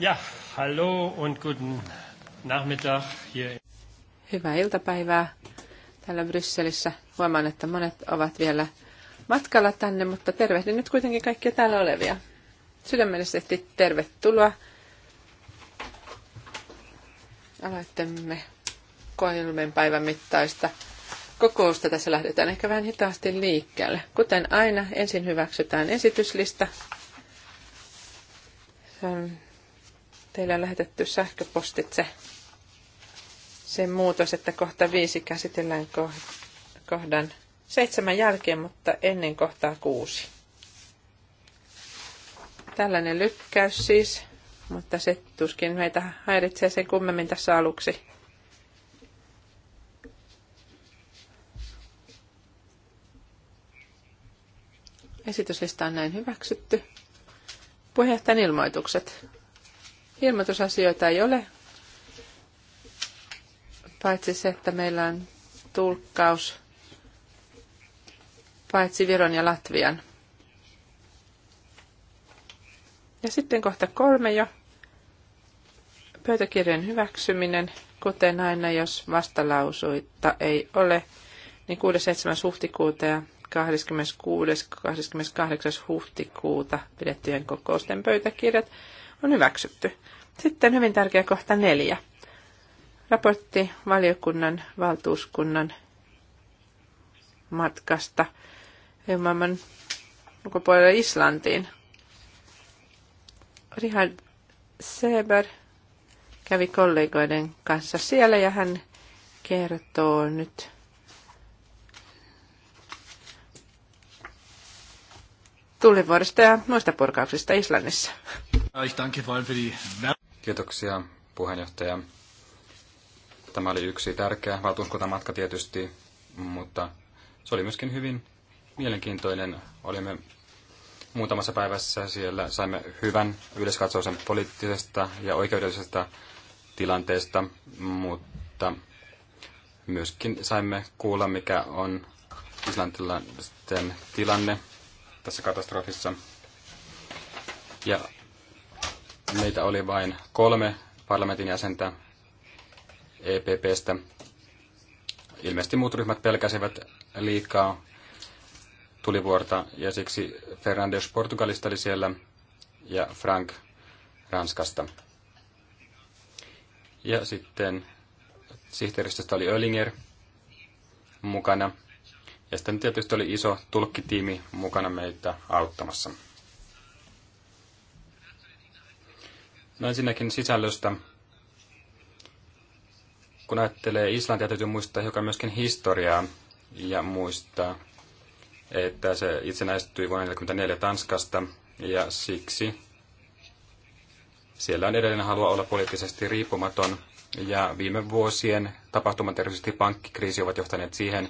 Ja, hallo und guten Nachmittag hier. Hyvää iltapäivää täällä Brysselissä. Huomaan, että monet ovat vielä matkalla tänne, mutta tervehdin nyt kuitenkin kaikkia täällä olevia. Sydämellisesti tervetuloa. Aloitamme kolmen päivän mittaista kokousta. Tässä lähdetään ehkä vähän hitaasti liikkeelle. Kuten aina, ensin hyväksytään esityslista. Se on Teille on lähetetty sähköpostitse se muutos, että kohta viisi käsitellään kohdan seitsemän jälkeen, mutta ennen kohtaa kuusi. Tällainen lykkäys siis, mutta se tuskin meitä häiritsee sen kummemmin tässä aluksi. Esityslista on näin hyväksytty. Puheenjohtajan ilmoitukset. Ilmoitusasioita ei ole, paitsi se, että meillä on tulkkaus paitsi Viron ja Latvian. Ja sitten kohta kolme jo. Pöytäkirjan hyväksyminen, kuten aina, jos vastalausuita ei ole, niin 6.7. huhtikuuta ja 26. 28. huhtikuuta pidettyjen kokousten pöytäkirjat on hyväksytty. Sitten hyvin tärkeä kohta neljä. Raportti valiokunnan valtuuskunnan matkasta maailman ulkopuolelle Islantiin. Richard Seber kävi kollegoiden kanssa siellä ja hän kertoo nyt tulivuorista ja muista purkauksista Islannissa. Kiitoksia puheenjohtaja. Tämä oli yksi tärkeä valtuuskuntamatka tietysti, mutta se oli myöskin hyvin mielenkiintoinen. Olimme muutamassa päivässä siellä, saimme hyvän yleiskatsauksen poliittisesta ja oikeudellisesta tilanteesta, mutta myöskin saimme kuulla, mikä on islantilaisten tilanne tässä katastrofissa. Ja meitä oli vain kolme parlamentin jäsentä EPPstä. Ilmeisesti muut ryhmät pelkäsivät liikaa tulivuorta ja siksi Fernandes Portugalista oli siellä ja Frank Ranskasta. Ja sitten sihteeristöstä oli Öllinger mukana. Ja sitten tietysti oli iso tulkkitiimi mukana meitä auttamassa. No ensinnäkin sisällöstä. Kun ajattelee Islantia, täytyy muistaa hiukan myöskin historiaa ja muistaa, että se itsenäistyi vuonna 1944 Tanskasta ja siksi siellä on edelleen halua olla poliittisesti riippumaton ja viime vuosien tapahtumat, erityisesti pankkikriisi, ovat johtaneet siihen,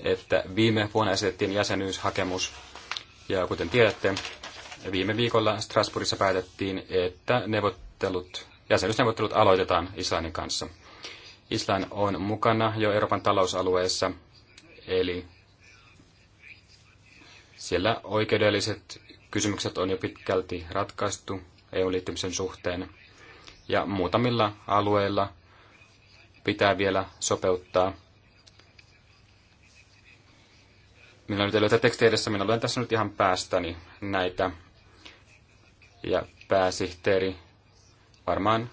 että viime vuonna esitettiin jäsenyyshakemus. Ja kuten tiedätte, Viime viikolla Strasbourgissa päätettiin, että neuvottelut, jäsenyysneuvottelut aloitetaan Islannin kanssa. Islann on mukana jo Euroopan talousalueessa, eli siellä oikeudelliset kysymykset on jo pitkälti ratkaistu EU-liittymisen suhteen. Ja muutamilla alueilla pitää vielä sopeuttaa. Minä nyt ei löytä edessä, minä luen tässä nyt ihan päästäni näitä ja pääsihteeri varmaan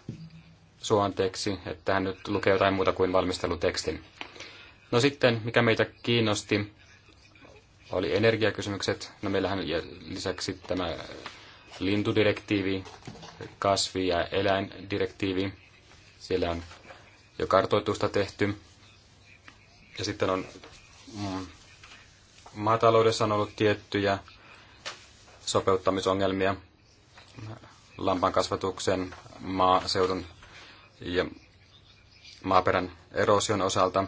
suonteeksi, että hän nyt lukee jotain muuta kuin valmistelutekstin. No sitten, mikä meitä kiinnosti, oli energiakysymykset. No meillähän ja lisäksi tämä lintudirektiivi, kasvi- ja eläindirektiivi. Siellä on jo kartoitusta tehty. Ja sitten on mm, maataloudessa on ollut tiettyjä sopeuttamisongelmia lampankasvatuksen maaseudun ja maaperän erosion osalta.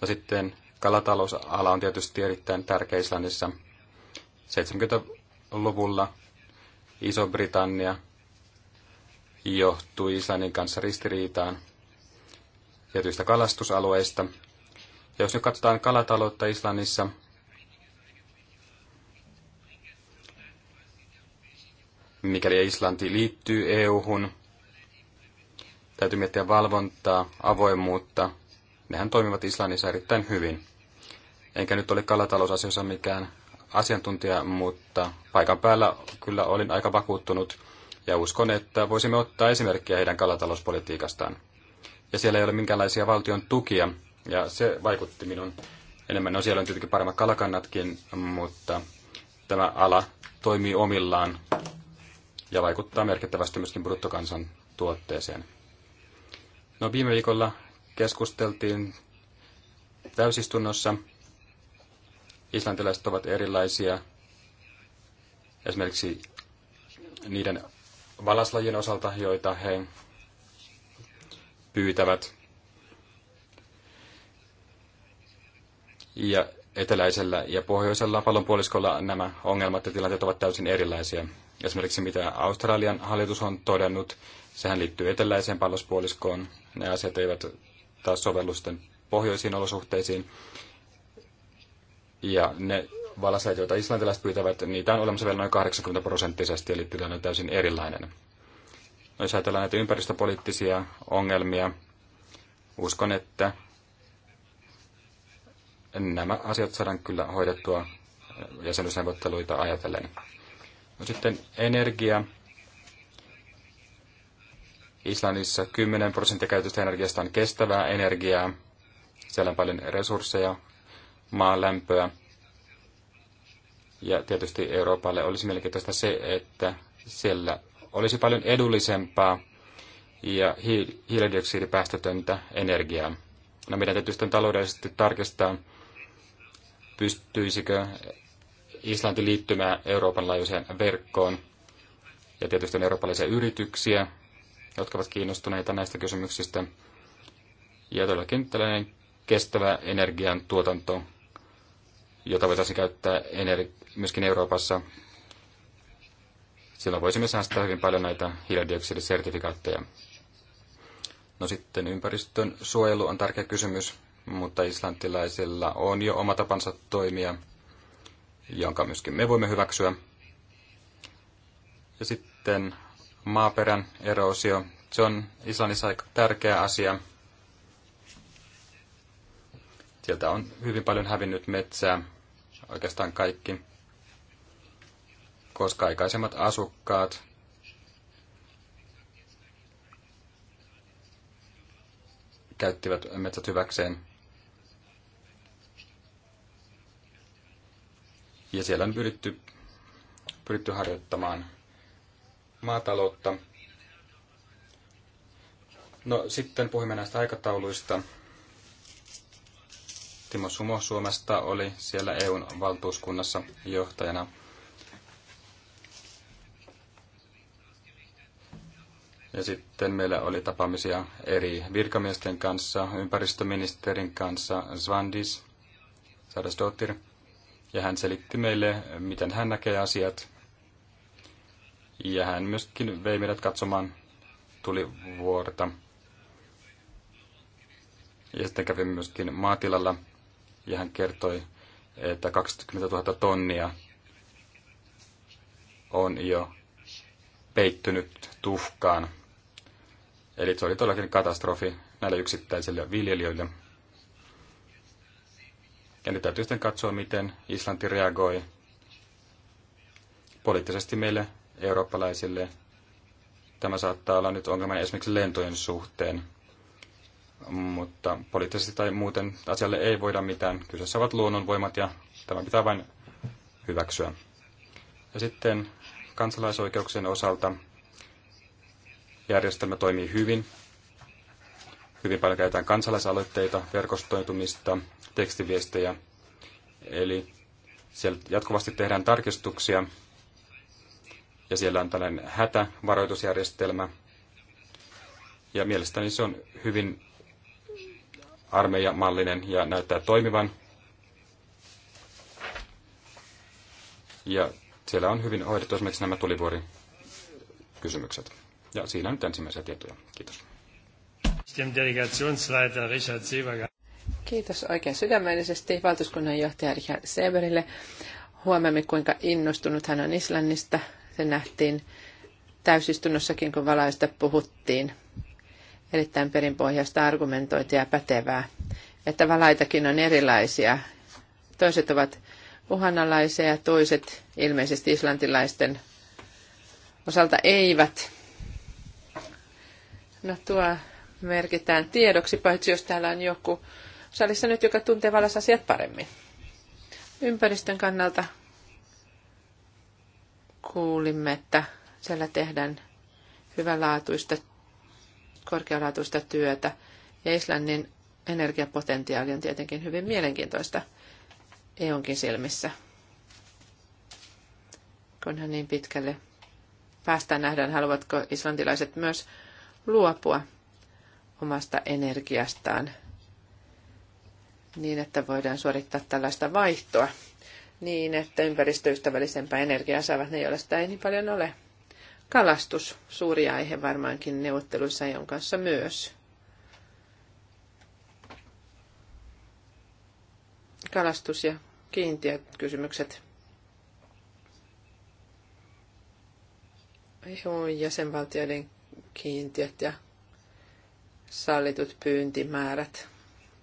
ja sitten kalatalousala on tietysti erittäin tärkeä Islannissa. 70-luvulla Iso-Britannia johtui Islannin kanssa ristiriitaan tietyistä kalastusalueista. Ja jos nyt katsotaan kalataloutta Islannissa, mikäli Islanti liittyy EU-hun. Täytyy miettiä valvontaa, avoimuutta. Nehän toimivat Islannissa erittäin hyvin. Enkä nyt ole kalatalousasioissa mikään asiantuntija, mutta paikan päällä kyllä olin aika vakuuttunut ja uskon, että voisimme ottaa esimerkkiä heidän kalatalouspolitiikastaan. Ja siellä ei ole minkäänlaisia valtion tukia, ja se vaikutti minun enemmän. No siellä on tietenkin paremmat kalakannatkin, mutta tämä ala toimii omillaan ja vaikuttaa merkittävästi myöskin bruttokansan tuotteeseen. No, viime viikolla keskusteltiin täysistunnossa. Islantilaiset ovat erilaisia esimerkiksi niiden valaslajien osalta, joita he pyytävät. Ja eteläisellä ja pohjoisella pallonpuoliskolla nämä ongelmat ja tilanteet ovat täysin erilaisia. Esimerkiksi mitä Australian hallitus on todennut, sehän liittyy eteläiseen pallospuoliskoon. Ne asiat eivät taas sitten pohjoisiin olosuhteisiin. Ja ne valaseet, joita islantilaiset pyytävät, niitä on olemassa vielä noin 80 prosenttisesti, eli tilanne on täysin erilainen. No, jos ajatellaan näitä ympäristöpoliittisia ongelmia, uskon, että nämä asiat saadaan kyllä hoidettua jäsenyysneuvotteluita ajatellen. No sitten energia. Islannissa 10 prosenttia käytöstä energiasta on kestävää energiaa. Siellä on paljon resursseja, maan lämpöä. Ja tietysti Euroopalle olisi mielenkiintoista se, että siellä olisi paljon edullisempaa ja hiilidioksidipäästötöntä energiaa. No meidän täytyy sitten taloudellisesti tarkistaa, pystyisikö Islanti liittymää Euroopan laajuiseen verkkoon ja tietysti on eurooppalaisia yrityksiä, jotka ovat kiinnostuneita näistä kysymyksistä. Ja todellakin tällainen kestävä energiantuotanto, jota voitaisiin käyttää myöskin Euroopassa. Silloin voisimme säästää hyvin paljon näitä hiilidioksidisertifikaatteja. No sitten ympäristön suojelu on tärkeä kysymys, mutta islantilaisilla on jo oma tapansa toimia – jonka myöskin me voimme hyväksyä. Ja sitten maaperän eroosio. Se on Islannissa aika tärkeä asia. Sieltä on hyvin paljon hävinnyt metsää, oikeastaan kaikki, koska aikaisemmat asukkaat käyttivät metsät hyväkseen. Ja siellä on pyritty, pyritty harjoittamaan maataloutta. No sitten puhumme näistä aikatauluista. Timo Sumo Suomesta oli siellä EUn valtuuskunnassa johtajana. Ja sitten meillä oli tapaamisia eri virkamiesten kanssa, ympäristöministerin kanssa, Svandis, Sadasdottir, ja hän selitti meille, miten hän näkee asiat. Ja hän myöskin vei meidät katsomaan tulivuorta. Ja sitten kävimme myöskin maatilalla. Ja hän kertoi, että 20 000 tonnia on jo peittynyt tuhkaan. Eli se oli todellakin katastrofi näille yksittäisille viljelijöille. Ja nyt täytyy sitten katsoa, miten Islanti reagoi poliittisesti meille eurooppalaisille. Tämä saattaa olla nyt ongelma esimerkiksi lentojen suhteen, mutta poliittisesti tai muuten asialle ei voida mitään. Kyseessä ovat luonnonvoimat ja tämä pitää vain hyväksyä. Ja sitten kansalaisoikeuksien osalta järjestelmä toimii hyvin. Hyvin paljon käytetään kansalaisaloitteita, verkostoitumista, tekstiviestejä. Eli siellä jatkuvasti tehdään tarkistuksia ja siellä on tällainen hätävaroitusjärjestelmä. Ja mielestäni se on hyvin armeijamallinen ja näyttää toimivan. Ja siellä on hyvin hoidettu esimerkiksi nämä tulivuorikysymykset. Ja siinä nyt ensimmäisiä tietoja. Kiitos dem Delegationsleiter Richard Seber. Kiitos oikein sydämellisesti johtaja Richard Seberille. Huomaamme, kuinka innostunut hän on Islannista. Se nähtiin täysistunnossakin, kun valaista puhuttiin. Erittäin perinpohjaista argumentointia ja pätevää, että valaitakin on erilaisia. Toiset ovat uhanalaisia ja toiset ilmeisesti islantilaisten osalta eivät. No tuo merkitään tiedoksi, paitsi jos täällä on joku salissa nyt, joka tuntee valas asiat paremmin. Ympäristön kannalta kuulimme, että siellä tehdään hyvänlaatuista, korkealaatuista työtä. Ja Islannin energiapotentiaali on tietenkin hyvin mielenkiintoista EUnkin silmissä, kunhan niin pitkälle päästään nähdään, haluavatko islantilaiset myös luopua omasta energiastaan niin, että voidaan suorittaa tällaista vaihtoa niin, että ympäristöystävällisempää energiaa saavat ne, joilla sitä ei niin paljon ole. Kalastus, suuri aihe varmaankin neuvotteluissa EUn kanssa myös. Kalastus ja kysymykset. EUn jäsenvaltioiden kiintiöt ja sallitut pyyntimäärät.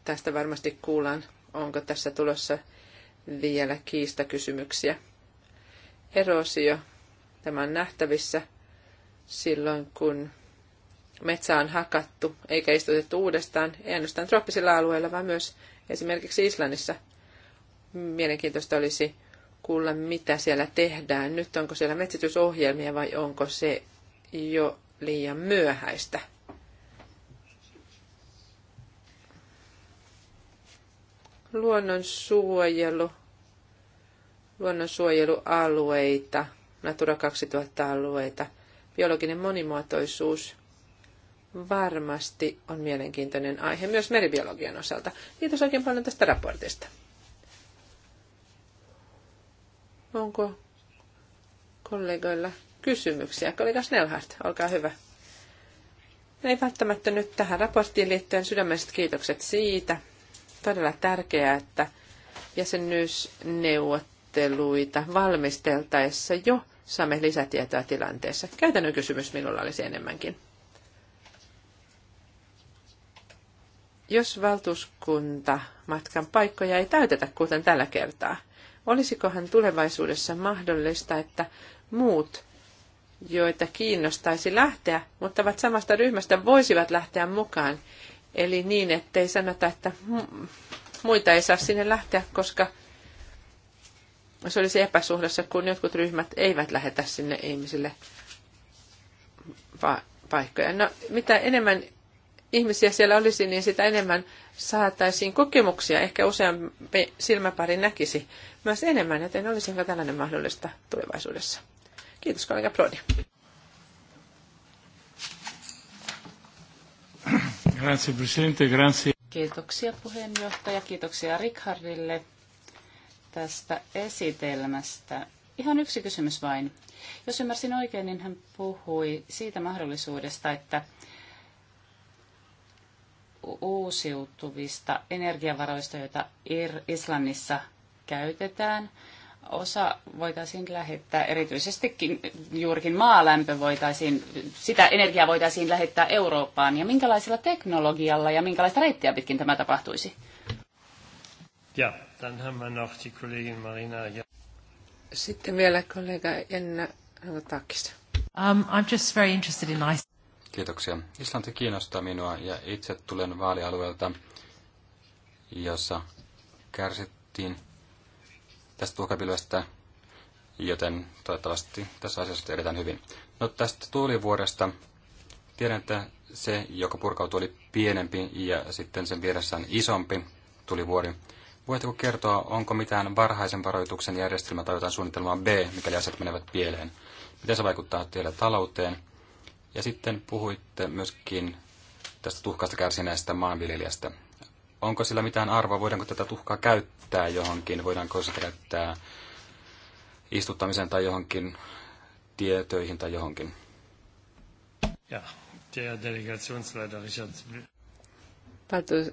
Tästä varmasti kuullaan, onko tässä tulossa vielä kiistakysymyksiä. Erosio, tämä on nähtävissä silloin, kun metsä on hakattu eikä istutettu uudestaan, ei ainoastaan trooppisilla alueilla, vaan myös esimerkiksi Islannissa. Mielenkiintoista olisi kuulla, mitä siellä tehdään. Nyt onko siellä metsitysohjelmia vai onko se jo liian myöhäistä? luonnonsuojelu, luonnonsuojelualueita, Natura 2000-alueita, biologinen monimuotoisuus varmasti on mielenkiintoinen aihe myös meribiologian osalta. Kiitos oikein paljon tästä raportista. Onko kollegoilla kysymyksiä? Kollega Snellhardt, olkaa hyvä. Ei välttämättä nyt tähän raporttiin liittyen sydämelliset kiitokset siitä, todella tärkeää, että jäsenyysneuvotteluita valmisteltaessa jo saamme lisätietoa tilanteessa. Käytännön kysymys minulla olisi enemmänkin. Jos valtuuskunta matkan paikkoja ei täytetä, kuten tällä kertaa, olisikohan tulevaisuudessa mahdollista, että muut, joita kiinnostaisi lähteä, mutta ovat samasta ryhmästä, voisivat lähteä mukaan Eli niin, ettei sanota, että muita ei saa sinne lähteä, koska se olisi epäsuhdassa, kun jotkut ryhmät eivät lähetä sinne ihmisille paikkoja. No, mitä enemmän ihmisiä siellä olisi, niin sitä enemmän saataisiin kokemuksia. Ehkä useampi silmäpari näkisi myös enemmän, joten olisinko tällainen mahdollista tulevaisuudessa. Kiitos kollega Prodi. Grazie, presidente. Kiitoksia puheenjohtaja, kiitoksia Rickardille tästä esitelmästä. Ihan yksi kysymys vain. Jos ymmärsin oikein, niin hän puhui siitä mahdollisuudesta, että uusiutuvista energiavaroista, joita Islannissa käytetään, osa voitaisiin lähettää, erityisestikin juurikin maalämpö voitaisiin, sitä energiaa voitaisiin lähettää Eurooppaan. Ja minkälaisella teknologialla ja minkälaista reittiä pitkin tämä tapahtuisi? Ja, dann haben wir noch die Kollegin Marina. Ja. Sitten vielä kollega Jenna Takista. Um, I'm just very interested in Iceland. Kiitoksia. Islanti kiinnostaa minua ja itse tulen vaalialueelta, jossa kärsittiin tästä tuhkapilvestä, joten toivottavasti tässä asiassa edetään hyvin. No tästä tuulivuoresta tiedän, että se, joka purkautui, oli pienempi ja sitten sen vieressä on isompi tulivuori. Voitteko kertoa, onko mitään varhaisen varoituksen järjestelmä tai jotain suunnitelmaa B, mikäli asiat menevät pieleen? Miten se vaikuttaa teidän talouteen? Ja sitten puhuitte myöskin tästä tuhkasta kärsineestä maanviljelijästä onko sillä mitään arvoa, voidaanko tätä tuhkaa käyttää johonkin, voidaanko se käyttää istuttamiseen tai johonkin tietöihin tai johonkin. Ja, der Delegationsleiter Richard Valtuus,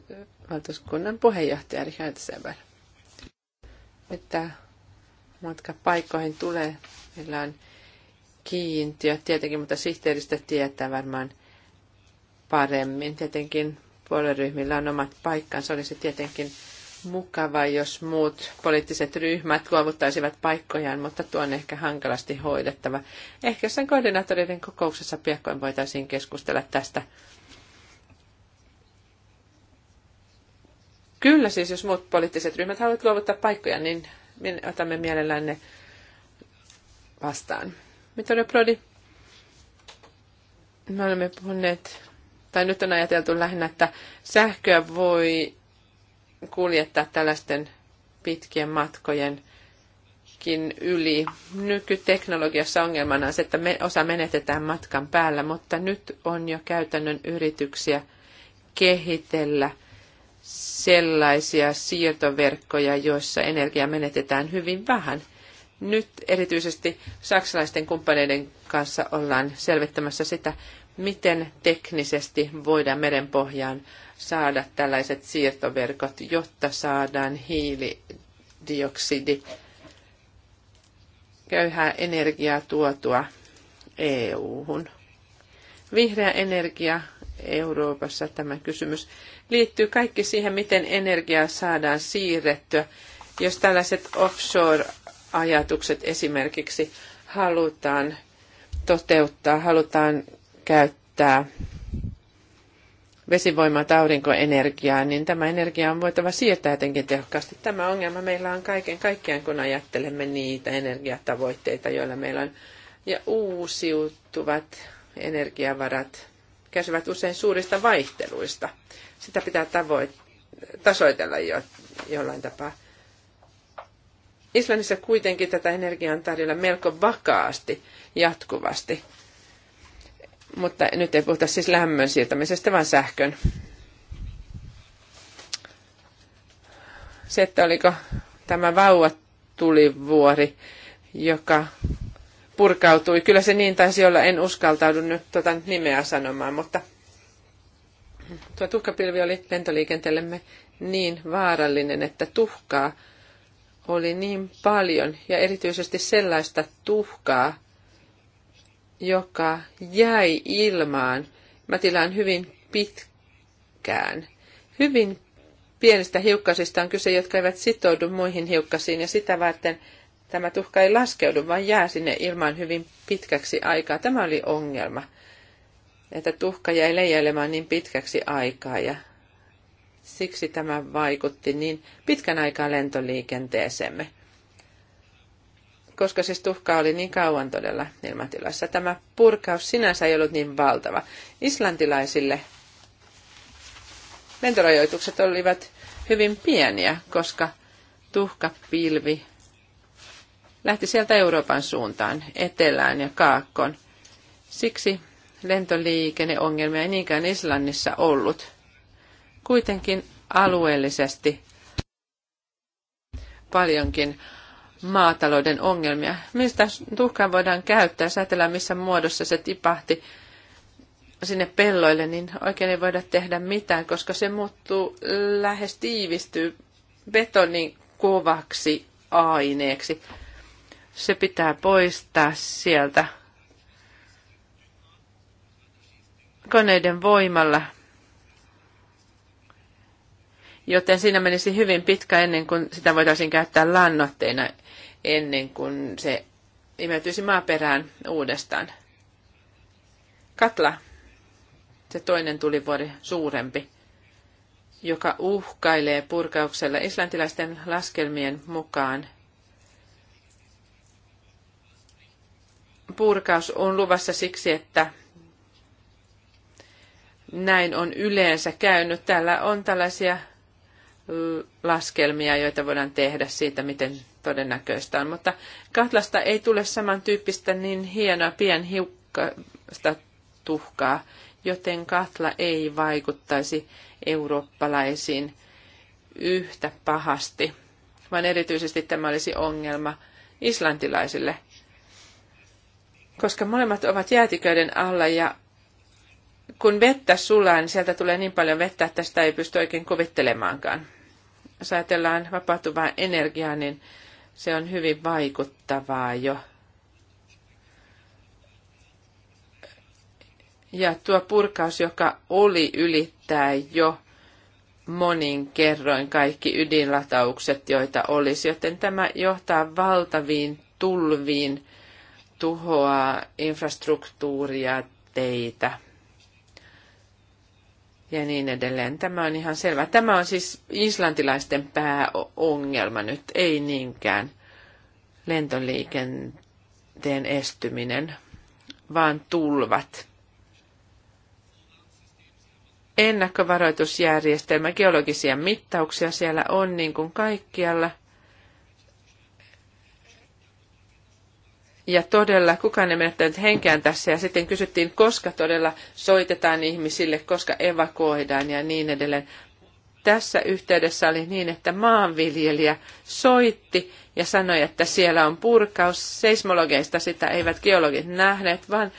valtuuskunnan puheenjohtaja Richard Seber. Että matka paikkoihin tulee, meillä on kiintiö tietenkin, mutta sihteeristä tietää varmaan paremmin. Tietenkin puolueryhmillä on omat paikkansa. Olisi tietenkin mukava, jos muut poliittiset ryhmät luovuttaisivat paikkojaan, mutta tuo on ehkä hankalasti hoidettava. Ehkä sen koordinaattoreiden kokouksessa piakkoin voitaisiin keskustella tästä. Kyllä siis, jos muut poliittiset ryhmät haluavat luovuttaa paikkoja, niin otamme mielellään ne vastaan. Mitä Prodi? Me olemme puhuneet tai nyt on ajateltu lähinnä, että sähköä voi kuljettaa tällaisten pitkien matkojenkin yli. Nykyteknologiassa ongelmana on se, että me, osa menetetään matkan päällä, mutta nyt on jo käytännön yrityksiä kehitellä sellaisia siirtoverkkoja, joissa energiaa menetetään hyvin vähän. Nyt erityisesti saksalaisten kumppaneiden kanssa ollaan selvittämässä sitä, miten teknisesti voidaan merenpohjaan saada tällaiset siirtoverkot, jotta saadaan hiilidioksidi köyhää energiaa tuotua EU-hun. Vihreä energia Euroopassa tämä kysymys liittyy kaikki siihen, miten energiaa saadaan siirrettyä. Jos tällaiset offshore-ajatukset esimerkiksi halutaan toteuttaa, halutaan käyttää vesivoimaa tai aurinkoenergiaa, niin tämä energia on voitava siirtää jotenkin tehokkaasti. Tämä ongelma meillä on kaiken kaikkiaan, kun ajattelemme niitä energiatavoitteita, joilla meillä on. Ja uusiutuvat energiavarat käsivät usein suurista vaihteluista. Sitä pitää tavoit- tasoitella jo- jollain tapaa. Islannissa kuitenkin tätä energiaa on tarjolla melko vakaasti, jatkuvasti. Mutta nyt ei puhuta siis lämmön siirtämisestä, vaan sähkön. Se, että oliko tämä tulivuori, joka purkautui. Kyllä se niin taisi olla, en uskaltaudu nyt tuota nimeä sanomaan, mutta tuo tuhkapilvi oli lentoliikenteellemme niin vaarallinen, että tuhkaa oli niin paljon ja erityisesti sellaista tuhkaa, joka jäi ilmaan Mä tilaan hyvin pitkään. Hyvin pienistä hiukkasista on kyse, jotka eivät sitoudu muihin hiukkasiin, ja sitä varten tämä tuhka ei laskeudu, vaan jää sinne ilmaan hyvin pitkäksi aikaa. Tämä oli ongelma, että tuhka jäi leijailemaan niin pitkäksi aikaa, ja siksi tämä vaikutti niin pitkän aikaa lentoliikenteeseemme koska siis tuhkaa oli niin kauan todella ilmatilassa. Tämä purkaus sinänsä ei ollut niin valtava. Islantilaisille lentorajoitukset olivat hyvin pieniä, koska tuhkapilvi lähti sieltä Euroopan suuntaan, etelään ja kaakkoon. Siksi lentoliikenneongelmia ei niinkään Islannissa ollut. Kuitenkin alueellisesti paljonkin maatalouden ongelmia. Mistä tuhkaa voidaan käyttää, jos ajatellaan missä muodossa se tipahti sinne pelloille, niin oikein ei voida tehdä mitään, koska se muuttuu lähes tiivistyy betonin kovaksi aineeksi. Se pitää poistaa sieltä koneiden voimalla joten siinä menisi hyvin pitkä ennen kuin sitä voitaisiin käyttää lannoitteena ennen kuin se imeytyisi maaperään uudestaan. Katla, se toinen tulivuori suurempi, joka uhkailee purkauksella islantilaisten laskelmien mukaan. Purkaus on luvassa siksi, että näin on yleensä käynyt. Täällä on tällaisia laskelmia, joita voidaan tehdä siitä, miten todennäköistä on. Mutta katlasta ei tule samantyyppistä niin hienoa pienhiukkasta tuhkaa, joten katla ei vaikuttaisi eurooppalaisiin yhtä pahasti, vaan erityisesti tämä olisi ongelma islantilaisille, koska molemmat ovat jäätiköiden alla ja kun vettä sulaa, niin sieltä tulee niin paljon vettä, että sitä ei pysty oikein kuvittelemaankaan. Jos ajatellaan vapautuvaa energiaa, niin se on hyvin vaikuttavaa jo. Ja tuo purkaus, joka oli ylittää jo monin kerroin kaikki ydinlataukset, joita olisi, joten tämä johtaa valtaviin tulviin, tuhoaa infrastruktuuria, teitä ja niin edelleen. Tämä on ihan selvä. Tämä on siis islantilaisten pääongelma nyt, ei niinkään lentoliikenteen estyminen, vaan tulvat. Ennakkovaroitusjärjestelmä, geologisia mittauksia siellä on niin kuin kaikkialla. Ja todella kukaan ei menettänyt henkeään tässä. Ja sitten kysyttiin, koska todella soitetaan ihmisille, koska evakuoidaan ja niin edelleen. Tässä yhteydessä oli niin, että maanviljelijä soitti ja sanoi, että siellä on purkaus. Seismologeista sitä eivät geologit nähneet, vaan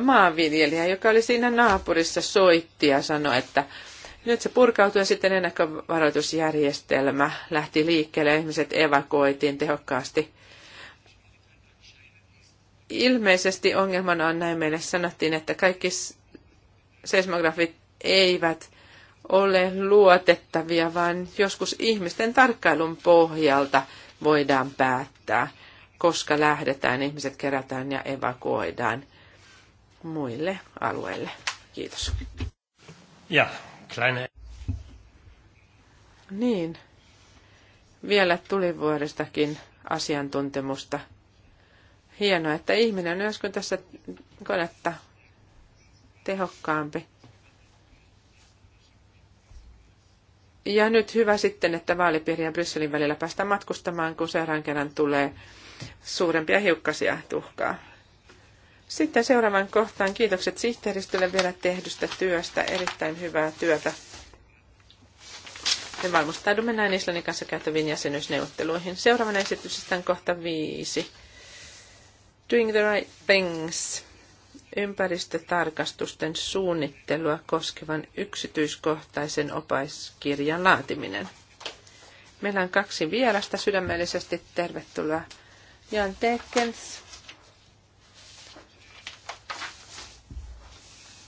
maanviljelijä, joka oli siinä naapurissa, soitti ja sanoi, että nyt se purkautui ja sitten ennakkovaroitusjärjestelmä lähti liikkeelle ja ihmiset evakuoitiin tehokkaasti. Ilmeisesti ongelmana on näin meille sanottiin, että kaikki seismografit eivät ole luotettavia, vaan joskus ihmisten tarkkailun pohjalta voidaan päättää, koska lähdetään, ihmiset kerätään ja evakuoidaan muille alueille. Kiitos. Ja, kleine. Niin. Vielä tulivuoristakin asiantuntemusta – hienoa, että ihminen on joskus tässä konetta tehokkaampi. Ja nyt hyvä sitten, että vaalipiiri ja Brysselin välillä päästään matkustamaan, kun seuraavan kerran tulee suurempia hiukkasia tuhkaa. Sitten seuraavan kohtaan kiitokset sihteeristölle vielä tehdystä työstä. Erittäin hyvää työtä. Me valmistaudumme näin Islannin kanssa käytäviin jäsenyysneuvotteluihin. Seuraavana esitys on kohta viisi. Doing the right things ympäristötarkastusten suunnittelua koskevan yksityiskohtaisen opaiskirjan laatiminen. Meillä on kaksi vierasta sydämellisesti tervetuloa. Jan Tekens,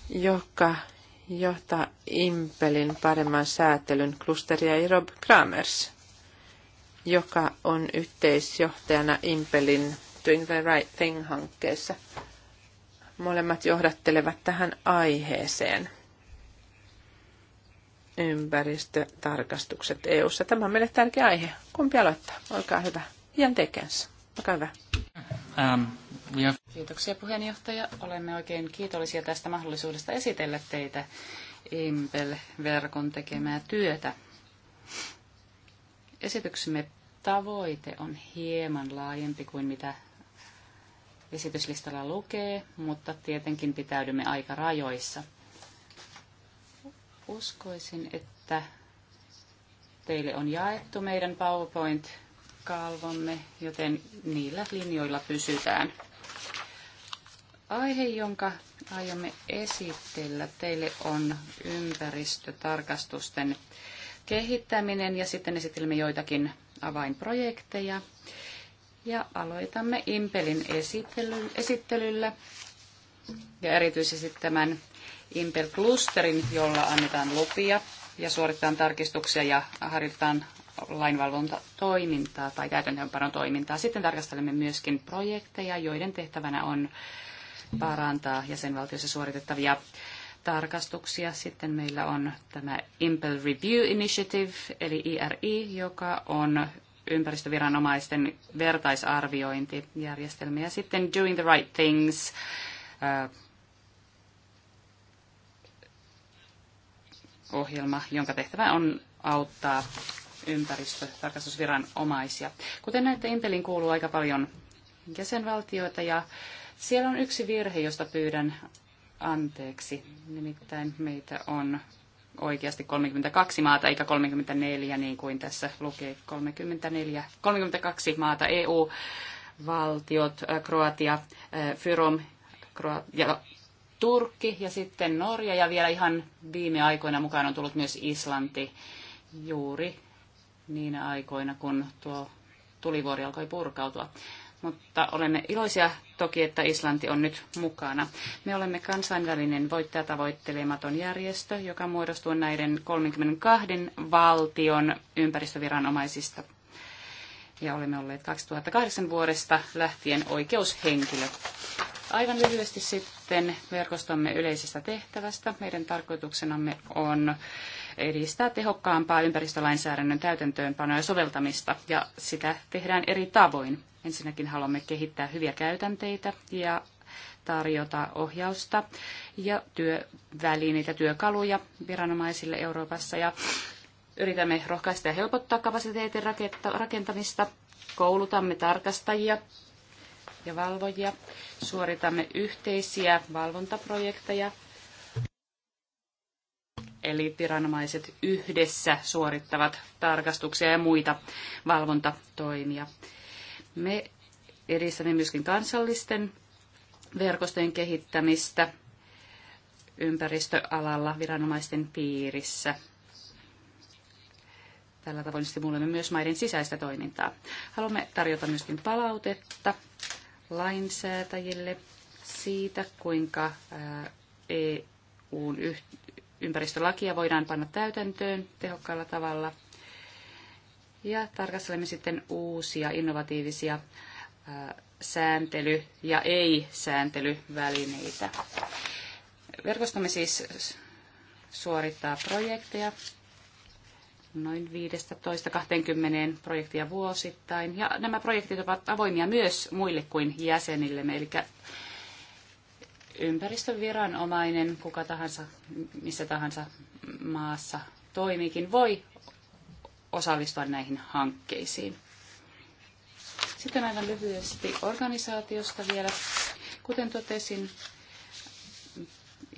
joka johtaa Impelin paremman säätelyn klusteria ja Rob Kramers, joka on yhteisjohtajana Impelin Doing the Right Thing-hankkeessa. Molemmat johdattelevat tähän aiheeseen ympäristötarkastukset EU-ssa. Tämä on meille tärkeä aihe. Kumpi aloittaa? Olkaa hyvä. Jan Tekens, olkaa hyvä. Um, yeah. Kiitoksia puheenjohtaja. Olemme oikein kiitollisia tästä mahdollisuudesta esitellä teitä Impel-verkon tekemää työtä. Esityksemme tavoite on hieman laajempi kuin mitä esityslistalla lukee, mutta tietenkin pitäydymme aika rajoissa. Uskoisin, että teille on jaettu meidän PowerPoint-kalvomme, joten niillä linjoilla pysytään. Aihe, jonka aiomme esitellä teille, on ympäristötarkastusten kehittäminen ja sitten esittelemme joitakin avainprojekteja ja aloitamme Impelin esittely, esittelyllä ja erityisesti tämän impel clusterin jolla annetaan lupia ja suoritetaan tarkistuksia ja harjoitetaan lainvalvontatoimintaa tai täytäntöönpanon toimintaa. Sitten tarkastelemme myöskin projekteja, joiden tehtävänä on parantaa jäsenvaltioissa suoritettavia tarkastuksia. Sitten meillä on tämä Impel Review Initiative, eli IRI, joka on ympäristöviranomaisten vertaisarviointijärjestelmiä. Ja sitten Doing the Right Things, ohjelma, jonka tehtävä on auttaa ympäristötarkastusviranomaisia. Kuten näette, Intelin kuuluu aika paljon jäsenvaltioita ja siellä on yksi virhe, josta pyydän anteeksi. Nimittäin meitä on oikeasti 32 maata eikä 34 niin kuin tässä lukee 34, 32 maata EU-valtiot, äh, Kroatia, äh, Fyrom ja Turkki ja sitten Norja ja vielä ihan viime aikoina mukaan on tullut myös Islanti juuri niinä aikoina, kun tuo tulivuori alkoi purkautua mutta olemme iloisia toki, että Islanti on nyt mukana. Me olemme kansainvälinen voittajatavoittelematon järjestö, joka muodostuu näiden 32 valtion ympäristöviranomaisista. Ja olemme olleet 2008 vuodesta lähtien oikeushenkilö. Aivan lyhyesti sitten verkostomme yleisestä tehtävästä. Meidän tarkoituksenamme on edistää tehokkaampaa ympäristölainsäädännön täytäntöönpanoa ja soveltamista, ja sitä tehdään eri tavoin. Ensinnäkin haluamme kehittää hyviä käytänteitä ja tarjota ohjausta ja työvälineitä, työkaluja viranomaisille Euroopassa ja yritämme rohkaista ja helpottaa kapasiteetin rakentamista, koulutamme tarkastajia ja valvojia, suoritamme yhteisiä valvontaprojekteja, eli viranomaiset yhdessä suorittavat tarkastuksia ja muita valvontatoimia. Me edistämme myöskin kansallisten verkostojen kehittämistä ympäristöalalla viranomaisten piirissä. Tällä tavoin stimuloimme myös maiden sisäistä toimintaa. Haluamme tarjota myöskin palautetta lainsäätäjille siitä, kuinka EUn ympäristölakia voidaan panna täytäntöön tehokkaalla tavalla – ja tarkastelemme sitten uusia innovatiivisia sääntely- ja ei-sääntelyvälineitä. Verkostomme siis suorittaa projekteja noin 15-20 projektia vuosittain. Ja nämä projektit ovat avoimia myös muille kuin jäsenillemme, eli ympäristöviranomainen, kuka tahansa, missä tahansa maassa toimikin, voi osallistua näihin hankkeisiin. Sitten aivan lyhyesti organisaatiosta vielä. Kuten totesin,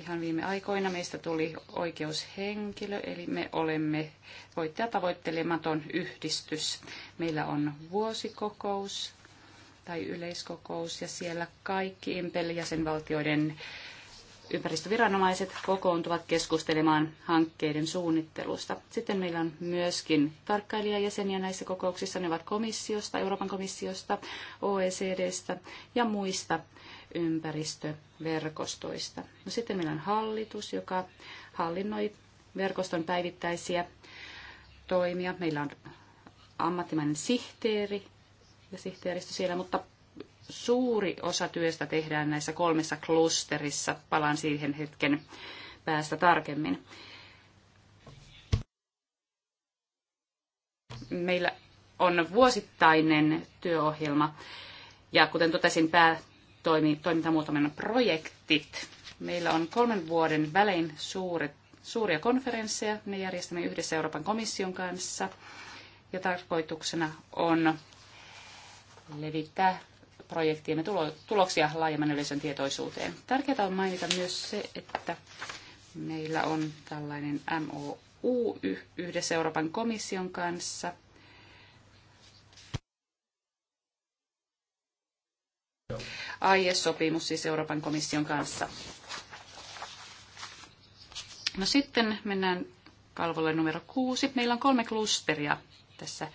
ihan viime aikoina meistä tuli oikeushenkilö, eli me olemme voittajatavoittelematon yhdistys. Meillä on vuosikokous tai yleiskokous ja siellä kaikki impel jäsenvaltioiden ympäristöviranomaiset kokoontuvat keskustelemaan hankkeiden suunnittelusta. Sitten meillä on myöskin tarkkailijajäseniä näissä kokouksissa. Ne ovat komissiosta, Euroopan komissiosta, OECDstä ja muista ympäristöverkostoista. No sitten meillä on hallitus, joka hallinnoi verkoston päivittäisiä toimia. Meillä on ammattimainen sihteeri ja sihteeristö siellä, mutta suuri osa työstä tehdään näissä kolmessa klusterissa. Palaan siihen hetken päästä tarkemmin. Meillä on vuosittainen työohjelma ja kuten totesin, päätoimintamuotoimen projektit. Meillä on kolmen vuoden välein suuret, suuria konferensseja. Ne järjestämme yhdessä Euroopan komission kanssa ja tarkoituksena on levittää projektiemme tuloksia laajemman yleisön tietoisuuteen. Tärkeää on mainita myös se, että meillä on tällainen MOU yhdessä Euroopan komission kanssa. ais sopimus siis Euroopan komission kanssa. No sitten mennään kalvolle numero kuusi. Meillä on kolme klusteria tässä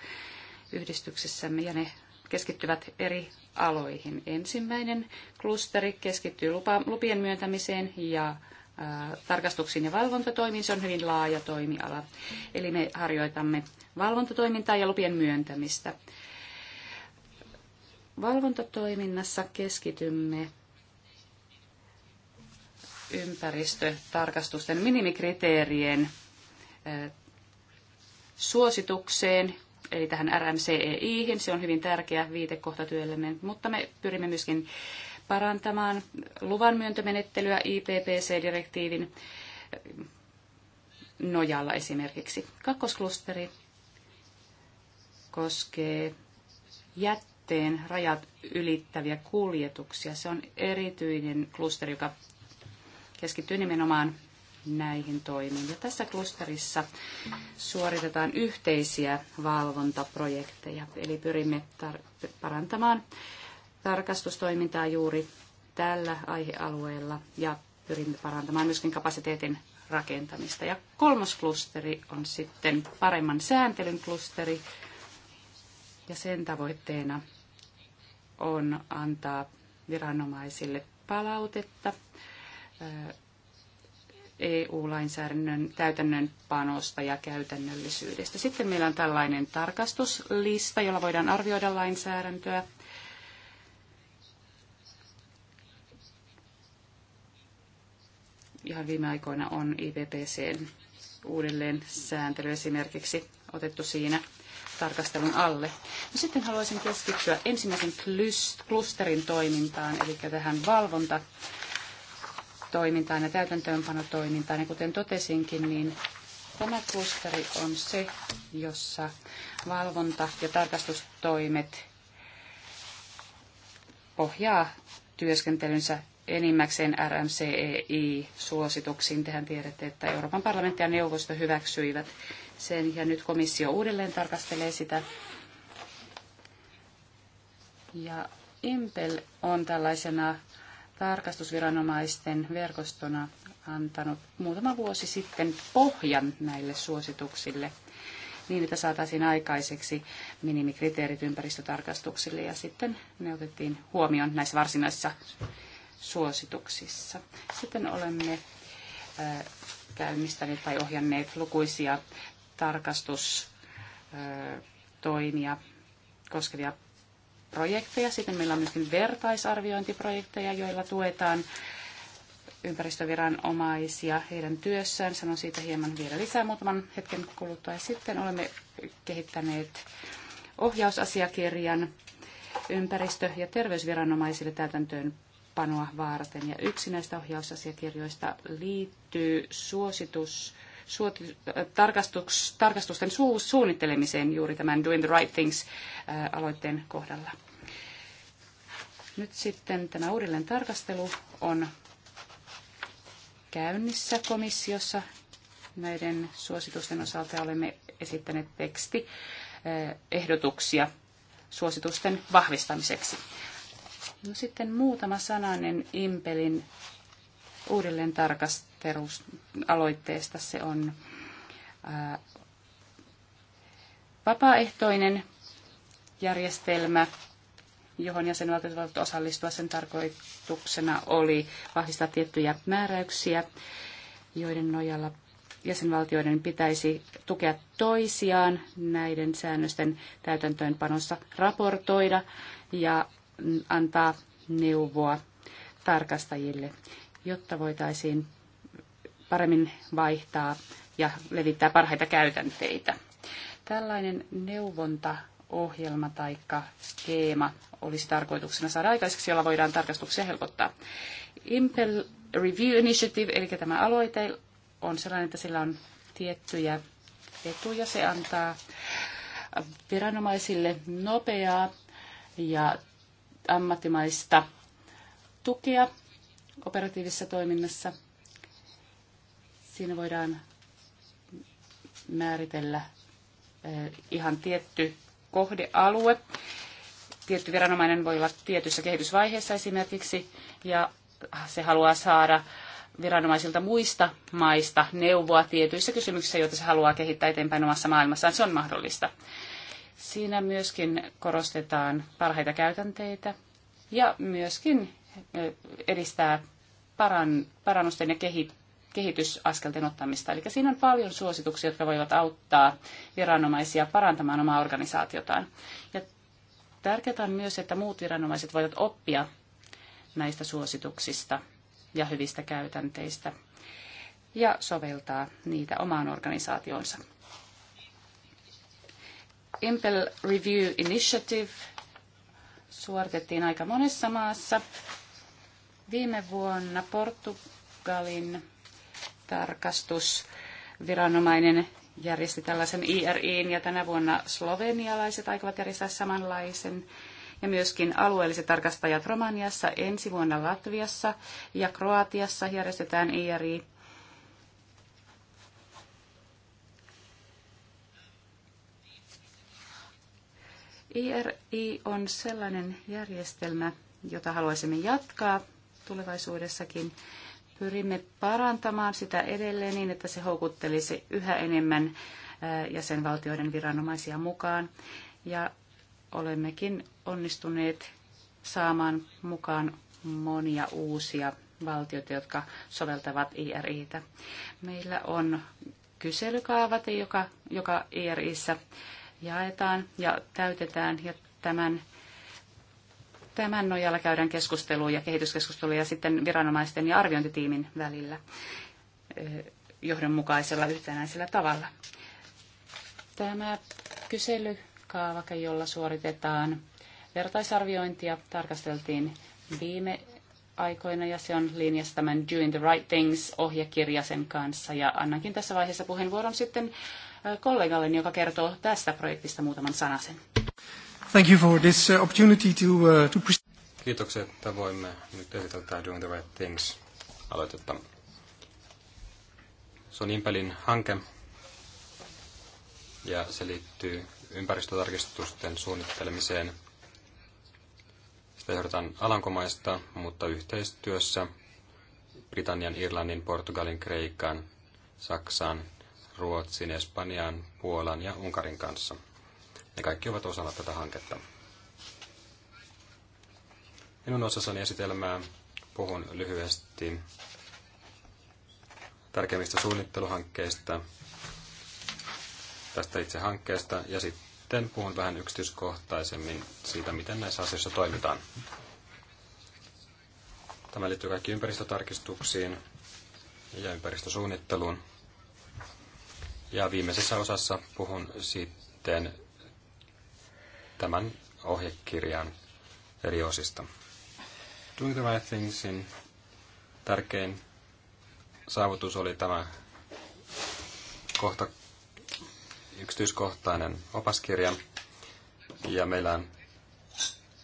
yhdistyksessämme ja ne keskittyvät eri aloihin. Ensimmäinen klusteri keskittyy lupa, lupien myöntämiseen ja tarkastuksiin ja valvontatoimiin. Se on hyvin laaja toimiala. Eli me harjoitamme valvontatoimintaa ja lupien myöntämistä. Valvontatoiminnassa keskitymme ympäristötarkastusten minimikriteerien suositukseen eli tähän RMCEIhin. Se on hyvin tärkeä viitekohta työllemme, mutta me pyrimme myöskin parantamaan luvan myöntömenettelyä IPPC-direktiivin nojalla esimerkiksi. Kakkosklusteri koskee jätteen rajat ylittäviä kuljetuksia. Se on erityinen klusteri, joka keskittyy nimenomaan näihin toimiin. Ja tässä klusterissa suoritetaan yhteisiä valvontaprojekteja, eli pyrimme tar- parantamaan tarkastustoimintaa juuri tällä aihealueella ja pyrimme parantamaan myöskin kapasiteetin rakentamista. Ja kolmas klusteri on sitten paremman sääntelyn klusteri, ja sen tavoitteena on antaa viranomaisille palautetta EU-lainsäädännön täytännönpanosta ja käytännöllisyydestä. Sitten meillä on tällainen tarkastuslista, jolla voidaan arvioida lainsäädäntöä. Ihan viime aikoina on IPPCn uudelleen sääntely esimerkiksi otettu siinä tarkastelun alle. No sitten haluaisin keskittyä ensimmäisen klusterin toimintaan, eli tähän valvonta toimintaan ja täytäntöönpanotoimintaan. Ja kuten totesinkin, niin tämä klusteri on se, jossa valvonta- ja tarkastustoimet pohjaa työskentelynsä enimmäkseen RMCEI-suosituksiin. Tehän tiedätte, että Euroopan parlamentti ja neuvosto hyväksyivät sen ja nyt komissio uudelleen tarkastelee sitä. Ja Impel on tällaisena tarkastusviranomaisten verkostona antanut muutama vuosi sitten pohjan näille suosituksille niin, että saataisiin aikaiseksi minimikriteerit ympäristötarkastuksille ja sitten ne otettiin huomioon näissä varsinaisissa suosituksissa. Sitten olemme äh, käynnistäneet tai ohjanneet lukuisia tarkastustoimia äh, koskevia projekteja. Sitten meillä on myöskin vertaisarviointiprojekteja, joilla tuetaan ympäristöviranomaisia heidän työssään. Sanon siitä hieman vielä lisää muutaman hetken kuluttua. Ja sitten olemme kehittäneet ohjausasiakirjan ympäristö- ja terveysviranomaisille täytäntöön panoa varten. Ja yksi näistä ohjausasiakirjoista liittyy suositus tarkastusten suunnittelemiseen juuri tämän Doing the Right Things-aloitteen äh, kohdalla. Nyt sitten tämä uudelleen tarkastelu on käynnissä komissiossa. Näiden suositusten osalta olemme esittäneet teksti äh, ehdotuksia suositusten vahvistamiseksi. No sitten muutama sananen Impelin uudelleen tarkastelusaloitteesta Se on ää, vapaaehtoinen järjestelmä, johon jäsenvaltiot voivat osallistua. Sen tarkoituksena oli vahvistaa tiettyjä määräyksiä, joiden nojalla jäsenvaltioiden pitäisi tukea toisiaan näiden säännösten täytäntöönpanossa, raportoida ja antaa neuvoa tarkastajille jotta voitaisiin paremmin vaihtaa ja levittää parhaita käytänteitä. Tällainen neuvontaohjelma tai skeema olisi tarkoituksena saada aikaiseksi, jolla voidaan tarkastuksia helpottaa. Impel Review Initiative, eli tämä aloite, on sellainen, että sillä on tiettyjä etuja. Se antaa viranomaisille nopeaa ja ammattimaista tukea operatiivisessa toiminnassa. Siinä voidaan määritellä eh, ihan tietty kohdealue. Tietty viranomainen voi olla tietyssä kehitysvaiheessa esimerkiksi, ja se haluaa saada viranomaisilta muista maista neuvoa tietyissä kysymyksissä, joita se haluaa kehittää eteenpäin omassa maailmassaan. Se on mahdollista. Siinä myöskin korostetaan parhaita käytänteitä ja myöskin eh, edistää paran, parannusten ja kehi, kehitysaskelten ottamista. Eli siinä on paljon suosituksia, jotka voivat auttaa viranomaisia parantamaan omaa organisaatiotaan. Ja tärkeää on myös, että muut viranomaiset voivat oppia näistä suosituksista ja hyvistä käytänteistä ja soveltaa niitä omaan organisaationsa. Impel Review Initiative suoritettiin aika monessa maassa Viime vuonna Portugalin tarkastusviranomainen järjesti tällaisen IRIin ja tänä vuonna slovenialaiset aikovat järjestää samanlaisen ja myöskin alueelliset tarkastajat Romaniassa, ensi vuonna Latviassa ja Kroatiassa järjestetään IRI. IRI on sellainen järjestelmä, jota haluaisimme jatkaa tulevaisuudessakin. Pyrimme parantamaan sitä edelleen niin, että se houkuttelisi yhä enemmän äh, jäsenvaltioiden viranomaisia mukaan. Ja olemmekin onnistuneet saamaan mukaan monia uusia valtioita, jotka soveltavat IRItä. Meillä on kyselykaavate, joka, joka IRIssä jaetaan ja täytetään, ja tämän tämän nojalla käydään keskustelua ja kehityskeskusteluja sitten viranomaisten ja arviointitiimin välillä johdonmukaisella yhtenäisellä tavalla. Tämä kyselykaavake, jolla suoritetaan vertaisarviointia, tarkasteltiin viime aikoina ja se on linjassa tämän Doing the Right Things-ohjekirja sen kanssa. Ja annankin tässä vaiheessa puheenvuoron sitten kollegalle, joka kertoo tästä projektista muutaman sanasen. Thank you for this uh, opportunity to, uh, to present. Kiitoksia, että voimme nyt esitellä tämä Doing the Right Things aloitetta. Se on Impelin hanke ja se liittyy ympäristötarkistusten suunnittelemiseen. Sitä johdetaan Alankomaista, mutta yhteistyössä Britannian, Irlannin, Portugalin, Kreikan, Saksan, Ruotsin, Espanjan, Puolan ja Unkarin kanssa. Ne kaikki ovat osana tätä hanketta. Minun osassani esitelmää puhun lyhyesti tärkeimmistä suunnitteluhankkeista, tästä itse hankkeesta ja sitten puhun vähän yksityiskohtaisemmin siitä, miten näissä asioissa toimitaan. Tämä liittyy kaikki ympäristötarkistuksiin ja ympäristösuunnitteluun. Ja viimeisessä osassa puhun sitten tämän ohjekirjan eri osista. Doing the Right Thingsin tärkein saavutus oli tämä kohta yksityiskohtainen opaskirja. Ja meillä on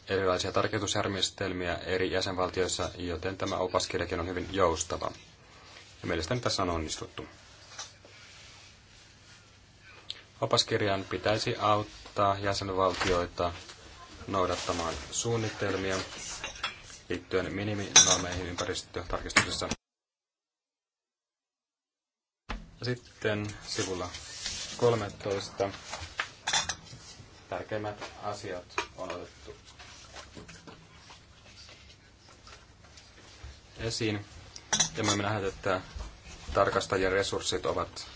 erilaisia tarkoitusjärjestelmiä eri jäsenvaltioissa, joten tämä opaskirjakin on hyvin joustava. Ja mielestäni tässä on onnistuttu. Opaskirjan pitäisi auttaa velvoittaa jäsenvaltioita noudattamaan suunnitelmia liittyen miniminormeihin ympäristötarkistuksessa. Sitten sivulla 13 tärkeimmät asiat on otettu esiin. Ja me nähdään, että tarkastajien resurssit ovat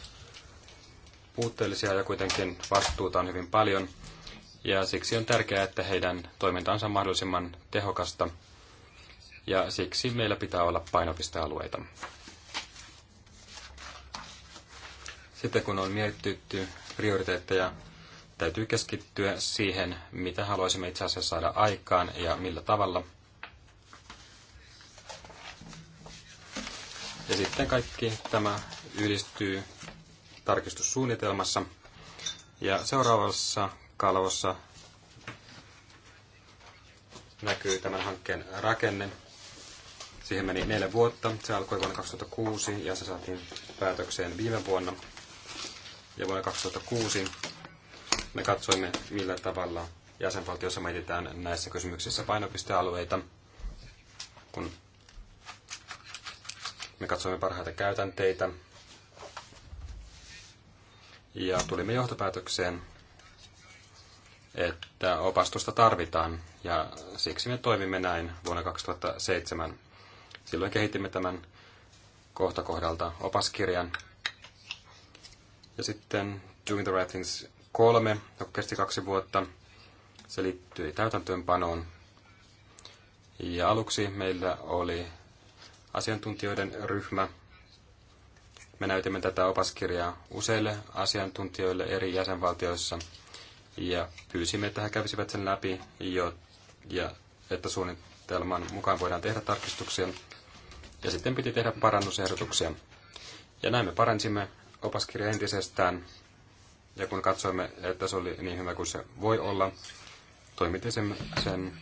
puutteellisia ja kuitenkin vastuuta on hyvin paljon. Ja siksi on tärkeää, että heidän toimintansa on mahdollisimman tehokasta. Ja siksi meillä pitää olla painopistealueita. Sitten kun on mietitty prioriteetteja, täytyy keskittyä siihen, mitä haluaisimme itse asiassa saada aikaan ja millä tavalla. Ja sitten kaikki tämä yhdistyy tarkistussuunnitelmassa. Ja seuraavassa kalvossa näkyy tämän hankkeen rakenne. Siihen meni neljä vuotta. Se alkoi vuonna 2006 ja se saatiin päätökseen viime vuonna. Ja vuonna 2006 me katsoimme, millä tavalla jäsenvaltiossa mietitään näissä kysymyksissä painopistealueita, kun me katsoimme parhaita käytänteitä ja tulimme johtopäätökseen, että opastusta tarvitaan ja siksi me toimimme näin vuonna 2007. Silloin kehitimme tämän kohta kohdalta opaskirjan. Ja sitten Doing the Right Things 3, joka kesti kaksi vuotta. Se liittyi täytäntöönpanoon. Ja aluksi meillä oli asiantuntijoiden ryhmä, me näytimme tätä opaskirjaa useille asiantuntijoille eri jäsenvaltioissa ja pyysimme, että he kävisivät sen läpi jo, ja että suunnitelman mukaan voidaan tehdä tarkistuksia. Ja sitten piti tehdä parannusehdotuksia. Ja näin me paransimme opaskirja entisestään. Ja kun katsoimme, että se oli niin hyvä kuin se voi olla, toimitisimme sen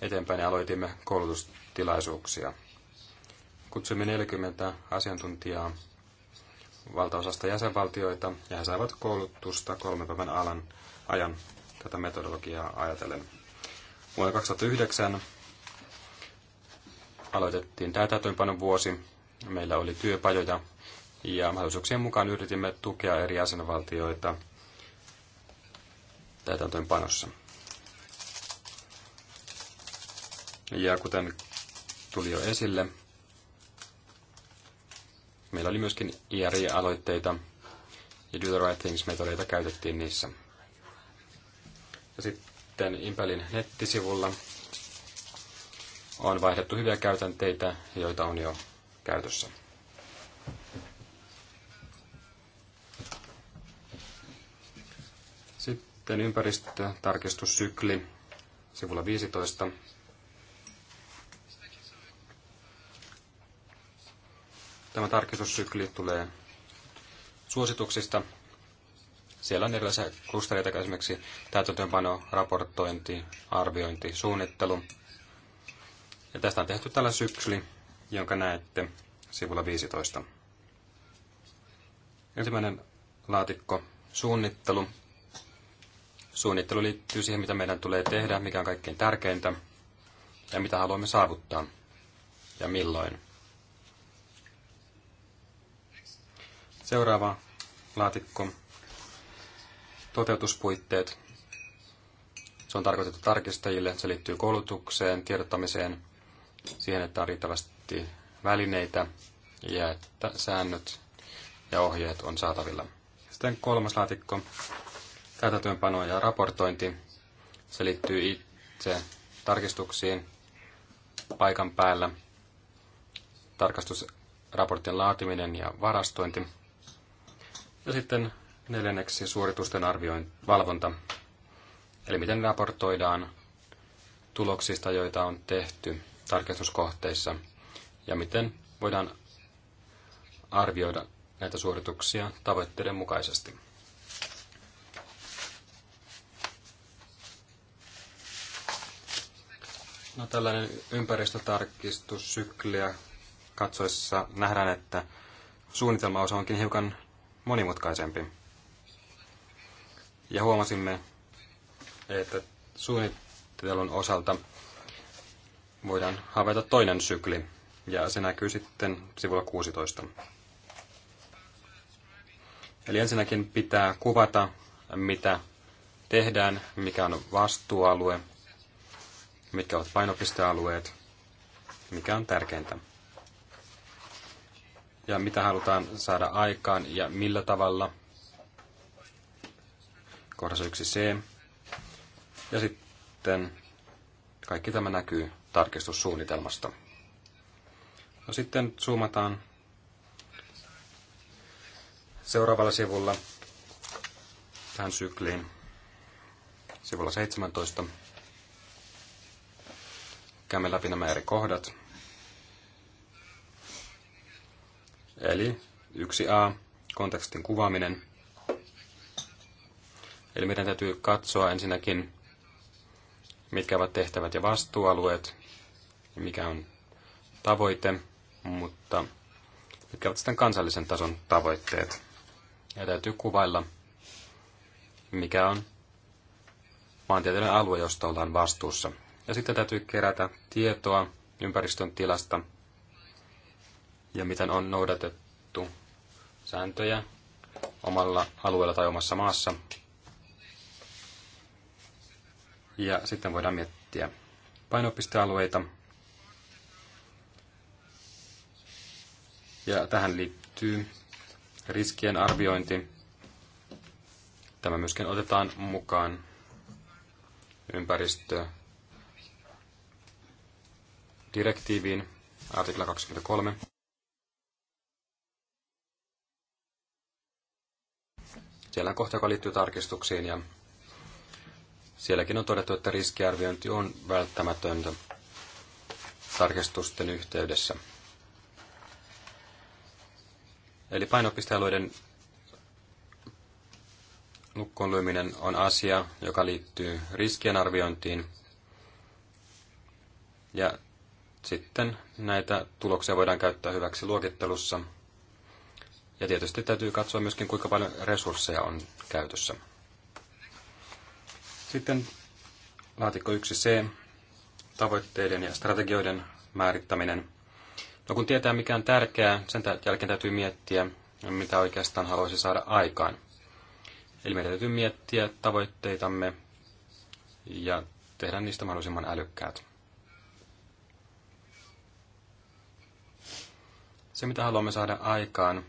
eteenpäin ja aloitimme koulutustilaisuuksia. Kutsuimme 40 asiantuntijaa valtaosasta jäsenvaltioita ja he saivat koulutusta kolmen päivän alan ajan tätä metodologiaa ajatellen. Vuonna 2009 aloitettiin täytäntöönpanon vuosi. Meillä oli työpajoja ja mahdollisuuksien mukaan yritimme tukea eri jäsenvaltioita täytäntöönpanossa. Ja kuten tuli jo esille, Meillä oli myöskin IRI-aloitteita ja Do the Right Things-metodeita käytettiin niissä. Ja sitten Impelin nettisivulla on vaihdettu hyviä käytänteitä, joita on jo käytössä. Sitten ympäristötarkistussykli sivulla 15. tämä tarkistussykli tulee suosituksista. Siellä on erilaisia klustereita, esimerkiksi täytäntöönpano, raportointi, arviointi, suunnittelu. Ja tästä on tehty tällä sykli, jonka näette sivulla 15. Ensimmäinen laatikko, suunnittelu. Suunnittelu liittyy siihen, mitä meidän tulee tehdä, mikä on kaikkein tärkeintä ja mitä haluamme saavuttaa ja milloin. Seuraava laatikko. Toteutuspuitteet. Se on tarkoitettu tarkistajille. Se liittyy koulutukseen, tiedottamiseen, siihen, että on riittävästi välineitä ja että säännöt ja ohjeet on saatavilla. Sitten kolmas laatikko, Täytätyönpano ja raportointi. Se liittyy itse tarkistuksiin paikan päällä, tarkastusraportin laatiminen ja varastointi. Ja sitten neljänneksi suoritusten arvioin valvonta, eli miten raportoidaan tuloksista, joita on tehty tarkastuskohteissa, ja miten voidaan arvioida näitä suorituksia tavoitteiden mukaisesti. No, tällainen ympäristötarkistussykliä katsoessa nähdään, että suunnitelmaosa onkin hiukan monimutkaisempi. Ja huomasimme, että suunnittelun osalta voidaan havaita toinen sykli, ja se näkyy sitten sivulla 16. Eli ensinnäkin pitää kuvata, mitä tehdään, mikä on vastuualue, mitkä ovat painopistealueet, mikä on tärkeintä ja mitä halutaan saada aikaan ja millä tavalla. Kohdassa 1c. Ja sitten kaikki tämä näkyy tarkistussuunnitelmasta. No sitten zoomataan seuraavalla sivulla tähän sykliin, sivulla 17. Käymme läpi nämä eri kohdat Eli 1a, kontekstin kuvaaminen. Eli meidän täytyy katsoa ensinnäkin, mitkä ovat tehtävät ja vastuualueet, ja mikä on tavoite, mutta mitkä ovat sitten kansallisen tason tavoitteet. Ja täytyy kuvailla, mikä on maantieteellinen alue, josta ollaan vastuussa. Ja sitten täytyy kerätä tietoa ympäristön tilasta, ja miten on noudatettu sääntöjä omalla alueella tai omassa maassa. Ja sitten voidaan miettiä painopistealueita. Ja tähän liittyy riskien arviointi. Tämä myöskin otetaan mukaan ympäristödirektiiviin, artikla 23. Siellä on kohta, joka liittyy tarkistuksiin ja sielläkin on todettu, että riskiarviointi on välttämätöntä tarkistusten yhteydessä. Eli painopistealueiden lukkoon on asia, joka liittyy riskien arviointiin. Ja sitten näitä tuloksia voidaan käyttää hyväksi luokittelussa ja tietysti täytyy katsoa myöskin, kuinka paljon resursseja on käytössä. Sitten laatikko 1c, tavoitteiden ja strategioiden määrittäminen. No kun tietää, mikä on tärkeää, sen jälkeen täytyy miettiä, mitä oikeastaan haluaisi saada aikaan. Eli meidän täytyy miettiä tavoitteitamme ja tehdä niistä mahdollisimman älykkäät. Se, mitä haluamme saada aikaan,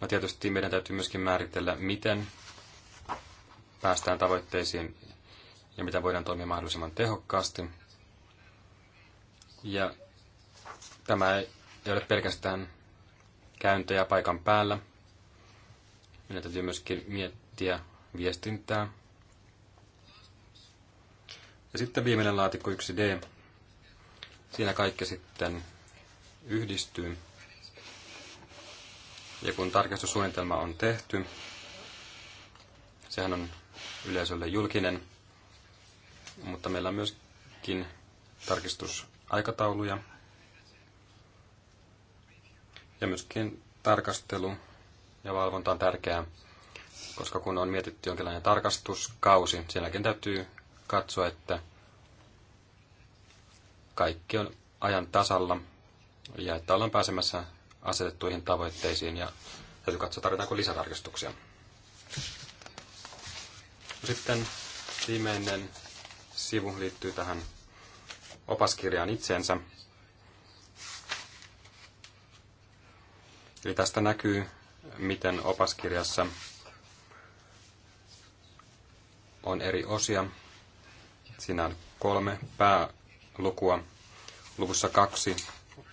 No tietysti meidän täytyy myöskin määritellä, miten päästään tavoitteisiin ja miten voidaan toimia mahdollisimman tehokkaasti. Ja tämä ei ole pelkästään käyntejä paikan päällä. Meidän täytyy myöskin miettiä viestintää. Ja sitten viimeinen laatikko 1D. Siinä kaikki sitten yhdistyy. Ja kun tarkastussuunnitelma on tehty, sehän on yleisölle julkinen, mutta meillä on myöskin tarkistusaikatauluja ja myöskin tarkastelu ja valvonta on tärkeää, koska kun on mietitty jonkinlainen tarkastuskausi, sielläkin täytyy katsoa, että kaikki on ajan tasalla ja että ollaan pääsemässä asetettuihin tavoitteisiin ja täytyy katsoa, tarvitaanko lisätarkistuksia. sitten viimeinen sivu liittyy tähän opaskirjaan itseensä. Eli tästä näkyy, miten opaskirjassa on eri osia. Siinä on kolme päälukua. Luvussa kaksi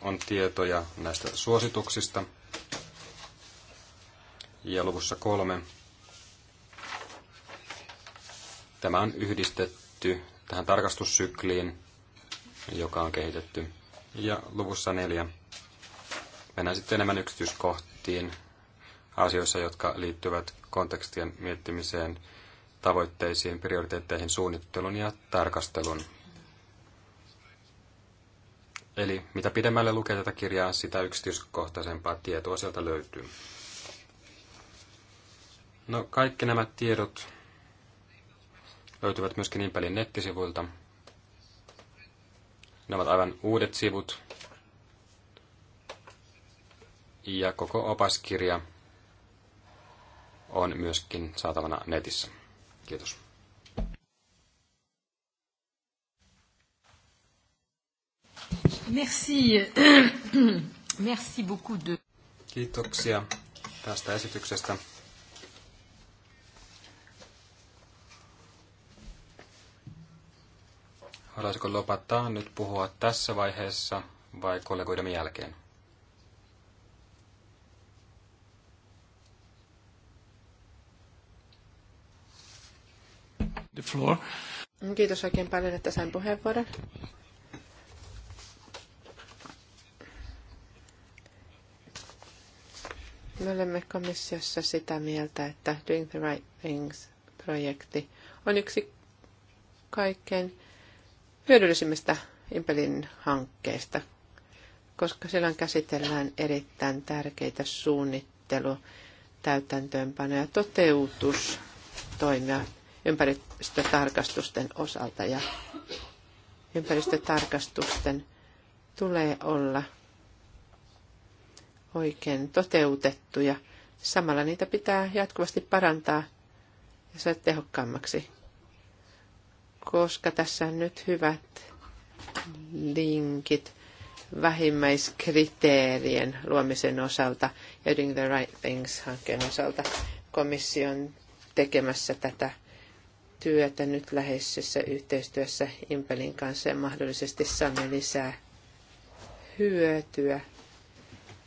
on tietoja näistä suosituksista. Ja luvussa kolme. Tämä on yhdistetty tähän tarkastussykliin, joka on kehitetty. Ja luvussa neljä. Mennään sitten enemmän yksityiskohtiin asioissa, jotka liittyvät kontekstien miettimiseen, tavoitteisiin, prioriteetteihin, suunnittelun ja tarkastelun Eli mitä pidemmälle lukee tätä kirjaa, sitä yksityiskohtaisempaa tietoa sieltä löytyy. No kaikki nämä tiedot löytyvät myöskin niin paljon nettisivuilta. Ne ovat aivan uudet sivut. Ja koko opaskirja on myöskin saatavana netissä. Kiitos. Merci. Merci beaucoup de... Kiitoksia tästä esityksestä. Haluaisiko lopattaa nyt puhua tässä vaiheessa vai kollegoidemme jälkeen? The floor. Kiitos oikein paljon, että sain puheenvuoron. Me olemme komissiossa sitä mieltä, että Doing the Right Things-projekti on yksi kaikkein hyödyllisimmistä Impelin hankkeista, koska silloin käsitellään erittäin tärkeitä suunnittelu, täytäntöönpano- ja toteutustoimia ympäristötarkastusten osalta. Ja ympäristötarkastusten tulee olla oikein toteutettuja. Samalla niitä pitää jatkuvasti parantaa ja saada tehokkaammaksi, koska tässä on nyt hyvät linkit vähimmäiskriteerien luomisen osalta ja Doing the Right Things-hankkeen osalta. Komission tekemässä tätä työtä nyt läheisessä yhteistyössä Impelin kanssa ja mahdollisesti saamme lisää hyötyä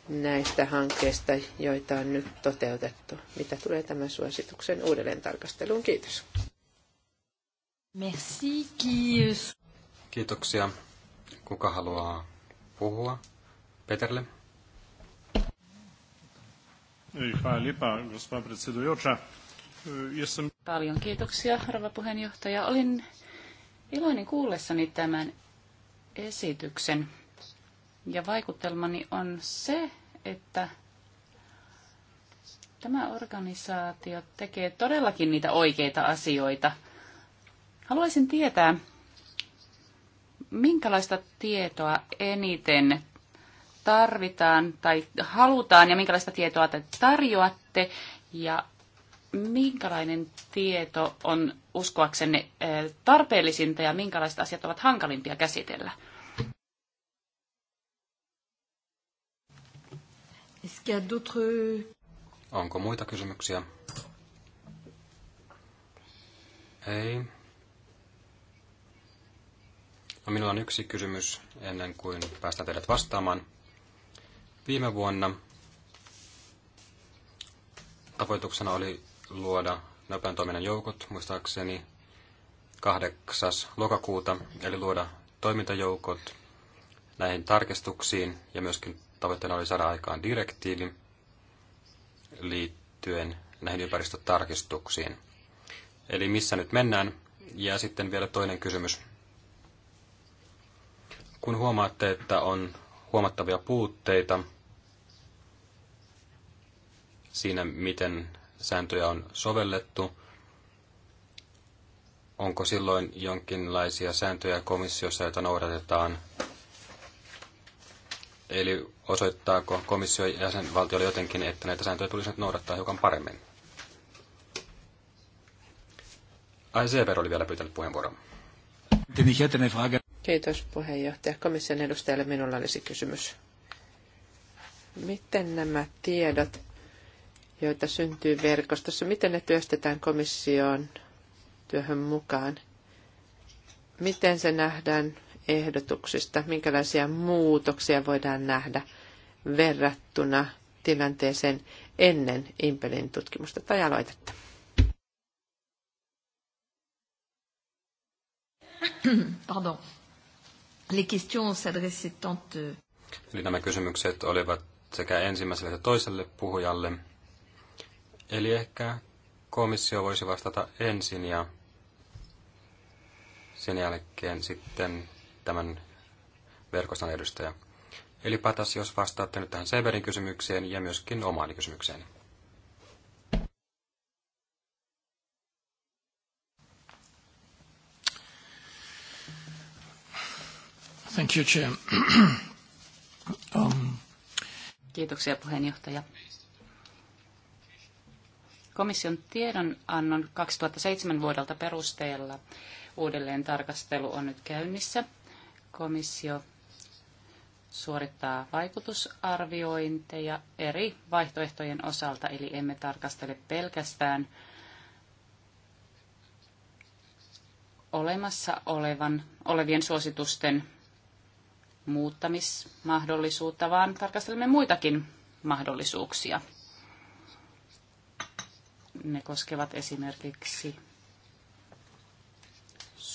näistä hankkeista, joita on nyt toteutettu. Mitä tulee tämän suosituksen uudelleen tarkasteluun? Kiitos. Merci, kiitos. Kiitoksia. Kuka haluaa puhua? Peterle. Hvala lipa, gospa eh, Paljon kiitoksia, rouva puheenjohtaja. Olin iloinen kuullessani tämän esityksen ja vaikutelmani on se, että tämä organisaatio tekee todellakin niitä oikeita asioita. Haluaisin tietää, minkälaista tietoa eniten tarvitaan tai halutaan ja minkälaista tietoa te tarjoatte ja minkälainen tieto on uskoaksenne eh, tarpeellisinta ja minkälaiset asiat ovat hankalimpia käsitellä? Onko muita kysymyksiä? Ei. No, minulla on yksi kysymys ennen kuin päästään teidät vastaamaan. Viime vuonna tavoituksena oli luoda nopean toiminnan joukot, muistaakseni 8. lokakuuta, eli luoda toimintajoukot näihin tarkistuksiin ja myöskin tavoitteena oli saada aikaan direktiivi liittyen näihin ympäristötarkistuksiin. Eli missä nyt mennään? Ja sitten vielä toinen kysymys. Kun huomaatte, että on huomattavia puutteita siinä, miten sääntöjä on sovellettu, onko silloin jonkinlaisia sääntöjä komissiossa, joita noudatetaan? Eli osoittaako komissio ja jäsenvaltiolle jotenkin, että näitä sääntöjä tulisi nyt noudattaa hiukan paremmin? Ai Seber oli vielä pyytänyt puheenvuoron. Kiitos puheenjohtaja. Komission edustajalle minulla olisi kysymys. Miten nämä tiedot, joita syntyy verkostossa, miten ne työstetään komission työhön mukaan? Miten se nähdään ehdotuksista, minkälaisia muutoksia voidaan nähdä verrattuna tilanteeseen ennen Impelin tutkimusta tai aloitetta. Pardon. Les questions s'adressaient tant... Euh, Eli nämä kysymykset olivat sekä ensimmäiselle että toiselle puhujalle. Eli ehkä komissio voisi vastata ensin ja sen jälkeen sitten tämän verkoston edustaja. Eli Patas, jos vastaatte nyt tähän Severin kysymykseen ja myöskin omaan kysymykseen. Thank you, Chair. um. Kiitoksia puheenjohtaja. Komission tiedonannon 2007 vuodelta perusteella uudelleen tarkastelu on nyt käynnissä – komissio suorittaa vaikutusarviointeja eri vaihtoehtojen osalta, eli emme tarkastele pelkästään olemassa olevan, olevien suositusten muuttamismahdollisuutta, vaan tarkastelemme muitakin mahdollisuuksia. Ne koskevat esimerkiksi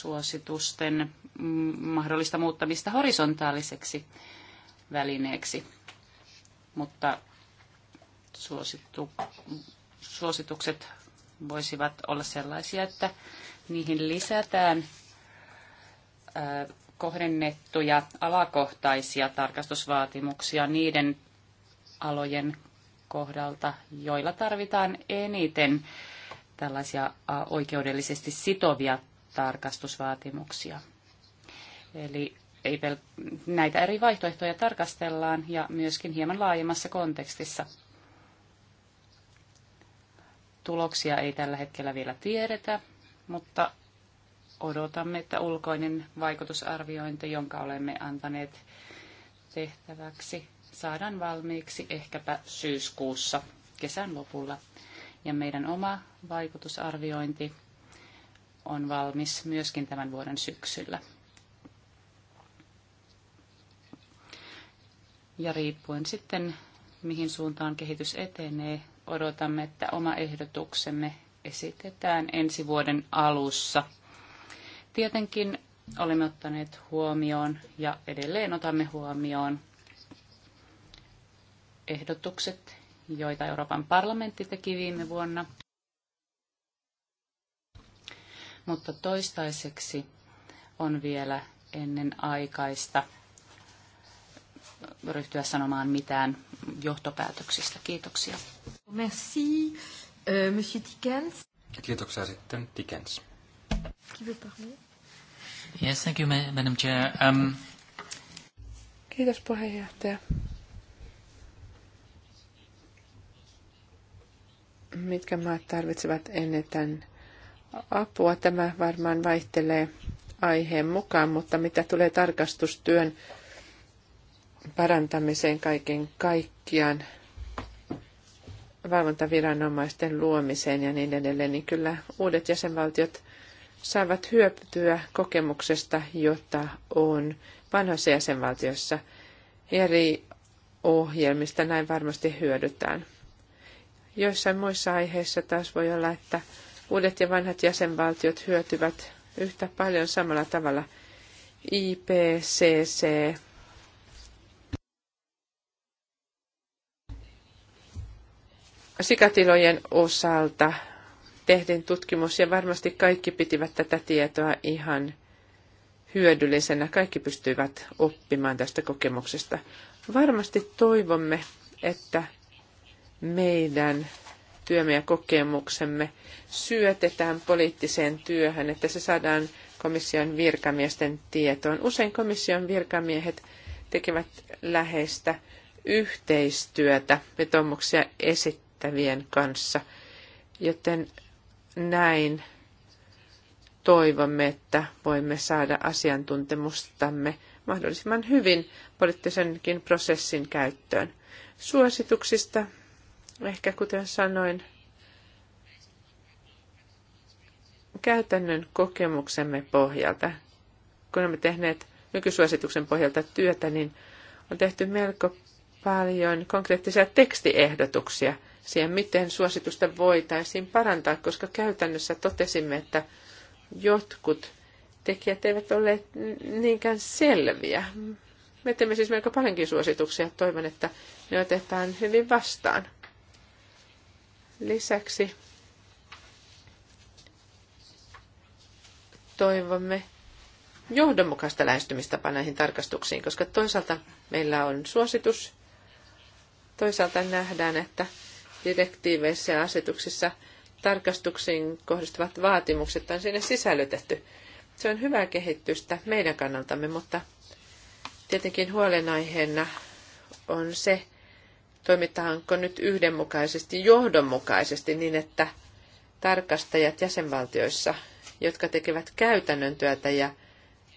suositusten mm, mahdollista muuttamista horisontaaliseksi välineeksi. Mutta suosittu, suositukset voisivat olla sellaisia, että niihin lisätään kohdennettuja alakohtaisia tarkastusvaatimuksia niiden alojen kohdalta, joilla tarvitaan eniten tällaisia oikeudellisesti sitovia tarkastusvaatimuksia. Eli ei pel- näitä eri vaihtoehtoja tarkastellaan ja myöskin hieman laajemmassa kontekstissa. Tuloksia ei tällä hetkellä vielä tiedetä, mutta odotamme, että ulkoinen vaikutusarviointi, jonka olemme antaneet tehtäväksi, saadaan valmiiksi ehkäpä syyskuussa kesän lopulla. Ja meidän oma vaikutusarviointi on valmis myöskin tämän vuoden syksyllä. Ja riippuen sitten, mihin suuntaan kehitys etenee, odotamme, että oma ehdotuksemme esitetään ensi vuoden alussa. Tietenkin olemme ottaneet huomioon ja edelleen otamme huomioon ehdotukset, joita Euroopan parlamentti teki viime vuonna mutta toistaiseksi on vielä ennen aikaista ryhtyä sanomaan mitään johtopäätöksistä. Kiitoksia. Merci, euh, monsieur Dickens. Kiitoksia sitten Dickens. Yes, thank you, Madam Chair. Um... Kiitos puheenjohtaja. Mitkä maat tarvitsevat tämän apua. Tämä varmaan vaihtelee aiheen mukaan, mutta mitä tulee tarkastustyön parantamiseen kaiken kaikkiaan, valvontaviranomaisten luomiseen ja niin edelleen, niin kyllä uudet jäsenvaltiot saavat hyötyä kokemuksesta, jota on vanhoissa jäsenvaltioissa eri ohjelmista näin varmasti hyödytään. Joissain muissa aiheissa taas voi olla, että Uudet ja vanhat jäsenvaltiot hyötyvät yhtä paljon samalla tavalla IPCC sikatilojen osalta tehdyn tutkimus ja varmasti kaikki pitivät tätä tietoa ihan hyödyllisenä. Kaikki pystyivät oppimaan tästä kokemuksesta. Varmasti toivomme, että meidän työmme ja kokemuksemme syötetään poliittiseen työhön, että se saadaan komission virkamiesten tietoon. Usein komission virkamiehet tekevät läheistä yhteistyötä vetomuksia esittävien kanssa, joten näin toivomme, että voimme saada asiantuntemustamme mahdollisimman hyvin poliittisenkin prosessin käyttöön. Suosituksista ehkä kuten sanoin, käytännön kokemuksemme pohjalta, kun olemme tehneet nykysuosituksen pohjalta työtä, niin on tehty melko paljon konkreettisia tekstiehdotuksia siihen, miten suositusta voitaisiin parantaa, koska käytännössä totesimme, että jotkut tekijät eivät olleet niinkään selviä. Me teemme siis melko paljonkin suosituksia. Toivon, että ne otetaan hyvin vastaan. Lisäksi toivomme johdonmukaista lähestymistapaa näihin tarkastuksiin, koska toisaalta meillä on suositus, toisaalta nähdään, että direktiiveissä ja asetuksissa tarkastuksiin kohdistuvat vaatimukset on sinne sisällytetty. Se on hyvää kehitystä meidän kannaltamme, mutta tietenkin huolenaiheena on se, toimitaanko nyt yhdenmukaisesti, johdonmukaisesti niin, että tarkastajat jäsenvaltioissa, jotka tekevät käytännön työtä ja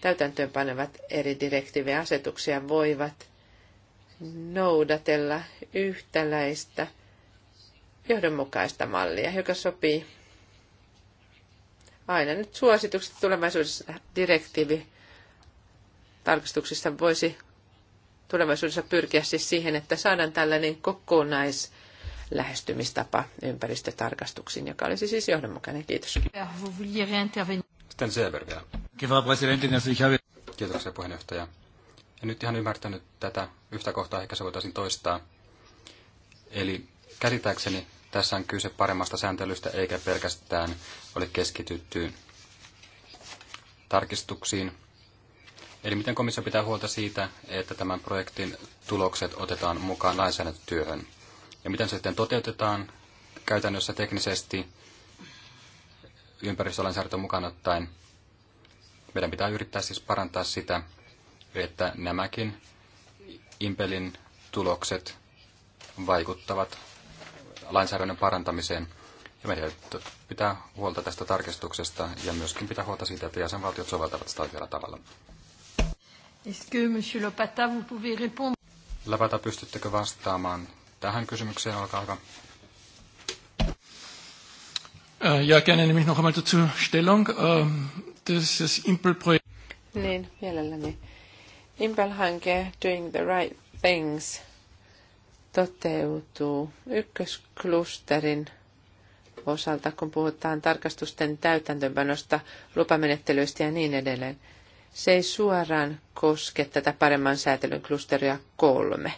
täytäntöönpanevat eri direktiivejä asetuksia, voivat noudatella yhtäläistä johdonmukaista mallia, joka sopii aina nyt suositukset tulevaisuudessa direktiivi tarkastuksista voisi tulevaisuudessa pyrkiä siis siihen, että saadaan tällainen kokonais lähestymistapa ympäristötarkastuksiin, joka olisi siis johdonmukainen. Kiitos. Sitten Seber vielä. Kiitoksia puheenjohtaja. En nyt ihan ymmärtänyt tätä yhtä kohtaa, ehkä se voitaisiin toistaa. Eli käsittääkseni tässä on kyse paremmasta sääntelystä, eikä pelkästään ole keskitytty tarkistuksiin, Eli miten komissio pitää huolta siitä, että tämän projektin tulokset otetaan mukaan lainsäädäntötyöhön? Ja miten se sitten toteutetaan käytännössä teknisesti ympäristölainsäädäntö mukaan ottaen? Meidän pitää yrittää siis parantaa sitä, että nämäkin Impelin tulokset vaikuttavat lainsäädännön parantamiseen. Ja meidän pitää huolta tästä tarkistuksesta ja myöskin pitää huolta siitä, että jäsenvaltiot soveltavat sitä oikealla tavalla. Lapata, pystyttekö vastaamaan tähän kysymykseen? Olkaa hyvä. Äh, ja gerne nehme ich noch einmal dazu Stellung. Ähm, das ist Impel-Projekt. Niin, mielelläni. Impel-hanke Doing the Right Things toteutuu ykkösklusterin osalta, kun puhutaan tarkastusten täytäntöönpanosta, lupamenettelyistä ja niin edelleen. Se ei suoraan koske tätä paremman säätelyn klusteria kolme.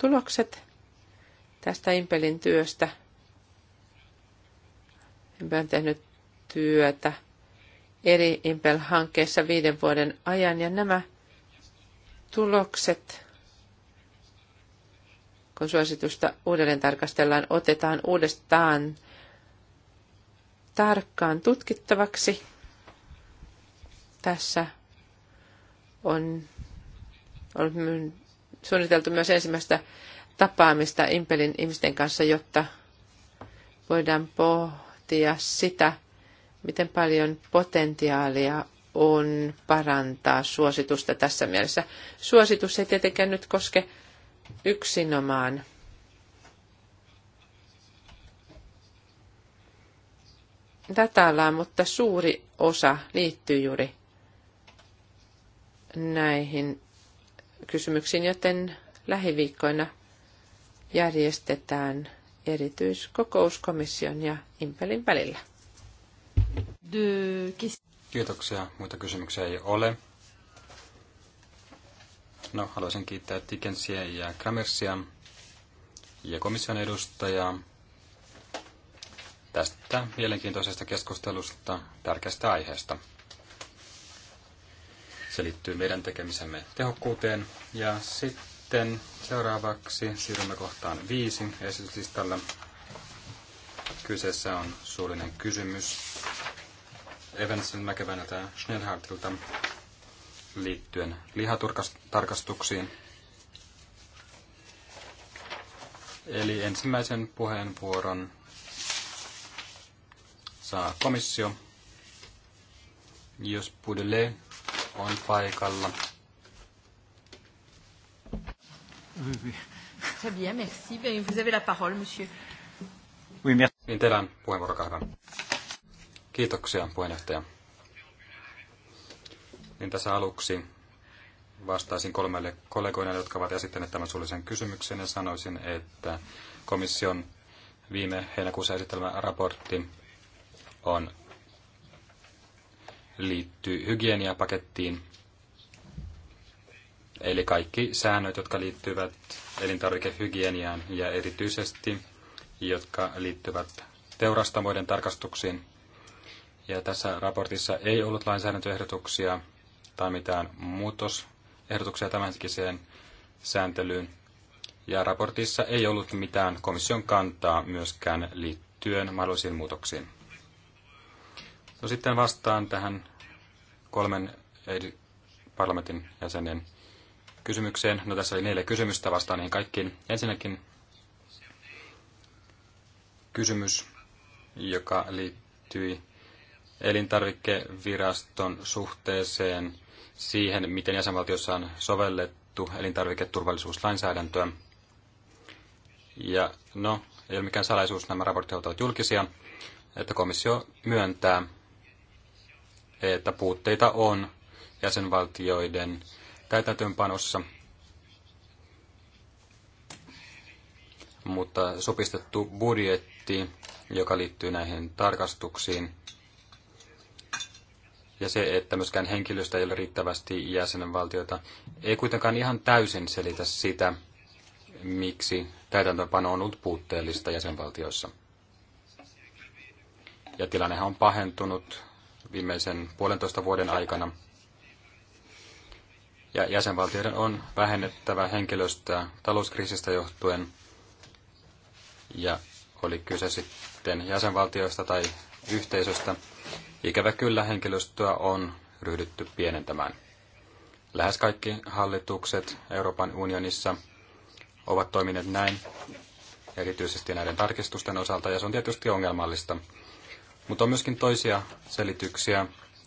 Tulokset tästä Impelin työstä. Impel on tehnyt työtä eri Impel-hankkeissa viiden vuoden ajan ja nämä tulokset, kun suositusta uudelleen tarkastellaan, otetaan uudestaan tarkkaan tutkittavaksi tässä on ollut suunniteltu myös ensimmäistä tapaamista Impelin ihmisten kanssa, jotta voidaan pohtia sitä, miten paljon potentiaalia on parantaa suositusta tässä mielessä. Suositus ei tietenkään nyt koske yksinomaan tätä mutta suuri osa liittyy juuri näihin kysymyksiin, joten lähiviikkoina järjestetään erityiskokous komission ja Impelin välillä. Kiitoksia. Muita kysymyksiä ei ole. No, haluaisin kiittää Tikensiä ja Kramersia ja komission edustajaa tästä mielenkiintoisesta keskustelusta tärkeästä aiheesta. Se liittyy meidän tekemisemme tehokkuuteen. Ja sitten seuraavaksi siirrymme kohtaan viisi esityslistalla. Kyseessä on suullinen kysymys Evansin mäkevänä Schnellhartilta liittyen lihatarkastuksiin. Eli ensimmäisen puheenvuoron saa komissio. Jos Pudelet on paikalla. Très bien, merci. vous avez la parole, monsieur. Oui, merci. Niin teillä Kiitoksia, puheenjohtaja. Niin tässä aluksi vastaisin kolmelle kollegoille, jotka ovat esittäneet tämän suullisen kysymyksen ja sanoisin, että komission viime heinäkuussa esittelemä raportti on liittyy hygieniapakettiin, eli kaikki säännöt, jotka liittyvät elintarvikehygieniaan ja erityisesti jotka liittyvät teurastamoiden tarkastuksiin. Ja tässä raportissa ei ollut lainsäädäntöehdotuksia tai mitään muutosehdotuksia tämänhetkiseen sääntelyyn. Ja raportissa ei ollut mitään komission kantaa myöskään liittyen mahdollisiin muutoksiin. No sitten vastaan tähän kolmen parlamentin jäsenen kysymykseen. No tässä oli neljä kysymystä, vastaan niihin kaikkiin. Ensinnäkin kysymys, joka liittyi elintarvikeviraston suhteeseen siihen, miten jäsenvaltiossa on sovellettu elintarviketurvallisuuslainsäädäntöä. Ja no, ei ole mikään salaisuus, nämä raportit ovat julkisia, että komissio myöntää, että puutteita on jäsenvaltioiden täytäntöönpanossa, mutta supistettu budjetti, joka liittyy näihin tarkastuksiin, ja se, että myöskään henkilöstä ei ole riittävästi jäsenvaltioita, ei kuitenkaan ihan täysin selitä sitä, miksi täytäntöpano on ollut puutteellista jäsenvaltioissa. Ja tilannehan on pahentunut viimeisen puolentoista vuoden aikana. Ja jäsenvaltioiden on vähennettävä henkilöstöä talouskriisistä johtuen. Ja oli kyse sitten jäsenvaltioista tai yhteisöstä. Ikävä kyllä henkilöstöä on ryhdytty pienentämään. Lähes kaikki hallitukset Euroopan unionissa ovat toimineet näin, erityisesti näiden tarkistusten osalta, ja se on tietysti ongelmallista, mutta on myöskin toisia selityksiä,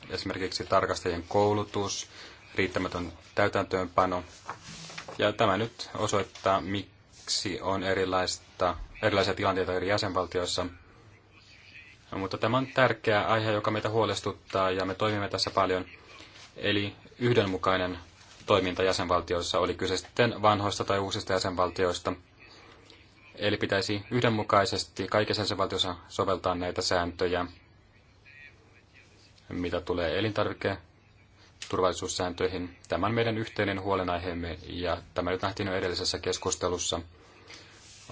esimerkiksi tarkastajien koulutus, riittämätön täytäntöönpano. Ja tämä nyt osoittaa, miksi on erilaista, erilaisia tilanteita eri jäsenvaltioissa. No, mutta tämä on tärkeä aihe, joka meitä huolestuttaa ja me toimimme tässä paljon. Eli yhdenmukainen toiminta jäsenvaltioissa, oli kyse sitten vanhoista tai uusista jäsenvaltioista – Eli pitäisi yhdenmukaisesti kaikissa jäsenvaltioissa soveltaa näitä sääntöjä, mitä tulee elintarvike turvallisuussääntöihin. Tämä on meidän yhteinen huolenaiheemme ja tämä nyt nähtiin jo edellisessä keskustelussa.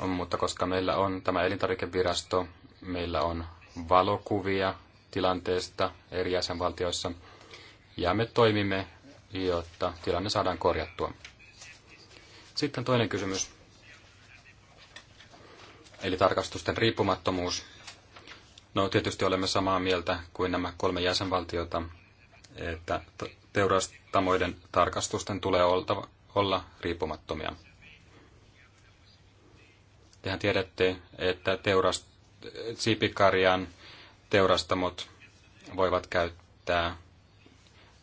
Mutta koska meillä on tämä elintarvikevirasto, meillä on valokuvia tilanteesta eri jäsenvaltioissa ja me toimimme, jotta tilanne saadaan korjattua. Sitten toinen kysymys eli tarkastusten riippumattomuus. No tietysti olemme samaa mieltä kuin nämä kolme jäsenvaltiota, että teurastamoiden tarkastusten tulee oltava, olla riippumattomia. Tehän tiedätte, että teurast, siipikarjan teurastamot voivat käyttää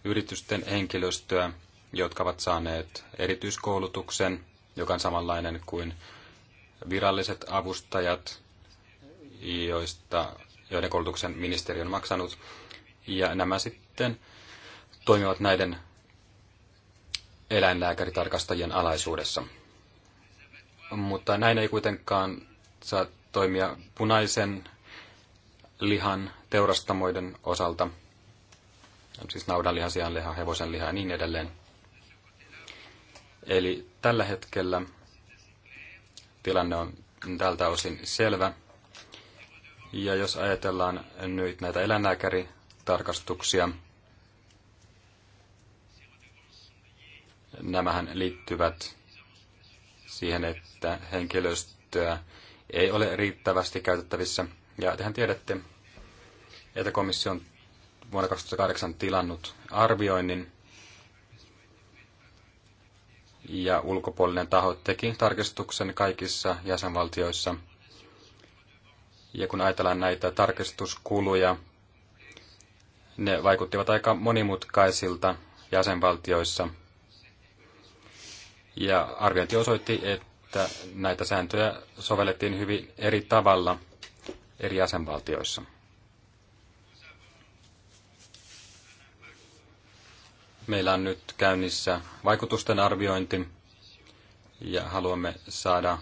yritysten henkilöstöä, jotka ovat saaneet erityiskoulutuksen, joka on samanlainen kuin viralliset avustajat, joista, joiden koulutuksen ministeri on maksanut, ja nämä sitten toimivat näiden eläinlääkäritarkastajien alaisuudessa. Mutta näin ei kuitenkaan saa toimia punaisen lihan teurastamoiden osalta, siis naudanliha, sianliha, hevosenliha ja niin edelleen. Eli tällä hetkellä tilanne on tältä osin selvä. Ja jos ajatellaan nyt näitä eläinlääkäritarkastuksia, nämähän liittyvät siihen, että henkilöstöä ei ole riittävästi käytettävissä. Ja tehän tiedätte, että komissio on vuonna 2008 tilannut arvioinnin ja ulkopuolinen taho teki tarkistuksen kaikissa jäsenvaltioissa. Ja kun ajatellaan näitä tarkistuskuluja, ne vaikuttivat aika monimutkaisilta jäsenvaltioissa. Ja arviointi osoitti, että näitä sääntöjä sovellettiin hyvin eri tavalla eri jäsenvaltioissa. Meillä on nyt käynnissä vaikutusten arviointi ja haluamme saada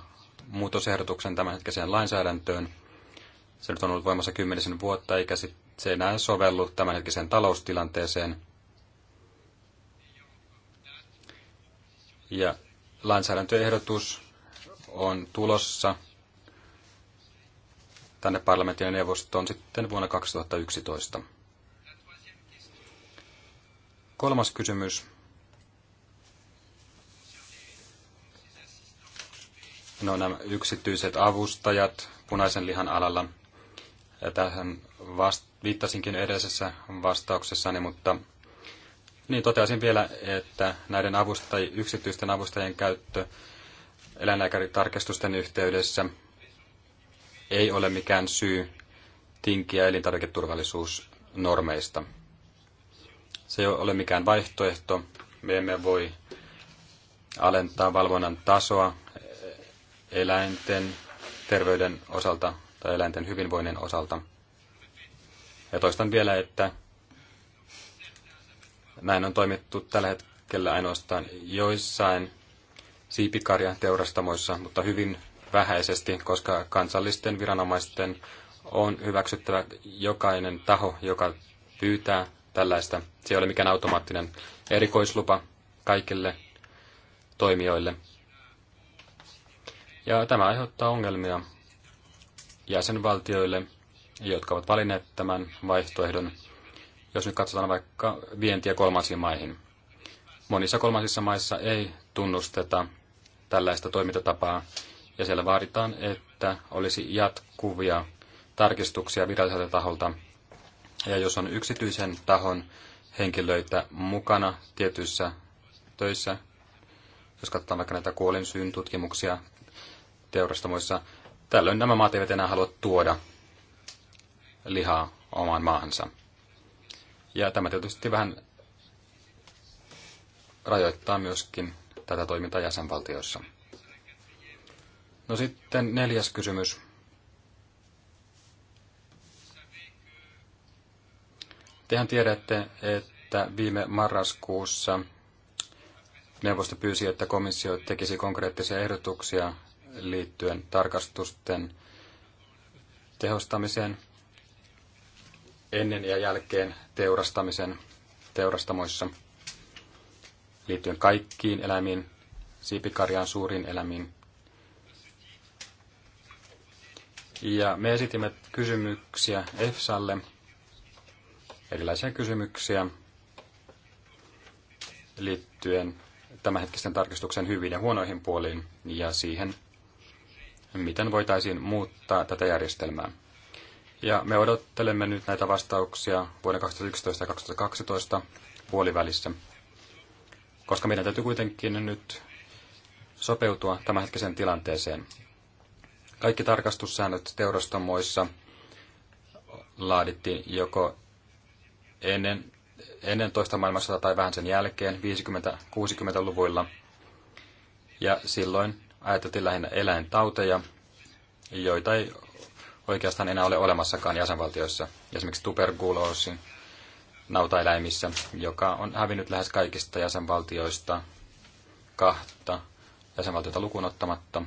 muutosehdotuksen tämänhetkiseen lainsäädäntöön. Se nyt on ollut voimassa kymmenisen vuotta eikä se enää sovellu tämänhetkiseen taloustilanteeseen. Ja lainsäädäntöehdotus on tulossa tänne parlamentin ja neuvoston sitten vuonna 2011. Kolmas kysymys. No nämä yksityiset avustajat punaisen lihan alalla. Ja tähän vast- viittasinkin edellisessä vastauksessani, mutta niin toteaisin vielä, että näiden avustaj- yksityisten avustajien käyttö eläinlääkäritarkastusten yhteydessä ei ole mikään syy tinkiä elintarviketurvallisuusnormeista. Se ei ole mikään vaihtoehto. Me emme voi alentaa valvonnan tasoa eläinten terveyden osalta tai eläinten hyvinvoinnin osalta. Ja toistan vielä, että näin on toimittu tällä hetkellä ainoastaan joissain siipikarjateurastamoissa, mutta hyvin vähäisesti, koska kansallisten viranomaisten on hyväksyttävä jokainen taho, joka pyytää tällaista. Se ei ole mikään automaattinen erikoislupa kaikille toimijoille. Ja tämä aiheuttaa ongelmia jäsenvaltioille, jotka ovat valinneet tämän vaihtoehdon, jos nyt katsotaan vaikka vientiä kolmansiin maihin. Monissa kolmansissa maissa ei tunnusteta tällaista toimintatapaa, ja siellä vaaditaan, että olisi jatkuvia tarkistuksia viralliselta taholta ja jos on yksityisen tahon henkilöitä mukana tietyissä töissä, jos katsotaan vaikka näitä kuolinsyyn tutkimuksia teurastamoissa, tällöin nämä maat eivät enää halua tuoda lihaa omaan maahansa. Ja tämä tietysti vähän rajoittaa myöskin tätä toimintaa jäsenvaltioissa. No sitten neljäs kysymys. Tehän tiedätte, että viime marraskuussa neuvosto pyysi, että komissio tekisi konkreettisia ehdotuksia liittyen tarkastusten tehostamiseen ennen ja jälkeen teurastamisen teurastamoissa liittyen kaikkiin eläimiin, siipikarjaan suuriin eläimiin. Ja me esitimme kysymyksiä EFSAlle erilaisia kysymyksiä liittyen tämänhetkisten tarkistuksen hyviin ja huonoihin puoliin ja siihen, miten voitaisiin muuttaa tätä järjestelmää. Ja me odottelemme nyt näitä vastauksia vuoden 2011 ja 2012 puolivälissä, koska meidän täytyy kuitenkin nyt sopeutua tämänhetkiseen tilanteeseen. Kaikki tarkastussäännöt teurastamoissa laadittiin joko ennen, ennen toista maailmansota tai vähän sen jälkeen 50-60-luvuilla. Ja silloin ajateltiin lähinnä eläintauteja, joita ei oikeastaan enää ole olemassakaan jäsenvaltioissa. Esimerkiksi tuberkuloosi nautaeläimissä, joka on hävinnyt lähes kaikista jäsenvaltioista kahta jäsenvaltiota lukuun ottamatta.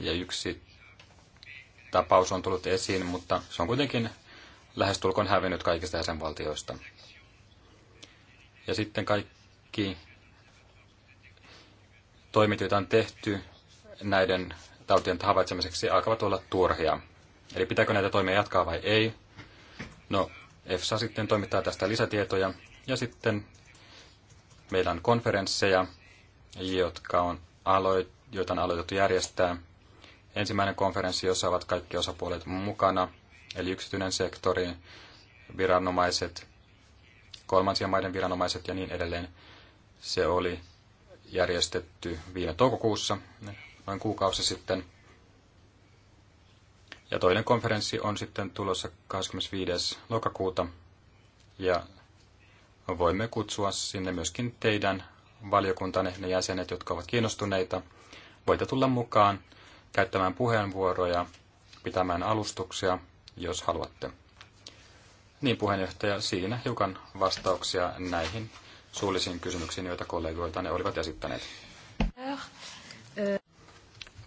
Ja yksi tapaus on tullut esiin, mutta se on kuitenkin lähestulkoon hävinnyt kaikista jäsenvaltioista. Ja sitten kaikki toimit, joita on tehty näiden tautien havaitsemiseksi, alkavat olla turhia. Eli pitääkö näitä toimia jatkaa vai ei? No, EFSA sitten toimittaa tästä lisätietoja. Ja sitten meillä on konferensseja, jotka on aloit, joita on aloitettu järjestää. Ensimmäinen konferenssi, jossa ovat kaikki osapuolet mukana – eli yksityinen sektori, viranomaiset, kolmansien maiden viranomaiset ja niin edelleen. Se oli järjestetty viime toukokuussa, noin kuukausi sitten. Ja toinen konferenssi on sitten tulossa 25. lokakuuta. Ja voimme kutsua sinne myöskin teidän valiokuntanne, ne jäsenet, jotka ovat kiinnostuneita. Voitte tulla mukaan käyttämään puheenvuoroja, pitämään alustuksia jos haluatte. Niin puheenjohtaja, siinä hiukan vastauksia näihin suullisiin kysymyksiin, joita kollegoita ne olivat esittäneet.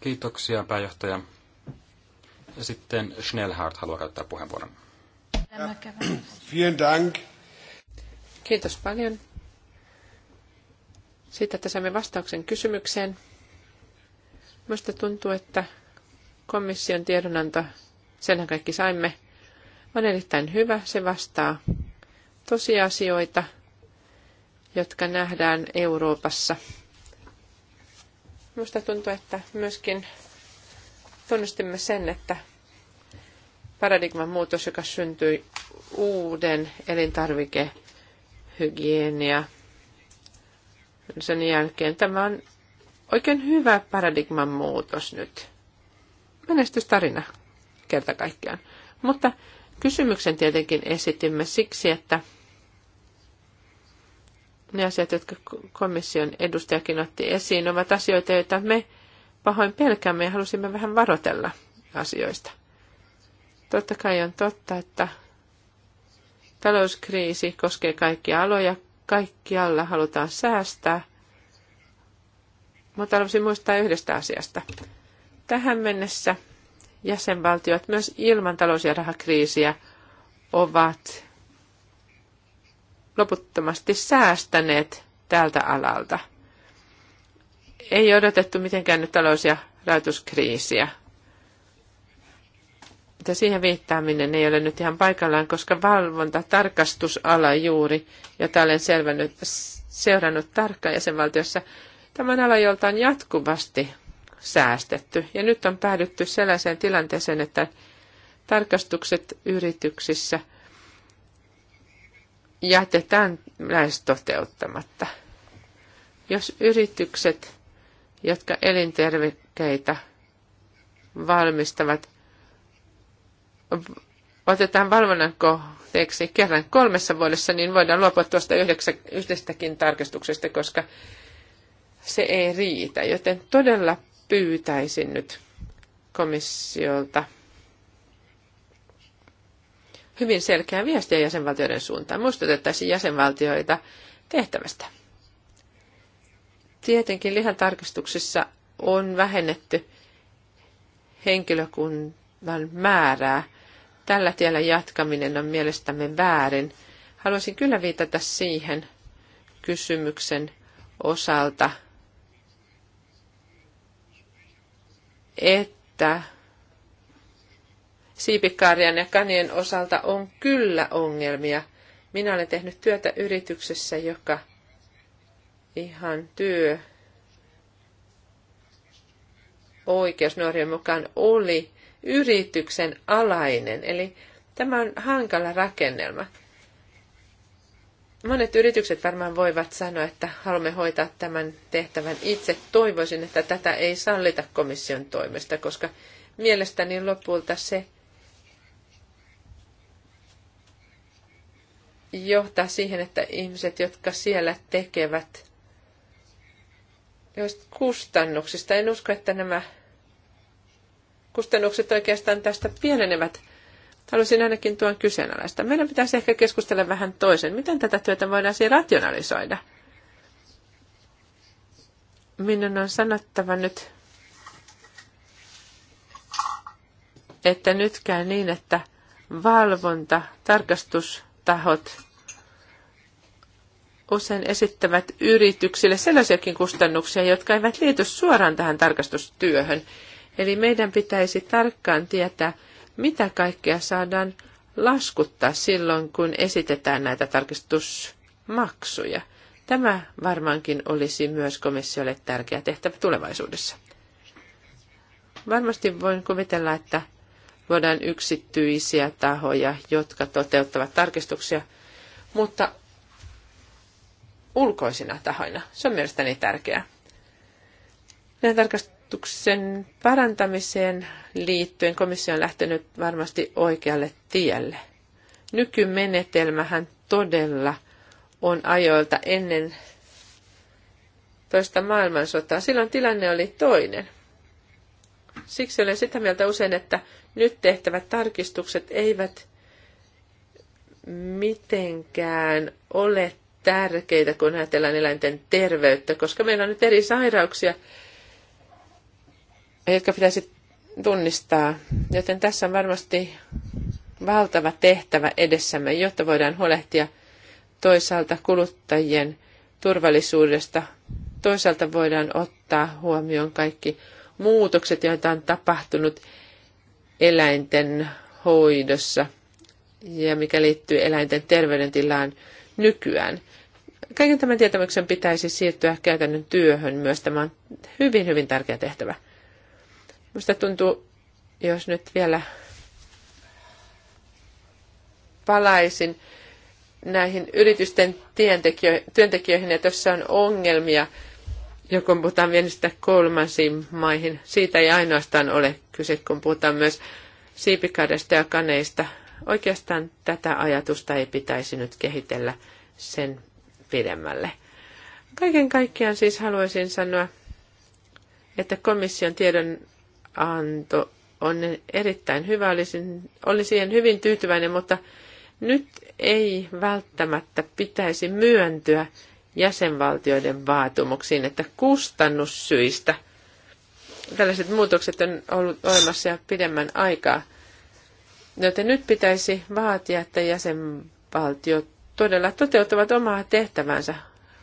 Kiitoksia pääjohtaja. Ja sitten Schnellhardt haluaa käyttää puheenvuoron. Vielen Dank. Kiitos paljon. Siitä, että saimme vastauksen kysymykseen. Minusta tuntuu, että komission tiedonanto senhän kaikki saimme, on erittäin hyvä. Se vastaa tosiasioita, jotka nähdään Euroopassa. Minusta tuntuu, että myöskin tunnustimme sen, että paradigman muutos, joka syntyi uuden elintarvikehygienia sen jälkeen, tämä on oikein hyvä paradigman muutos nyt. Menestystarina kerta kaikkiaan. Mutta kysymyksen tietenkin esitimme siksi, että ne asiat, jotka komission edustajakin otti esiin, ovat asioita, joita me pahoin pelkäämme ja halusimme vähän varotella asioista. Totta kai on totta, että talouskriisi koskee kaikkia aloja, kaikkialla halutaan säästää, mutta haluaisin muistaa yhdestä asiasta. Tähän mennessä – jäsenvaltiot myös ilman talous- ja rahakriisiä ovat loputtomasti säästäneet tältä alalta. Ei odotettu mitenkään nyt talous- ja rahoituskriisiä. Mutta siihen viittaaminen ei ole nyt ihan paikallaan, koska valvonta, tarkastusala juuri, jota olen selvännyt, seurannut tarkkaan jäsenvaltiossa, tämän ala, jolta on jatkuvasti säästetty. Ja nyt on päädytty sellaiseen tilanteeseen, että tarkastukset yrityksissä jätetään lähes toteuttamatta. Jos yritykset, jotka elintervikkeitä valmistavat, otetaan valvonnan kohteeksi kerran kolmessa vuodessa, niin voidaan luopua tuosta yhdeksä, yhdestäkin tarkastuksesta, koska se ei riitä. Joten todella pyytäisin nyt komissiolta hyvin selkeää viestiä jäsenvaltioiden suuntaan. Muistutettaisiin jäsenvaltioita tehtävästä. Tietenkin lihantarkastuksissa on vähennetty henkilökunnan määrää. Tällä tiellä jatkaminen on mielestämme väärin. Haluaisin kyllä viitata siihen kysymyksen osalta – että siipikarjan ja kanien osalta on kyllä ongelmia. Minä olen tehnyt työtä yrityksessä, joka ihan työ oikeusnuorien mukaan oli yrityksen alainen. Eli tämä on hankala rakennelma. Monet yritykset varmaan voivat sanoa, että haluamme hoitaa tämän tehtävän itse. Toivoisin, että tätä ei sallita komission toimesta, koska mielestäni lopulta se johtaa siihen, että ihmiset, jotka siellä tekevät joista kustannuksista, en usko, että nämä kustannukset oikeastaan tästä pienenevät halusin ainakin tuon kyseenalaista. Meidän pitäisi ehkä keskustella vähän toisen. Miten tätä työtä voidaan siihen rationalisoida? Minun on sanottava nyt, että nyt käy niin, että valvonta, tarkastustahot usein esittävät yrityksille sellaisiakin kustannuksia, jotka eivät liity suoraan tähän tarkastustyöhön. Eli meidän pitäisi tarkkaan tietää, mitä kaikkea saadaan laskuttaa silloin, kun esitetään näitä tarkistusmaksuja. Tämä varmaankin olisi myös komissiolle tärkeä tehtävä tulevaisuudessa. Varmasti voin kuvitella, että voidaan yksityisiä tahoja, jotka toteuttavat tarkistuksia, mutta ulkoisina tahoina. Se on mielestäni tärkeää. Nämä tarkastukset Asetuksen parantamiseen liittyen komissio on lähtenyt varmasti oikealle tielle. Nykymenetelmähän todella on ajoilta ennen toista maailmansotaa. Silloin tilanne oli toinen. Siksi olen sitä mieltä usein, että nyt tehtävät tarkistukset eivät mitenkään ole tärkeitä, kun ajatellaan eläinten terveyttä, koska meillä on nyt eri sairauksia, jotka pitäisi tunnistaa. Joten tässä on varmasti valtava tehtävä edessämme, jotta voidaan huolehtia toisaalta kuluttajien turvallisuudesta, toisaalta voidaan ottaa huomioon kaikki muutokset, joita on tapahtunut eläinten hoidossa ja mikä liittyy eläinten terveydentilaan nykyään. Kaiken tämän tietämyksen pitäisi siirtyä käytännön työhön myös. Tämä on hyvin, hyvin tärkeä tehtävä. Minusta tuntuu, jos nyt vielä palaisin näihin yritysten työntekijöihin, ja tuossa on ongelmia, joko puhutaan viennistä kolmansiin maihin. Siitä ei ainoastaan ole kyse, kun puhutaan myös siipikadesta ja kaneista. Oikeastaan tätä ajatusta ei pitäisi nyt kehitellä sen pidemmälle. Kaiken kaikkiaan siis haluaisin sanoa, että komission tiedon Anto on erittäin hyvä, olisin, olin siihen hyvin tyytyväinen, mutta nyt ei välttämättä pitäisi myöntyä jäsenvaltioiden vaatimuksiin, että kustannussyistä tällaiset muutokset on ollut olemassa jo pidemmän aikaa. Joten nyt pitäisi vaatia, että jäsenvaltiot todella toteuttavat omaa tehtävänsä,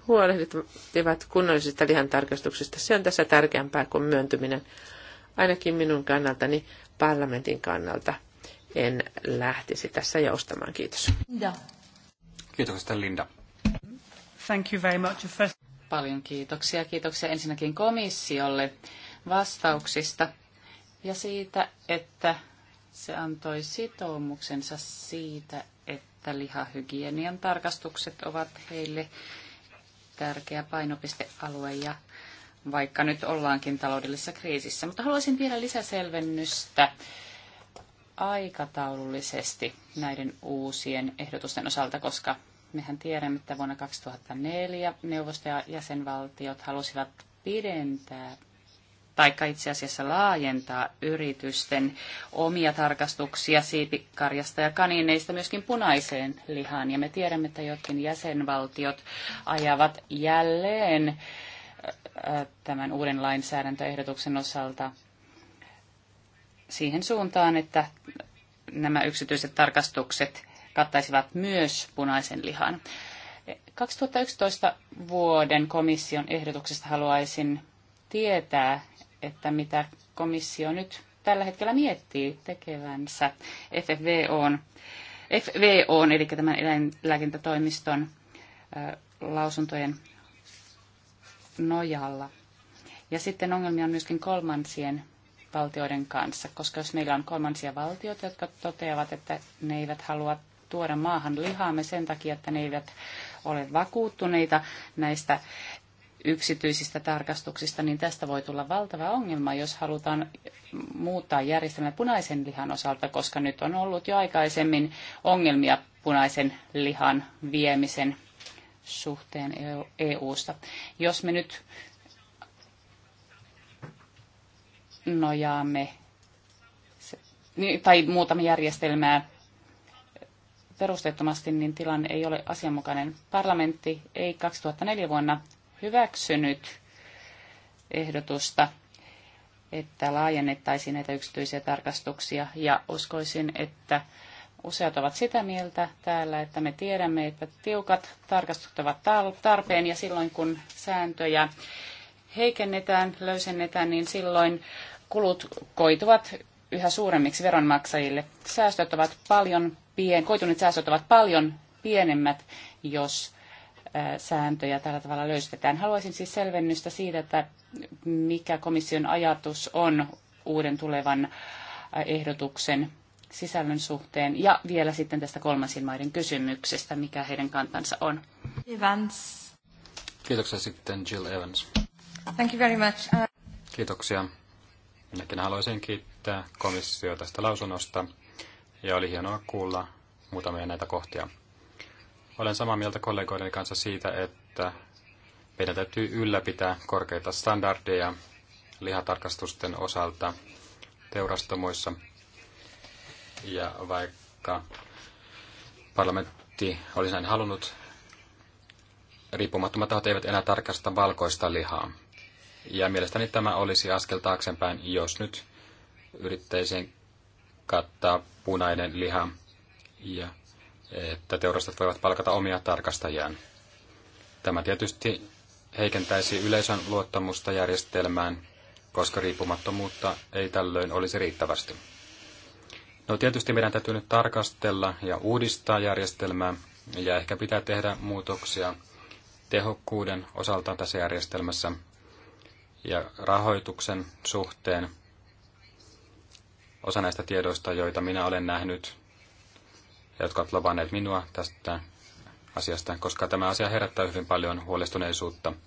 huolehtivat kunnollisista lihantarkastuksista. Se on tässä tärkeämpää kuin myöntyminen ainakin minun kannaltani, parlamentin kannalta, en lähtisi tässä joustamaan. Kiitos. Linda. Kiitos, Linda. Thank you very much. First... Paljon kiitoksia. Kiitoksia ensinnäkin komissiolle vastauksista ja siitä, että se antoi sitoumuksensa siitä, että lihahygienian tarkastukset ovat heille tärkeä painopistealue ja vaikka nyt ollaankin taloudellisessa kriisissä. Mutta haluaisin vielä lisäselvennystä aikataulullisesti näiden uusien ehdotusten osalta, koska mehän tiedämme, että vuonna 2004 neuvosto ja jäsenvaltiot halusivat pidentää tai itse asiassa laajentaa yritysten omia tarkastuksia siipikarjasta ja kanineista myöskin punaiseen lihaan. Ja me tiedämme, että jotkin jäsenvaltiot ajavat jälleen Äh, tämän uuden lainsäädäntöehdotuksen osalta siihen suuntaan, että nämä yksityiset tarkastukset kattaisivat myös punaisen lihan. 2011 vuoden komission ehdotuksesta haluaisin tietää, että mitä komissio nyt tällä hetkellä miettii tekevänsä FFVOn, FVOn eli tämän eläinlääkintätoimiston äh, lausuntojen nojalla. Ja sitten ongelmia on myöskin kolmansien valtioiden kanssa, koska jos meillä on kolmansia valtioita, jotka toteavat, että ne eivät halua tuoda maahan lihaamme sen takia, että ne eivät ole vakuuttuneita näistä yksityisistä tarkastuksista, niin tästä voi tulla valtava ongelma, jos halutaan muuttaa järjestelmä punaisen lihan osalta, koska nyt on ollut jo aikaisemmin ongelmia punaisen lihan viemisen suhteen EU-sta. E Jos me nyt nojaamme niin, tai muutamme järjestelmää perusteettomasti, niin tilanne ei ole asianmukainen. Parlamentti ei 2004 vuonna hyväksynyt ehdotusta, että laajennettaisiin näitä yksityisiä tarkastuksia, ja uskoisin, että Useat ovat sitä mieltä täällä, että me tiedämme, että tiukat tarkastukset ovat tarpeen ja silloin kun sääntöjä heikennetään, löysennetään, niin silloin kulut koituvat yhä suuremmiksi veronmaksajille. Säästöt ovat paljon pien, koituneet säästöt ovat paljon pienemmät, jos sääntöjä tällä tavalla löystetään. Haluaisin siis selvennystä siitä, että mikä komission ajatus on uuden tulevan ehdotuksen sisällön suhteen ja vielä sitten tästä kolmansien maiden kysymyksestä, mikä heidän kantansa on. Evans. Kiitoksia sitten Jill Evans. Thank you very much. Uh... Kiitoksia. Minäkin haluaisin kiittää komissio tästä lausunnosta ja oli hienoa kuulla muutamia näitä kohtia. Olen samaa mieltä kollegoiden kanssa siitä, että meidän täytyy ylläpitää korkeita standardeja lihatarkastusten osalta teurastamoissa – ja vaikka parlamentti olisi näin halunnut, riippumattomat tahot eivät enää tarkasta valkoista lihaa. Ja mielestäni tämä olisi askel taaksepäin, jos nyt yrittäisiin kattaa punainen liha ja että teurastat voivat palkata omia tarkastajiaan. Tämä tietysti heikentäisi yleisön luottamusta järjestelmään, koska riippumattomuutta ei tällöin olisi riittävästi. No tietysti meidän täytyy nyt tarkastella ja uudistaa järjestelmää ja ehkä pitää tehdä muutoksia tehokkuuden osalta tässä järjestelmässä ja rahoituksen suhteen. Osa näistä tiedoista, joita minä olen nähnyt ja jotka ovat lovanneet minua tästä asiasta, koska tämä asia herättää hyvin paljon huolestuneisuutta –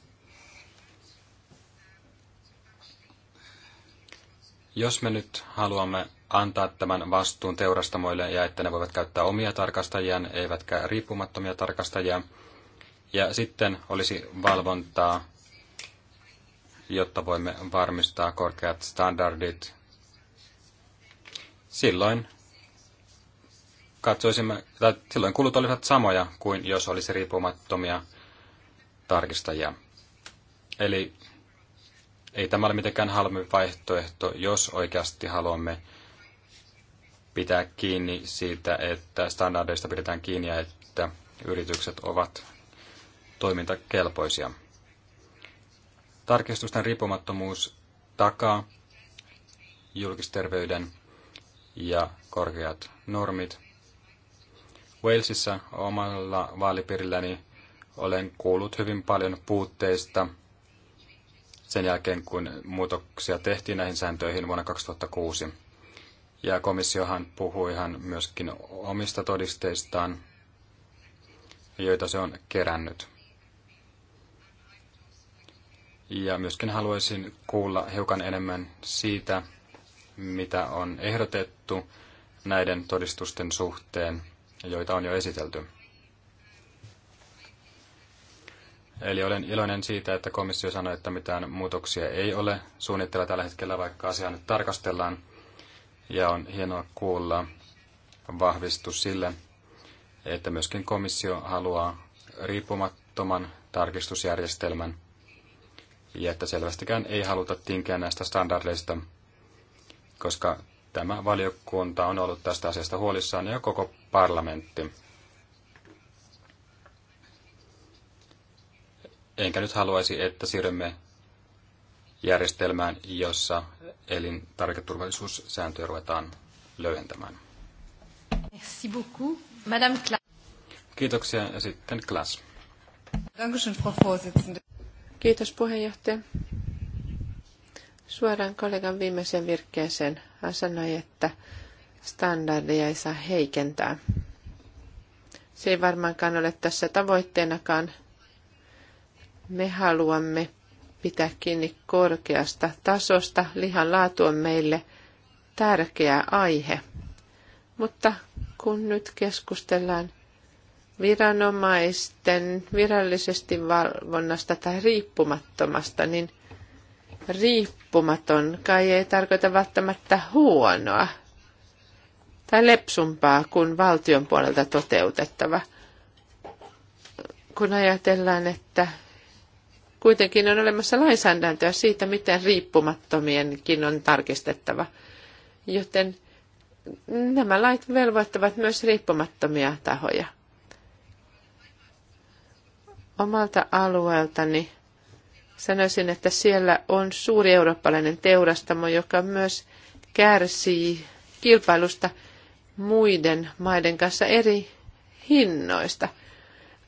Jos me nyt haluamme antaa tämän vastuun teurastamoille ja että ne voivat käyttää omia tarkastajiaan, eivätkä riippumattomia tarkastajia, ja sitten olisi valvontaa, jotta voimme varmistaa korkeat standardit, silloin katsoisimme, tai silloin kulut olivat samoja kuin jos olisi riippumattomia tarkistajia. Eli ei tämä ole mitenkään halvempi vaihtoehto, jos oikeasti haluamme pitää kiinni siitä, että standardeista pidetään kiinni ja että yritykset ovat toimintakelpoisia. Tarkistusten riippumattomuus takaa julkisterveyden ja korkeat normit. Walesissa omalla vaalipiirilläni olen kuullut hyvin paljon puutteista sen jälkeen, kun muutoksia tehtiin näihin sääntöihin vuonna 2006. Ja komissiohan puhui ihan myöskin omista todisteistaan, joita se on kerännyt. Ja myöskin haluaisin kuulla hiukan enemmän siitä, mitä on ehdotettu näiden todistusten suhteen, joita on jo esitelty. Eli olen iloinen siitä, että komissio sanoi, että mitään muutoksia ei ole suunnitteilla tällä hetkellä, vaikka asiaa nyt tarkastellaan. Ja on hienoa kuulla vahvistus sille, että myöskin komissio haluaa riippumattoman tarkistusjärjestelmän ja että selvästikään ei haluta tinkiä näistä standardeista, koska tämä valiokunta on ollut tästä asiasta huolissaan ja koko parlamentti. Enkä nyt haluaisi, että siirrymme järjestelmään, jossa elintarviketurvallisuussääntöjä ruvetaan löyhentämään. Merci beaucoup. Madame Kla- Kiitoksia ja sitten Klas. Dankeschön, Frau Vorsitzende. Kiitos puheenjohtaja. Suoraan kollegan viimeisen virkkeeseen hän sanoi, että standardeja ei saa heikentää. Se ei varmaankaan ole tässä tavoitteenakaan, me haluamme pitää kiinni korkeasta tasosta. Lihan laatu on meille tärkeä aihe. Mutta kun nyt keskustellaan viranomaisten virallisesti valvonnasta tai riippumattomasta, niin riippumaton kai ei tarkoita välttämättä huonoa tai lepsumpaa kuin valtion puolelta toteutettava. Kun ajatellaan, että kuitenkin on olemassa lainsäädäntöä siitä, miten riippumattomienkin on tarkistettava. Joten nämä lait velvoittavat myös riippumattomia tahoja. Omalta alueeltani sanoisin, että siellä on suuri eurooppalainen teurastamo, joka myös kärsii kilpailusta muiden maiden kanssa eri hinnoista.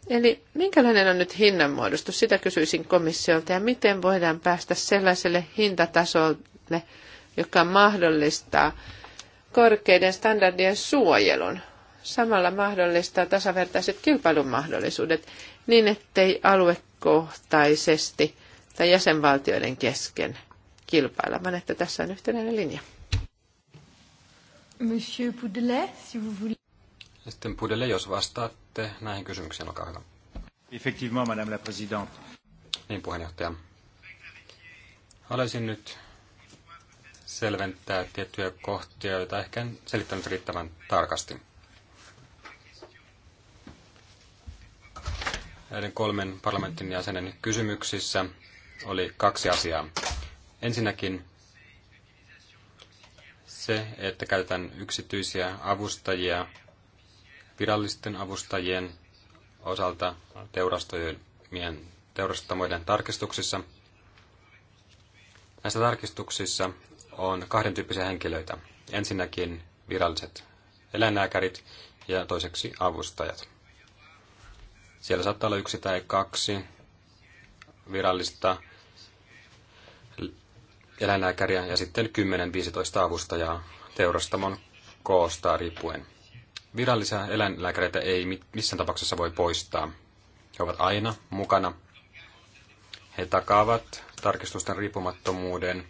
Eli minkälainen on nyt hinnanmuodostus? Sitä kysyisin komissiolta ja miten voidaan päästä sellaiselle hintatasolle, joka mahdollistaa korkeiden standardien suojelun. Samalla mahdollistaa tasavertaiset kilpailun mahdollisuudet niin, ettei aluekohtaisesti tai jäsenvaltioiden kesken kilpailla, vaan että tässä on yhtenäinen linja. Monsieur Poudelet, si vous voulez sitten Pudelle, jos vastaatte näihin kysymyksiin, olkaa hyvä. Effectivement, madame la présidente. Niin, puheenjohtaja. Haluaisin nyt selventää tiettyjä kohtia, joita ehkä en selittänyt riittävän tarkasti. Näiden kolmen parlamentin jäsenen kysymyksissä oli kaksi asiaa. Ensinnäkin se, että käytän yksityisiä avustajia virallisten avustajien osalta teurastojen, teurastamoiden tarkistuksissa. Näissä tarkistuksissa on kahden tyyppisiä henkilöitä. Ensinnäkin viralliset eläinlääkärit ja toiseksi avustajat. Siellä saattaa olla yksi tai kaksi virallista eläinlääkäriä ja sitten 10-15 avustajaa teurastamon koosta riippuen. Virallisia eläinlääkäreitä ei missään tapauksessa voi poistaa. He ovat aina mukana. He takaavat tarkistusten riippumattomuuden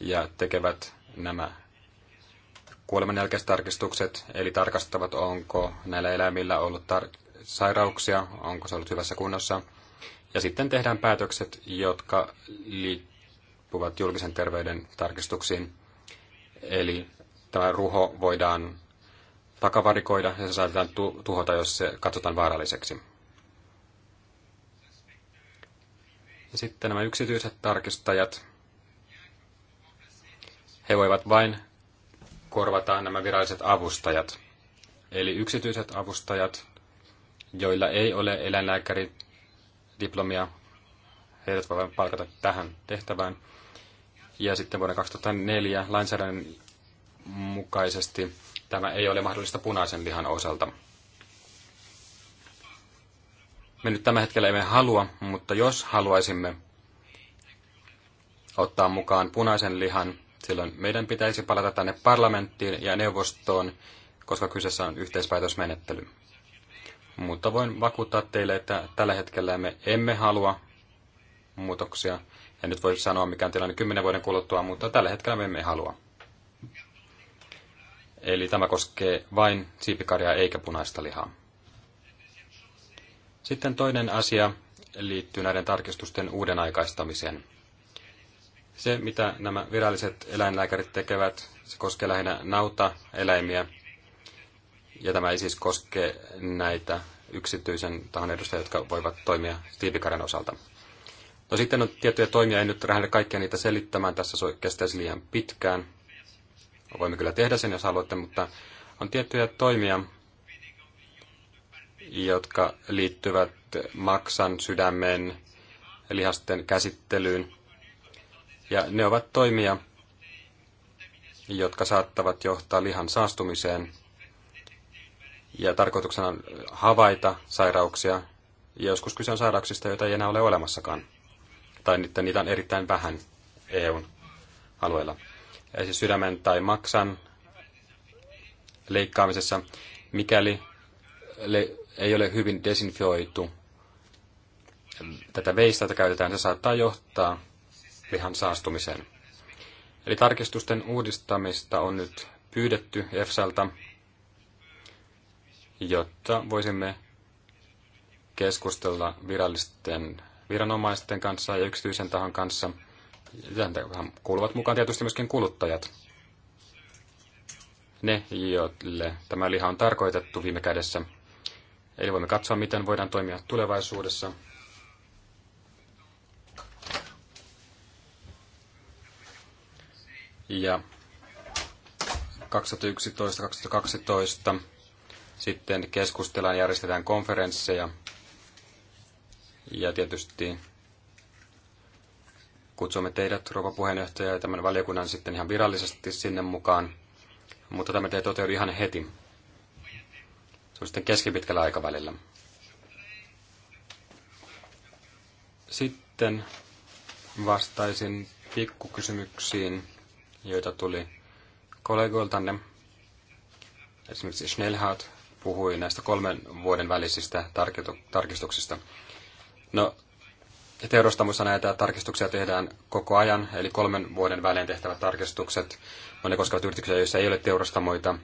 ja tekevät nämä kuolemanjälkeistarkistukset, eli tarkastavat, onko näillä eläimillä ollut sairauksia, onko se ollut hyvässä kunnossa. Ja sitten tehdään päätökset, jotka liittyvät julkisen terveyden tarkistuksiin. Eli tämä ruho voidaan takavarikoida ja se saatetaan tuhota, jos se katsotaan vaaralliseksi. Ja sitten nämä yksityiset tarkistajat, he voivat vain korvata nämä viralliset avustajat. Eli yksityiset avustajat, joilla ei ole eläinlääkärin diplomia, heidät voivat palkata tähän tehtävään. Ja sitten vuonna 2004 lainsäädännön mukaisesti tämä ei ole mahdollista punaisen lihan osalta. Me nyt tällä hetkellä emme halua, mutta jos haluaisimme ottaa mukaan punaisen lihan, silloin meidän pitäisi palata tänne parlamenttiin ja neuvostoon, koska kyseessä on yhteispäätösmenettely. Mutta voin vakuuttaa teille, että tällä hetkellä me emme halua muutoksia. En nyt voi sanoa, mikä on tilanne kymmenen vuoden kuluttua, mutta tällä hetkellä me emme halua. Eli tämä koskee vain siipikarjaa eikä punaista lihaa. Sitten toinen asia liittyy näiden tarkistusten uuden aikaistamiseen. Se, mitä nämä viralliset eläinlääkärit tekevät, se koskee lähinnä nautaeläimiä. Ja tämä ei siis koske näitä yksityisen tahon edustajia, jotka voivat toimia siipikarjan osalta. No sitten on tiettyjä toimia, en nyt lähde kaikkia niitä selittämään, tässä se kestäisi siis liian pitkään, Voimme kyllä tehdä sen, jos haluatte, mutta on tiettyjä toimia, jotka liittyvät maksan, sydämen, lihasten käsittelyyn. Ja ne ovat toimia, jotka saattavat johtaa lihan saastumiseen. Ja tarkoituksena on havaita sairauksia. Ja joskus kyse on sairauksista, joita ei enää ole olemassakaan. Tai niitä, on erittäin vähän EUn alueella esimerkiksi eh, sydämen tai maksan leikkaamisessa, mikäli ei ole hyvin desinfioitu tätä veistä, jota käytetään, se saattaa johtaa lihan saastumiseen. Eli tarkistusten uudistamista on nyt pyydetty EFSAlta, jotta voisimme keskustella virallisten viranomaisten kanssa ja yksityisen tahon kanssa – Tähän kuuluvat mukaan tietysti myöskin kuluttajat. Ne, joille tämä liha on tarkoitettu viime kädessä. Eli voimme katsoa, miten voidaan toimia tulevaisuudessa. Ja 2011-2012 sitten keskustellaan, järjestetään konferensseja ja tietysti kutsumme teidät, rouva puheenjohtaja, ja tämän valiokunnan sitten ihan virallisesti sinne mukaan, mutta tämä ei toteudu ihan heti. Se on sitten keskipitkällä aikavälillä. Sitten vastaisin pikkukysymyksiin, joita tuli kollegoiltanne. Esimerkiksi Schnellhardt puhui näistä kolmen vuoden välisistä tarkistuksista. No, että näitä tarkistuksia tehdään koko ajan, eli kolmen vuoden välein tehtävät tarkistukset. On no, ne koskevat yrityksiä, joissa ei ole teurastamoita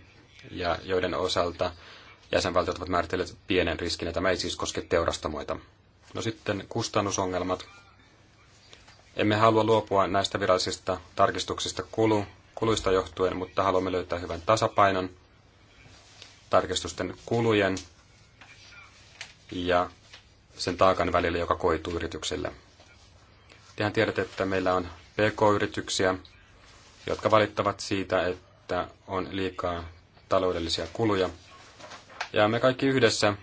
ja joiden osalta jäsenvaltiot ovat määritelleet pienen riskin, ja tämä ei siis koske teurastamoita. No sitten kustannusongelmat. Emme halua luopua näistä virallisista tarkistuksista kulu, kuluista johtuen, mutta haluamme löytää hyvän tasapainon tarkistusten kulujen ja sen taakan välillä, joka koituu yrityksille. Tehän tiedätte, että meillä on PK-yrityksiä, jotka valittavat siitä, että on liikaa taloudellisia kuluja. Ja me kaikki yhdessä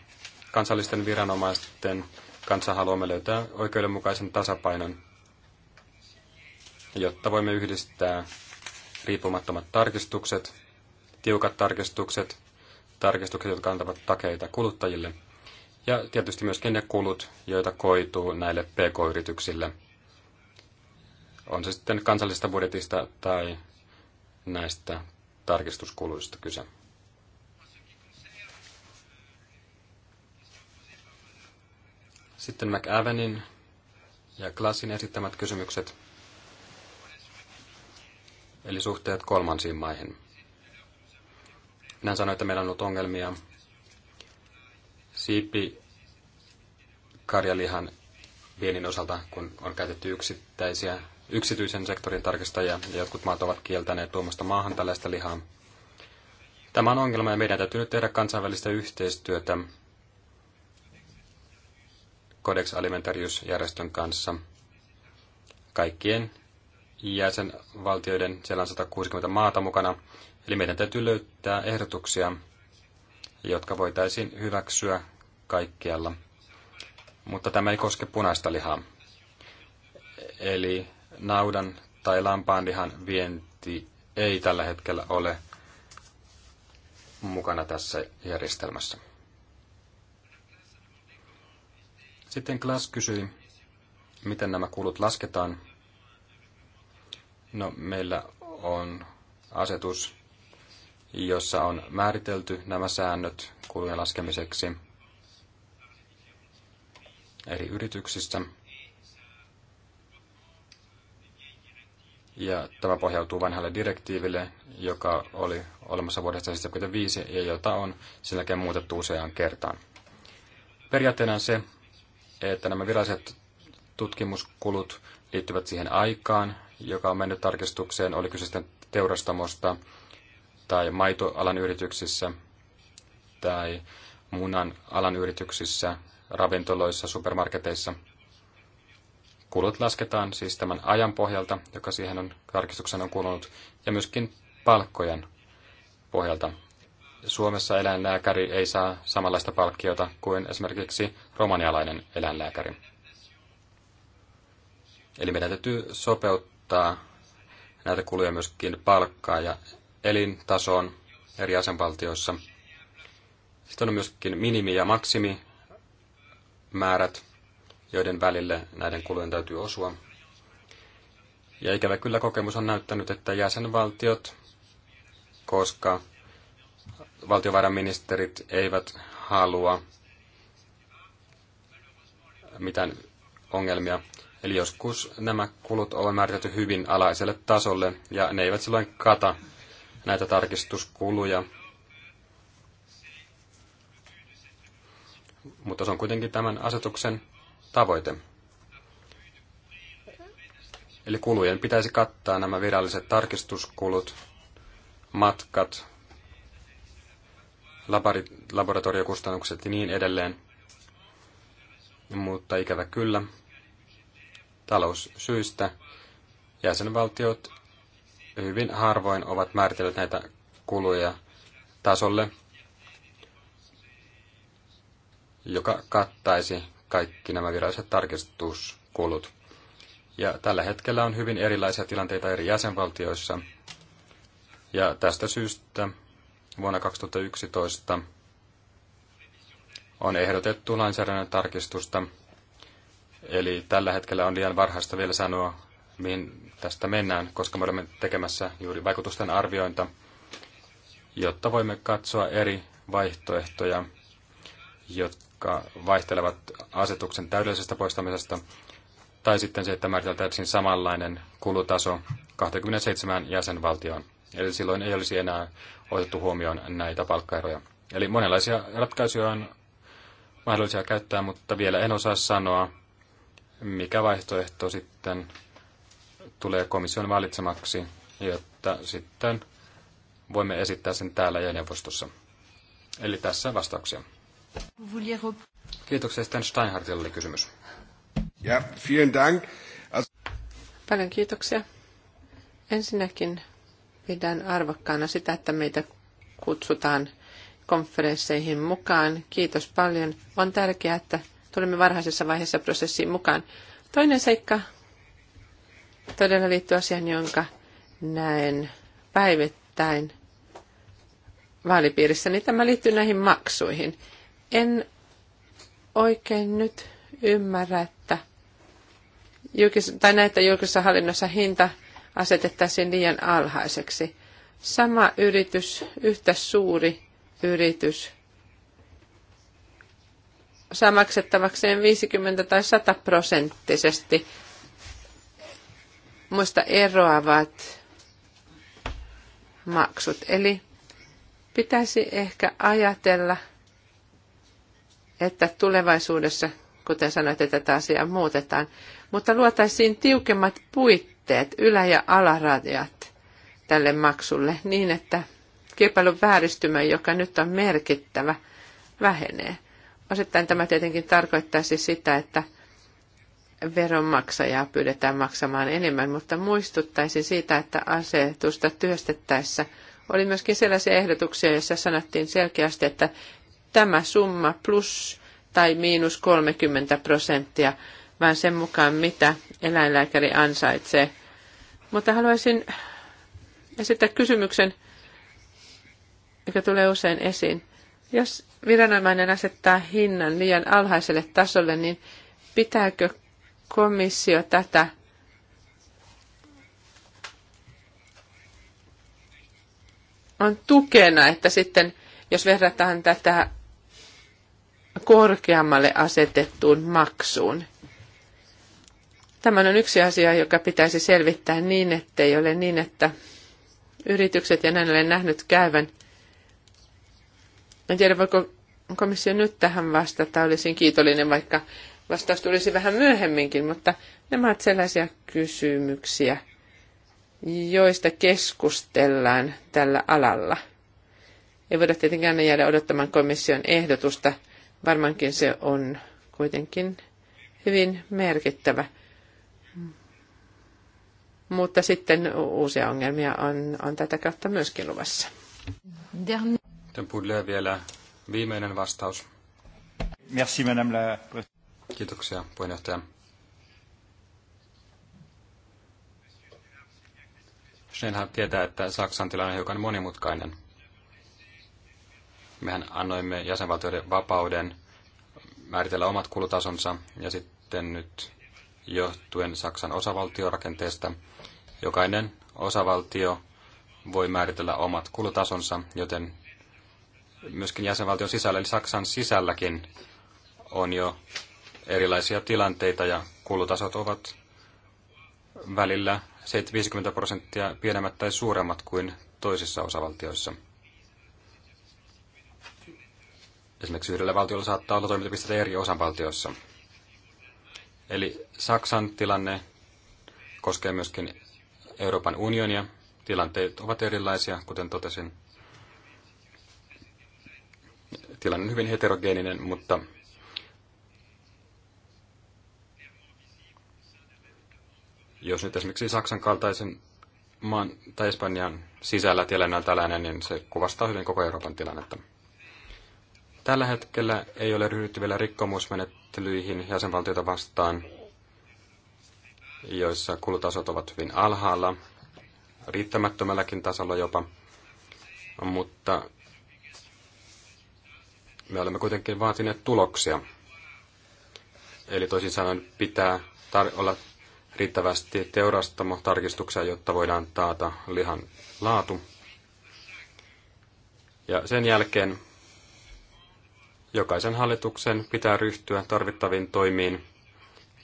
kansallisten viranomaisten kanssa haluamme löytää oikeudenmukaisen tasapainon, jotta voimme yhdistää riippumattomat tarkistukset, tiukat tarkistukset, tarkistukset, jotka antavat takeita kuluttajille – ja tietysti myöskin ne kulut, joita koituu näille pk-yrityksille. On se sitten kansallisesta budjetista tai näistä tarkistuskuluista kyse. Sitten McAvenin ja Klassin esittämät kysymykset, eli suhteet kolmansiin maihin. Minä sanoin, että meillä on ollut ongelmia siipi karjalihan viennin osalta, kun on käytetty yksittäisiä yksityisen sektorin tarkistajia, ja jotkut maat ovat kieltäneet tuomasta maahan tällaista lihaa. Tämä on ongelma, ja meidän täytyy nyt tehdä kansainvälistä yhteistyötä Codex Alimentarius-järjestön kanssa kaikkien jäsenvaltioiden, siellä on 160 maata mukana, eli meidän täytyy löytää ehdotuksia, jotka voitaisiin hyväksyä kaikkialla. Mutta tämä ei koske punaista lihaa. Eli naudan tai lampaan lihan vienti ei tällä hetkellä ole mukana tässä järjestelmässä. Sitten klas kysyi, miten nämä kulut lasketaan. No, meillä on asetus jossa on määritelty nämä säännöt kulujen laskemiseksi eri yrityksissä. Ja tämä pohjautuu vanhalle direktiiville, joka oli olemassa vuodesta 1975 ja jota on sen jälkeen muutettu useaan kertaan. Periaatteena on se, että nämä viralliset tutkimuskulut liittyvät siihen aikaan, joka on mennyt tarkistukseen, oli kyse sitten teurastamosta, tai maitoalan yrityksissä tai munan alan yrityksissä, ravintoloissa, supermarketeissa. Kulut lasketaan siis tämän ajan pohjalta, joka siihen on tarkistuksen on kulunut, ja myöskin palkkojen pohjalta. Suomessa eläinlääkäri ei saa samanlaista palkkiota kuin esimerkiksi romanialainen eläinlääkäri. Eli meidän täytyy sopeuttaa näitä kuluja myöskin palkkaa ja elintasoon eri jäsenvaltioissa. Sitten on myöskin minimi- ja maksimimäärät, joiden välille näiden kulujen täytyy osua. Ja ikävä kyllä kokemus on näyttänyt, että jäsenvaltiot, koska valtiovarainministerit eivät halua mitään ongelmia. Eli joskus nämä kulut on määritelty hyvin alaiselle tasolle ja ne eivät silloin kata näitä tarkistuskuluja. Mutta se on kuitenkin tämän asetuksen tavoite. Eli kulujen pitäisi kattaa nämä viralliset tarkistuskulut, matkat, laboratoriokustannukset ja niin edelleen. Mutta ikävä kyllä, taloussyistä jäsenvaltiot hyvin harvoin ovat määritelleet näitä kuluja tasolle, joka kattaisi kaikki nämä viralliset tarkistuskulut. Ja tällä hetkellä on hyvin erilaisia tilanteita eri jäsenvaltioissa. Ja tästä syystä vuonna 2011 on ehdotettu lainsäädännön tarkistusta. Eli tällä hetkellä on liian varhaista vielä sanoa, mihin tästä mennään, koska me olemme tekemässä juuri vaikutusten arviointa, jotta voimme katsoa eri vaihtoehtoja, jotka vaihtelevat asetuksen täydellisestä poistamisesta, tai sitten se, että määriteltäisiin samanlainen kulutaso 27 jäsenvaltioon. Eli silloin ei olisi enää otettu huomioon näitä palkkaeroja. Eli monenlaisia ratkaisuja on mahdollisia käyttää, mutta vielä en osaa sanoa, mikä vaihtoehto sitten tulee komission valitsemaksi, jotta sitten voimme esittää sen täällä ja neuvostossa. Eli tässä vastauksia. Kiitoksia. Sitten Steinhardtilla oli kysymys. Ja, vielen dank. Paljon kiitoksia. Ensinnäkin pidän arvokkaana sitä, että meitä kutsutaan konferensseihin mukaan. Kiitos paljon. On tärkeää, että tulemme varhaisessa vaiheessa prosessiin mukaan. Toinen seikka todella liittyy asiaan, jonka näen päivittäin vaalipiirissä, niin tämä liittyy näihin maksuihin. En oikein nyt ymmärrä, että julkis- tai näitä julkisessa hallinnossa hinta asetettaisiin liian alhaiseksi. Sama yritys, yhtä suuri yritys, saa maksettavakseen 50 tai 100 prosenttisesti muista eroavat maksut. Eli pitäisi ehkä ajatella, että tulevaisuudessa, kuten sanoit, että tätä asiaa muutetaan, mutta luotaisiin tiukemmat puitteet, ylä- ja alarajat tälle maksulle niin, että kilpailun vääristymä, joka nyt on merkittävä, vähenee. Osittain tämä tietenkin tarkoittaisi sitä, että veronmaksajaa pyydetään maksamaan enemmän, mutta muistuttaisin siitä, että asetusta työstettäessä oli myöskin sellaisia ehdotuksia, joissa sanottiin selkeästi, että tämä summa plus tai miinus 30 prosenttia, vaan sen mukaan mitä eläinlääkäri ansaitsee. Mutta haluaisin esittää kysymyksen, joka tulee usein esiin. Jos viranomainen asettaa hinnan liian alhaiselle tasolle, niin pitääkö komissio tätä on tukena, että sitten jos verrataan tätä korkeammalle asetettuun maksuun. Tämä on yksi asia, joka pitäisi selvittää niin, ettei ole niin, että yritykset ja näin olen nähnyt käyvän. En tiedä, voiko komissio nyt tähän vastata. Olisin kiitollinen, vaikka vastaus tulisi vähän myöhemminkin, mutta nämä ovat sellaisia kysymyksiä, joista keskustellaan tällä alalla. Ei voida tietenkään jäädä odottamaan komission ehdotusta. Varmaankin se on kuitenkin hyvin merkittävä. Mutta sitten uusia ongelmia on, on tätä kautta myöskin luvassa. Sitten vielä viimeinen vastaus. Merci, madame la Kiitoksia, puheenjohtaja. Schnellhardt tietää, että Saksan tilanne on hiukan monimutkainen. Mehän annoimme jäsenvaltioiden vapauden määritellä omat kulutasonsa ja sitten nyt johtuen Saksan osavaltiorakenteesta jokainen osavaltio voi määritellä omat kulutasonsa, joten myöskin jäsenvaltion sisällä eli Saksan sisälläkin on jo erilaisia tilanteita ja kulutasot ovat välillä 50 prosenttia pienemmät tai suuremmat kuin toisissa osavaltioissa. Esimerkiksi yhdellä valtiolla saattaa olla toimintapisteitä eri osavaltioissa. Eli Saksan tilanne koskee myöskin Euroopan unionia. Tilanteet ovat erilaisia, kuten totesin. Tilanne on hyvin heterogeeninen, mutta Jos nyt esimerkiksi Saksan kaltaisen maan tai Espanjan sisällä tilanne on tällainen, niin se kuvastaa hyvin koko Euroopan tilannetta. Tällä hetkellä ei ole ryhdytty vielä rikkomusmenettelyihin jäsenvaltioita vastaan, joissa kulutasot ovat hyvin alhaalla, riittämättömälläkin tasolla jopa, mutta me olemme kuitenkin vaatineet tuloksia. Eli toisin sanoen pitää tar- olla riittävästi tarkistuksia, jotta voidaan taata lihan laatu. Ja sen jälkeen jokaisen hallituksen pitää ryhtyä tarvittaviin toimiin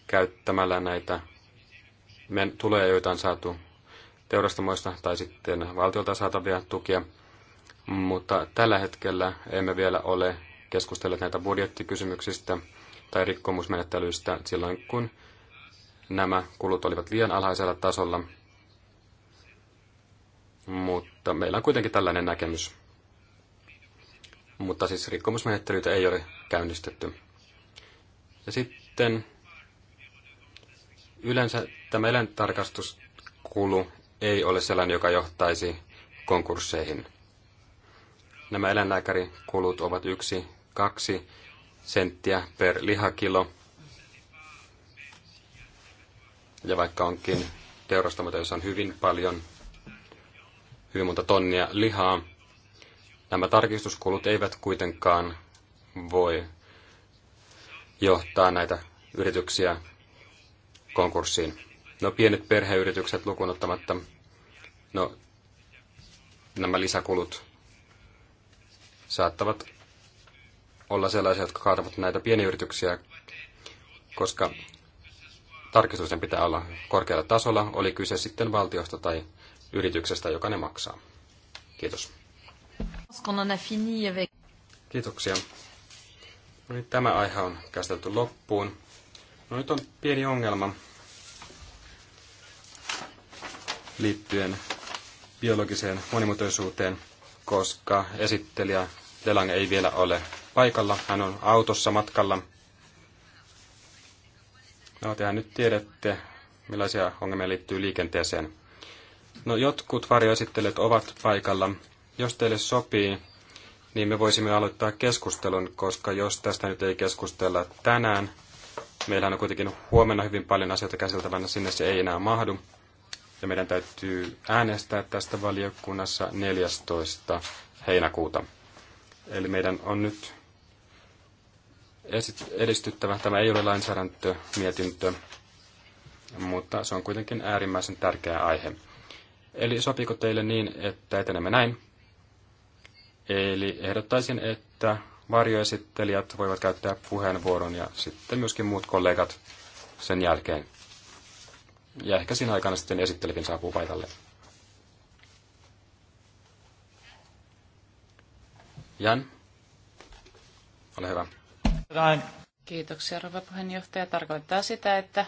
käyttämällä näitä tulee, joita on saatu teurastamoista tai sitten valtiolta saatavia tukia. Mutta tällä hetkellä emme vielä ole keskustelleet näitä budjettikysymyksistä tai rikkomusmenettelyistä silloin, kun nämä kulut olivat liian alhaisella tasolla, mutta meillä on kuitenkin tällainen näkemys. Mutta siis rikkomusmenettelyitä ei ole käynnistetty. Ja sitten yleensä tämä eläintarkastuskulu ei ole sellainen, joka johtaisi konkursseihin. Nämä eläinlääkärikulut ovat yksi, kaksi senttiä per lihakilo – ja vaikka onkin teurastamoita, jossa on hyvin paljon, hyvin monta tonnia lihaa, nämä tarkistuskulut eivät kuitenkaan voi johtaa näitä yrityksiä konkurssiin. No pienet perheyritykset lukuun ottamatta, no nämä lisäkulut saattavat olla sellaisia, jotka kaatavat näitä pieniä yrityksiä, koska tarkistusten pitää olla korkealla tasolla, oli kyse sitten valtiosta tai yrityksestä, joka ne maksaa. Kiitos. Kiitoksia. No nyt niin, tämä aihe on käsitelty loppuun. No nyt on pieni ongelma liittyen biologiseen monimuotoisuuteen, koska esittelijä Delang ei vielä ole paikalla. Hän on autossa matkalla No, tehän nyt tiedätte, millaisia ongelmia liittyy liikenteeseen. No, jotkut varjoesittelijät ovat paikalla. Jos teille sopii, niin me voisimme aloittaa keskustelun, koska jos tästä nyt ei keskustella tänään, meillähän on kuitenkin huomenna hyvin paljon asioita käsiteltävänä, sinne se ei enää mahdu. Ja meidän täytyy äänestää tästä valiokunnassa 14. heinäkuuta. Eli meidän on nyt edistyttävä. Tämä ei ole lainsäädäntömietintö, mutta se on kuitenkin äärimmäisen tärkeä aihe. Eli sopiiko teille niin, että etenemme näin? Eli ehdottaisin, että varjoesittelijät voivat käyttää puheenvuoron ja sitten myöskin muut kollegat sen jälkeen. Ja ehkä siinä aikana sitten esittelikin saapuu paikalle. Jan, ole hyvä. Kiitoksia, rouva puheenjohtaja. Tarkoittaa sitä, että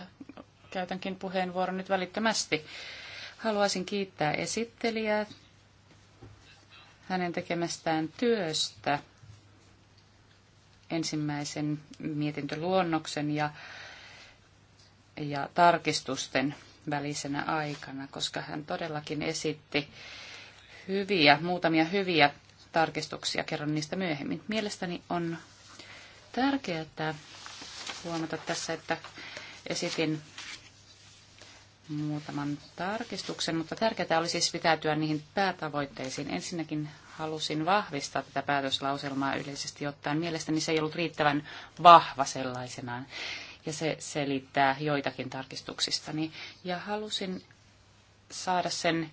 käytänkin puheenvuoron nyt välittömästi. Haluaisin kiittää esittelijää hänen tekemästään työstä ensimmäisen mietintöluonnoksen ja, ja tarkistusten välisenä aikana, koska hän todellakin esitti hyviä, muutamia hyviä tarkistuksia. Kerron niistä myöhemmin. Mielestäni on tärkeää huomata tässä, että esitin muutaman tarkistuksen, mutta tärkeää oli siis pitäytyä niihin päätavoitteisiin. Ensinnäkin halusin vahvistaa tätä päätöslauselmaa yleisesti ottaen. Mielestäni se ei ollut riittävän vahva sellaisenaan, ja se selittää joitakin tarkistuksistani. Ja halusin saada sen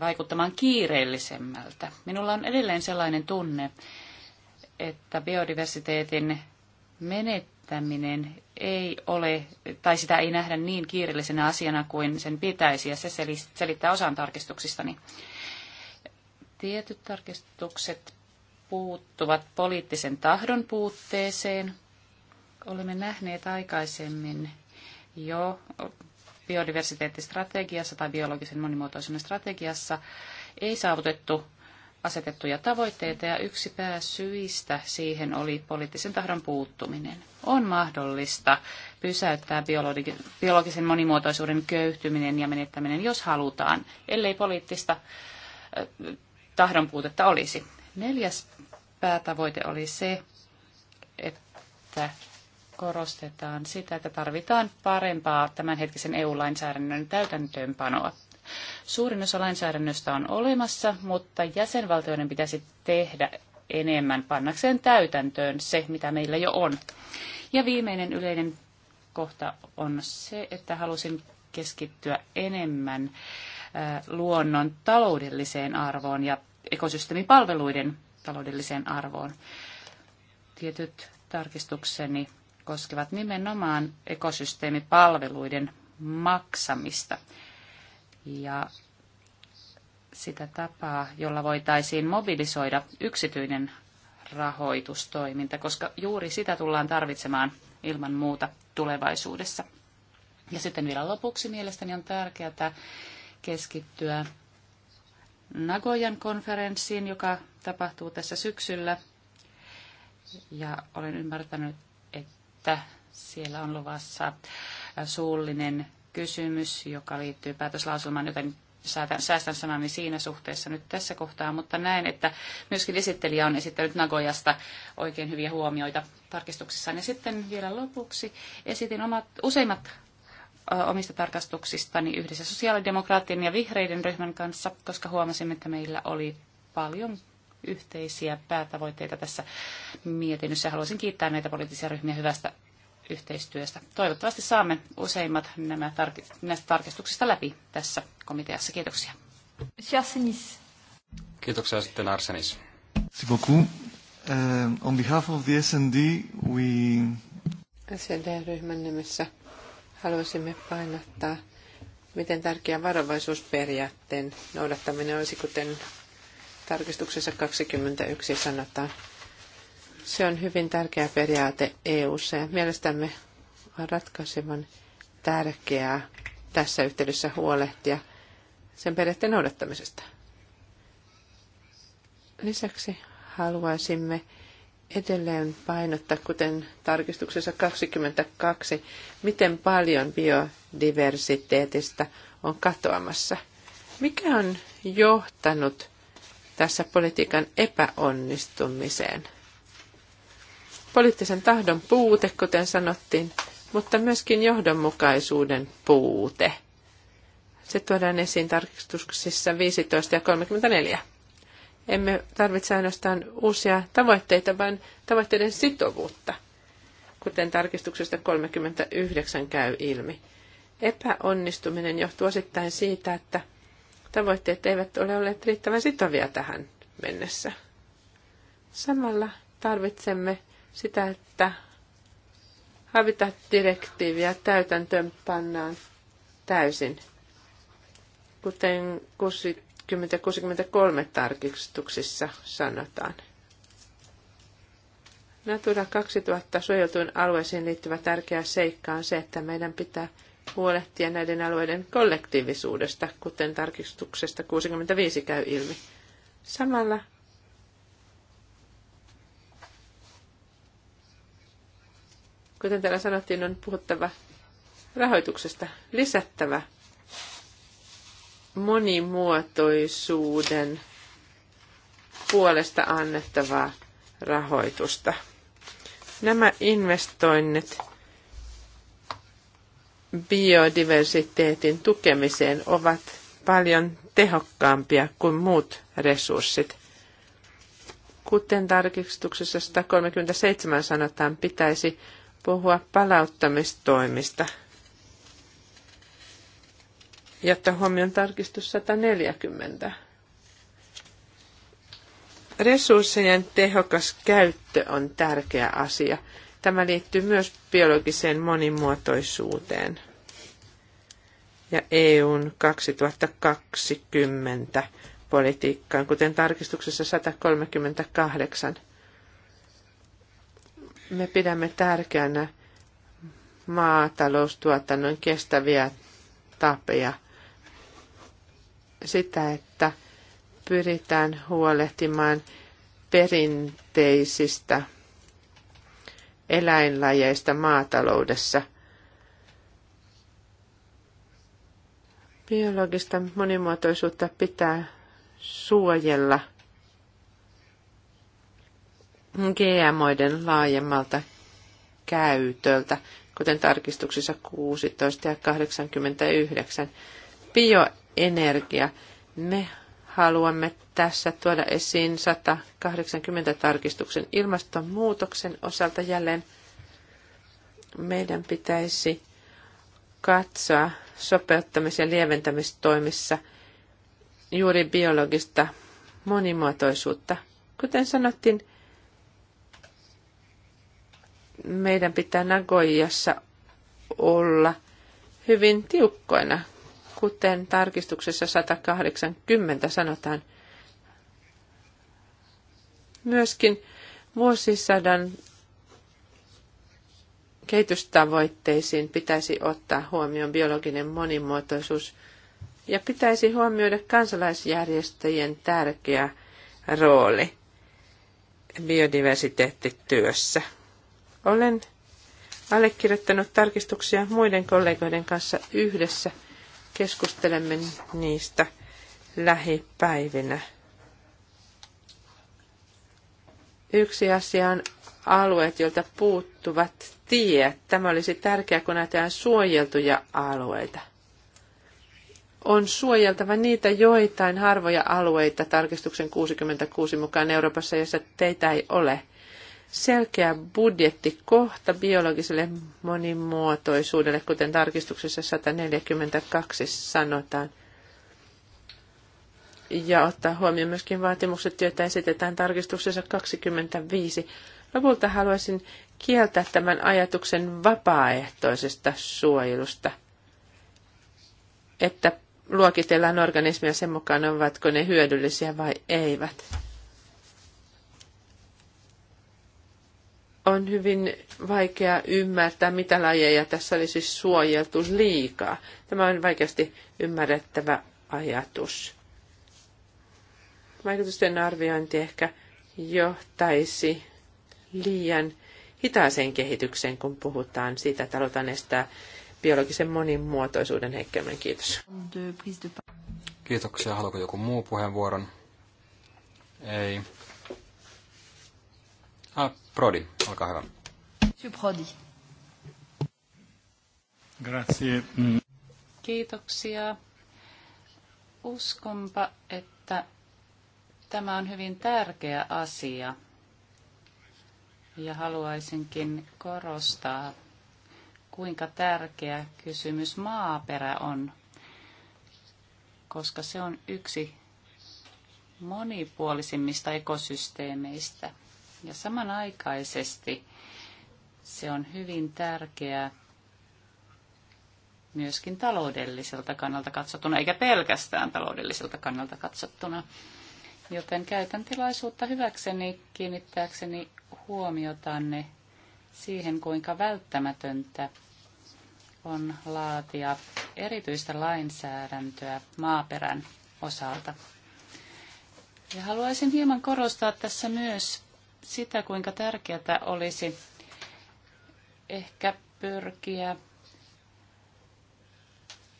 vaikuttamaan kiireellisemmältä. Minulla on edelleen sellainen tunne, että biodiversiteetin menettäminen ei ole, tai sitä ei nähdä niin kiireellisenä asiana kuin sen pitäisi, ja se selittää osan tarkistuksistani. Tietyt tarkistukset puuttuvat poliittisen tahdon puutteeseen. Olemme nähneet aikaisemmin jo biodiversiteettistrategiassa tai biologisen monimuotoisuuden strategiassa ei saavutettu asetettuja tavoitteita ja yksi pääsyistä siihen oli poliittisen tahdon puuttuminen. On mahdollista pysäyttää biologisen monimuotoisuuden köyhtyminen ja menettäminen, jos halutaan, ellei poliittista tahdon puutetta olisi. Neljäs päätavoite oli se, että korostetaan sitä, että tarvitaan parempaa tämänhetkisen EU-lainsäädännön täytäntöönpanoa Suurin osa lainsäädännöstä on olemassa, mutta jäsenvaltioiden pitäisi tehdä enemmän pannakseen täytäntöön se, mitä meillä jo on. Ja viimeinen yleinen kohta on se, että halusin keskittyä enemmän luonnon taloudelliseen arvoon ja ekosysteemipalveluiden taloudelliseen arvoon. Tietyt tarkistukseni koskevat nimenomaan ekosysteemipalveluiden maksamista ja sitä tapaa, jolla voitaisiin mobilisoida yksityinen rahoitustoiminta, koska juuri sitä tullaan tarvitsemaan ilman muuta tulevaisuudessa. Ja sitten vielä lopuksi mielestäni on tärkeää keskittyä Nagoyan konferenssiin, joka tapahtuu tässä syksyllä. Ja olen ymmärtänyt, että siellä on luvassa suullinen kysymys, joka liittyy päätöslauselmaan, joten säästän sanani siinä suhteessa nyt tässä kohtaa, mutta näen, että myöskin esittelijä on esittänyt Nagojasta oikein hyviä huomioita tarkistuksissaan. Ja sitten vielä lopuksi esitin omat, useimmat omista tarkastuksistani yhdessä sosiaalidemokraattien ja vihreiden ryhmän kanssa, koska huomasimme, että meillä oli paljon yhteisiä päätavoitteita tässä mietinnössä. Haluaisin kiittää näitä poliittisia ryhmiä hyvästä yhteistyöstä. Toivottavasti saamme useimmat nämä tar- näistä tarkistuksista läpi tässä komiteassa. Kiitoksia. Arsenis. Kiitoksia sitten Arsenis. Siboku. Euh, on behalf of the S&D, we... SND-ryhmän nimessä haluaisimme painottaa, miten tärkeä varovaisuusperiaatteen noudattaminen olisi, kuten tarkistuksessa 21 sanotaan se on hyvin tärkeä periaate EU:ssa ja mielestämme on ratkaisevan tärkeää tässä yhteydessä huolehtia sen periaatteen noudattamisesta. Lisäksi haluaisimme edelleen painottaa, kuten tarkistuksessa 22, miten paljon biodiversiteetistä on katoamassa. Mikä on johtanut tässä politiikan epäonnistumiseen? poliittisen tahdon puute, kuten sanottiin, mutta myöskin johdonmukaisuuden puute. Se tuodaan esiin tarkistuksissa 15 ja 34. Emme tarvitse ainoastaan uusia tavoitteita, vaan tavoitteiden sitovuutta, kuten tarkistuksesta 39 käy ilmi. Epäonnistuminen johtuu osittain siitä, että tavoitteet eivät ole olleet riittävän sitovia tähän mennessä. Samalla tarvitsemme sitä, että Habitat-direktiiviä täytäntöön pannaan täysin, kuten 60-63 tarkistuksissa sanotaan. Natura 2000 suojeltuun alueisiin liittyvä tärkeä seikka on se, että meidän pitää huolehtia näiden alueiden kollektiivisuudesta, kuten tarkistuksesta 65 käy ilmi. Samalla Kuten täällä sanottiin, on puhuttava rahoituksesta lisättävä monimuotoisuuden puolesta annettavaa rahoitusta. Nämä investoinnit biodiversiteetin tukemiseen ovat paljon tehokkaampia kuin muut resurssit. Kuten tarkistuksessa 137 sanotaan, pitäisi puhua palauttamistoimista. Jotta huomioon tarkistus 140. Resurssien tehokas käyttö on tärkeä asia. Tämä liittyy myös biologiseen monimuotoisuuteen ja EUn 2020 politiikkaan, kuten tarkistuksessa 138. Me pidämme tärkeänä maataloustuotannon kestäviä tapoja. Sitä, että pyritään huolehtimaan perinteisistä eläinlajeista maataloudessa. Biologista monimuotoisuutta pitää suojella – GMOiden laajemmalta käytöltä, kuten tarkistuksissa 16 ja 89. Bioenergia. Me haluamme tässä tuoda esiin 180 tarkistuksen ilmastonmuutoksen osalta jälleen. Meidän pitäisi katsoa sopeuttamis- ja lieventämistoimissa juuri biologista monimuotoisuutta. Kuten sanottiin, meidän pitää Nagoijassa olla hyvin tiukkoina, kuten tarkistuksessa 180 sanotaan. Myöskin vuosisadan kehitystavoitteisiin pitäisi ottaa huomioon biologinen monimuotoisuus ja pitäisi huomioida kansalaisjärjestöjen tärkeä rooli biodiversiteettityössä. Olen allekirjoittanut tarkistuksia muiden kollegoiden kanssa yhdessä. Keskustelemme niistä lähipäivinä. Yksi asia on alueet, joilta puuttuvat tiet. Tämä olisi tärkeää, kun ajatellaan suojeltuja alueita. On suojeltava niitä joitain harvoja alueita tarkistuksen 66 mukaan Euroopassa, jossa teitä ei ole – selkeä budjettikohta biologiselle monimuotoisuudelle, kuten tarkistuksessa 142 sanotaan. Ja ottaa huomioon myöskin vaatimukset, joita esitetään tarkistuksessa 25. Lopulta haluaisin kieltää tämän ajatuksen vapaaehtoisesta suojelusta, että luokitellaan organismia sen mukaan, ovatko ne hyödyllisiä vai eivät on hyvin vaikea ymmärtää, mitä lajeja tässä oli siis suojeltu liikaa. Tämä on vaikeasti ymmärrettävä ajatus. Vaikutusten arviointi ehkä johtaisi liian hitaaseen kehitykseen, kun puhutaan siitä, että halutaan estää biologisen monimuotoisuuden heikkelmän. Kiitos. Kiitoksia. Haluatko joku muu puheenvuoron? Ei. Ah, Prodi, olkaa hyvä. Prodi. Grazie. Kiitoksia. Uskonpa, että tämä on hyvin tärkeä asia ja haluaisinkin korostaa, kuinka tärkeä kysymys maaperä on, koska se on yksi monipuolisimmista ekosysteemeistä. Ja samanaikaisesti se on hyvin tärkeää myöskin taloudelliselta kannalta katsottuna, eikä pelkästään taloudelliselta kannalta katsottuna. Joten käytän tilaisuutta hyväkseni kiinnittääkseni huomiotanne siihen, kuinka välttämätöntä on laatia erityistä lainsäädäntöä maaperän osalta. Ja haluaisin hieman korostaa tässä myös sitä, kuinka tärkeää olisi ehkä pyrkiä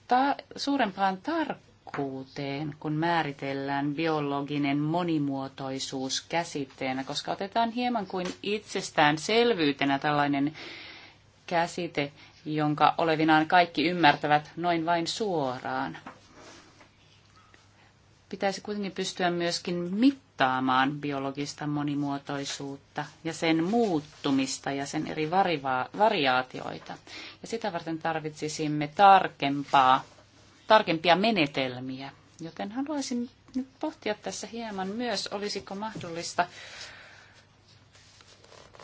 ta- suurempaan tarkkuuteen, kun määritellään biologinen monimuotoisuus käsitteenä, koska otetaan hieman kuin itsestäänselvyytenä tällainen käsite, jonka olevinaan kaikki ymmärtävät noin vain suoraan pitäisi kuitenkin pystyä myöskin mittaamaan biologista monimuotoisuutta ja sen muuttumista ja sen eri variaatioita. Ja sitä varten tarvitsisimme tarkempaa, tarkempia menetelmiä. Joten haluaisin nyt pohtia tässä hieman myös, olisiko mahdollista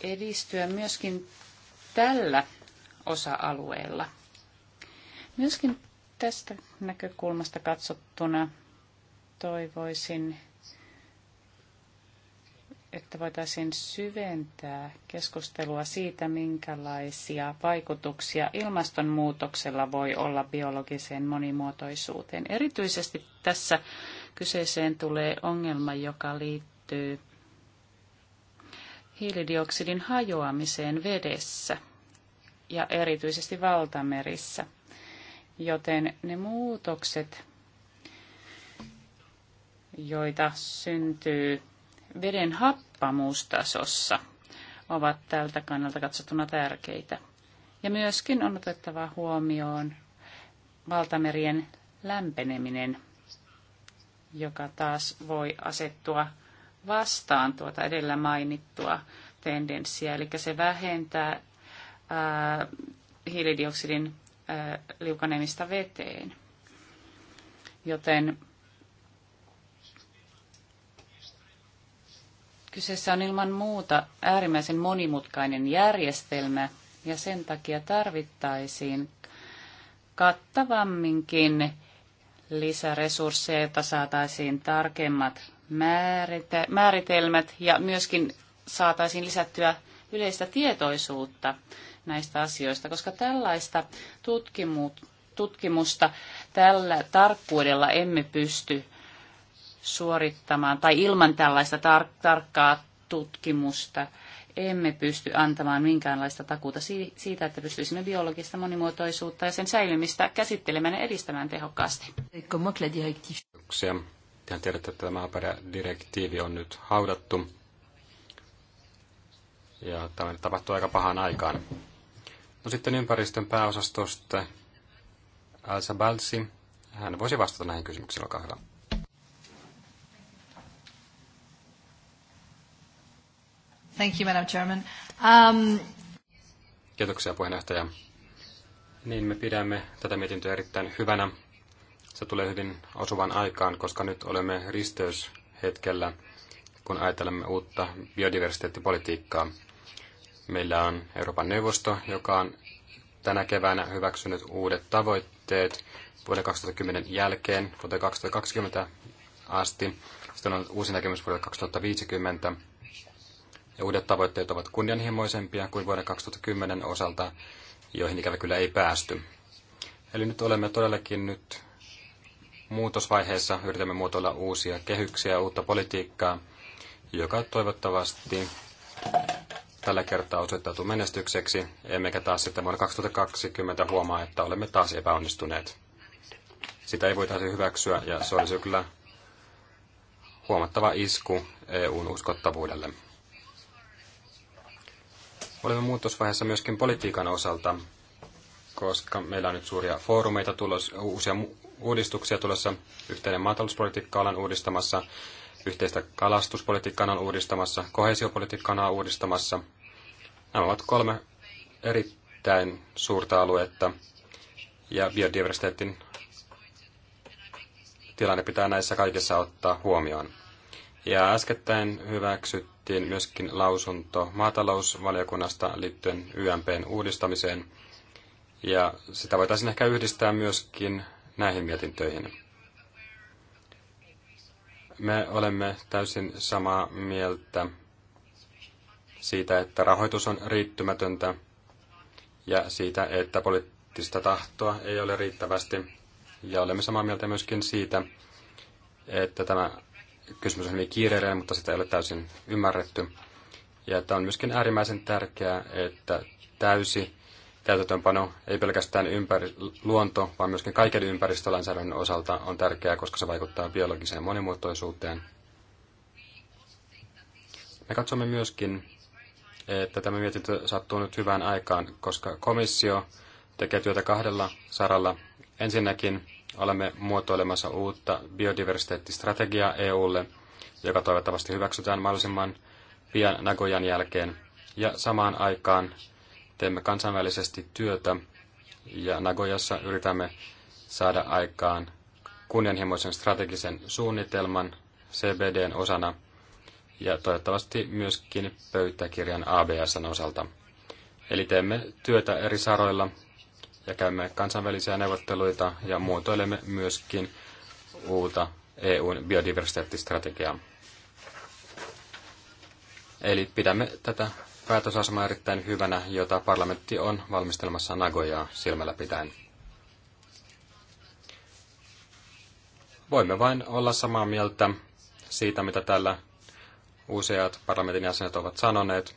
edistyä myöskin tällä osa-alueella. Myöskin tästä näkökulmasta katsottuna toivoisin, että voitaisiin syventää keskustelua siitä, minkälaisia vaikutuksia ilmastonmuutoksella voi olla biologiseen monimuotoisuuteen. Erityisesti tässä kyseeseen tulee ongelma, joka liittyy hiilidioksidin hajoamiseen vedessä ja erityisesti valtamerissä. Joten ne muutokset, joita syntyy veden happamuustasossa, ovat tältä kannalta katsottuna tärkeitä. Ja myöskin on otettava huomioon valtamerien lämpeneminen, joka taas voi asettua vastaan tuota edellä mainittua tendenssiä, eli se vähentää ää, hiilidioksidin ää, liukanemista veteen. Joten Kyseessä on ilman muuta äärimmäisen monimutkainen järjestelmä ja sen takia tarvittaisiin kattavamminkin lisäresursseja, jotta saataisiin tarkemmat määritelmät ja myöskin saataisiin lisättyä yleistä tietoisuutta näistä asioista, koska tällaista tutkimusta tällä tarkkuudella emme pysty suorittamaan, tai ilman tällaista tar- tarkkaa tutkimusta emme pysty antamaan minkäänlaista takuuta siitä, että pystyisimme biologista monimuotoisuutta ja sen säilymistä käsittelemään ja edistämään tehokkaasti. Tehän tiedätte, että tämä direktiivi on nyt haudattu. Ja tämä nyt tapahtuu aika pahaan aikaan. No sitten ympäristön pääosastosta Elsa Balsi. Hän voisi vastata näihin kysymyksiin, olkaa hyvä. Thank you, Madam Chairman. Um... Kiitoksia puheenjohtaja. Niin me pidämme tätä mietintöä erittäin hyvänä. Se tulee hyvin osuvan aikaan, koska nyt olemme risteyshetkellä, kun ajattelemme uutta biodiversiteettipolitiikkaa. Meillä on Euroopan neuvosto, joka on tänä keväänä hyväksynyt uudet tavoitteet vuoden 2010 jälkeen, vuoteen 2020 asti. Sitten on uusi näkemys vuodelle 2050 ja uudet tavoitteet ovat kunnianhimoisempia kuin vuoden 2010 osalta, joihin ikävä kyllä ei päästy. Eli nyt olemme todellakin nyt muutosvaiheessa, yritämme muotoilla uusia kehyksiä ja uutta politiikkaa, joka toivottavasti tällä kertaa osoittautuu menestykseksi, emmekä taas sitten vuonna 2020 huomaa, että olemme taas epäonnistuneet. Sitä ei voitaisiin hyväksyä ja se olisi kyllä huomattava isku EUn uskottavuudelle. Olemme muutosvaiheessa myöskin politiikan osalta, koska meillä on nyt suuria foorumeita tulossa, uusia uudistuksia tulossa. Yhteinen maatalouspolitiikka ollaan uudistamassa, yhteistä kalastuspolitiikkaa on uudistamassa, kohesiopolitiikkaa on uudistamassa. Nämä ovat kolme erittäin suurta aluetta ja biodiversiteetin tilanne pitää näissä kaikissa ottaa huomioon. Ja äskettäin hyväksyt annettiin myöskin lausunto maatalousvaliokunnasta liittyen YMPn uudistamiseen, ja sitä voitaisiin ehkä yhdistää myöskin näihin mietintöihin. Me olemme täysin samaa mieltä siitä, että rahoitus on riittymätöntä ja siitä, että poliittista tahtoa ei ole riittävästi. Ja olemme samaa mieltä myöskin siitä, että tämä kysymys on hyvin kiireellinen, mutta sitä ei ole täysin ymmärretty. Ja että on myöskin äärimmäisen tärkeää, että täysi täytäntöönpano ei pelkästään ympäri, luonto, vaan myöskin kaiken ympäristölainsäädännön osalta on tärkeää, koska se vaikuttaa biologiseen monimuotoisuuteen. Me katsomme myöskin, että tämä mietintö sattuu nyt hyvään aikaan, koska komissio tekee työtä kahdella saralla. Ensinnäkin Olemme muotoilemassa uutta biodiversiteettistrategiaa EUlle, joka toivottavasti hyväksytään mahdollisimman pian Nagojan jälkeen. Ja samaan aikaan teemme kansainvälisesti työtä ja Nagojassa yritämme saada aikaan kunnianhimoisen strategisen suunnitelman CBDn osana ja toivottavasti myöskin pöytäkirjan ABSn osalta. Eli teemme työtä eri saroilla ja käymme kansainvälisiä neuvotteluita ja muotoilemme myöskin uutta EUn biodiversiteettistrategiaa. Eli pidämme tätä päätösasemaa erittäin hyvänä, jota parlamentti on valmistelmassa Nagojaa silmällä pitäen. Voimme vain olla samaa mieltä siitä, mitä tällä useat parlamentin jäsenet ovat sanoneet,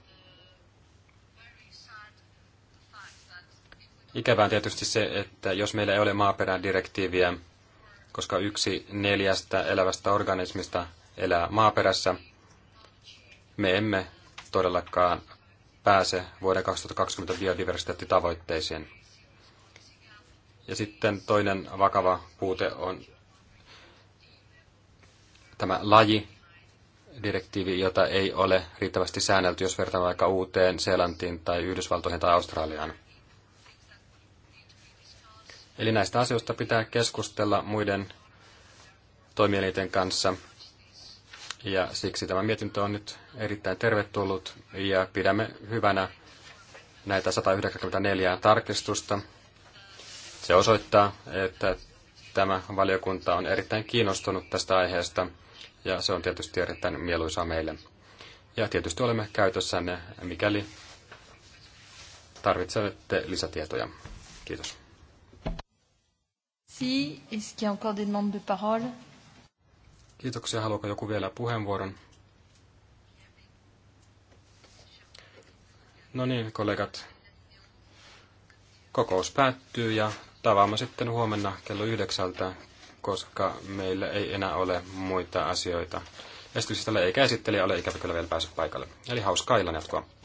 Ikävää on tietysti se, että jos meillä ei ole maaperän direktiiviä, koska yksi neljästä elävästä organismista elää maaperässä, me emme todellakaan pääse vuoden 2020 biodiversiteettitavoitteisiin. Ja sitten toinen vakava puute on tämä laji, direktiivi, jota ei ole riittävästi säännelty, jos vertaa vaikka uuteen Seelantiin tai Yhdysvaltoihin tai Australiaan. Eli näistä asioista pitää keskustella muiden toimielinten kanssa. Ja siksi tämä mietintö on nyt erittäin tervetullut ja pidämme hyvänä näitä 194 tarkistusta. Se osoittaa, että tämä valiokunta on erittäin kiinnostunut tästä aiheesta ja se on tietysti erittäin mieluisaa meille. Ja tietysti olemme käytössänne, mikäli tarvitsette lisätietoja. Kiitos. Merci. Est-ce qu'il y a encore des demandes de parole? Kiitoksia. Haluaako joku vielä puheenvuoron? No niin, kollegat. Kokous päättyy ja tavaamme sitten huomenna kello yhdeksältä, koska meillä ei enää ole muita asioita. Esityksistä ei esittelijä ole ikävä kyllä vielä päässyt paikalle. Eli hauskaa illan jatkoa.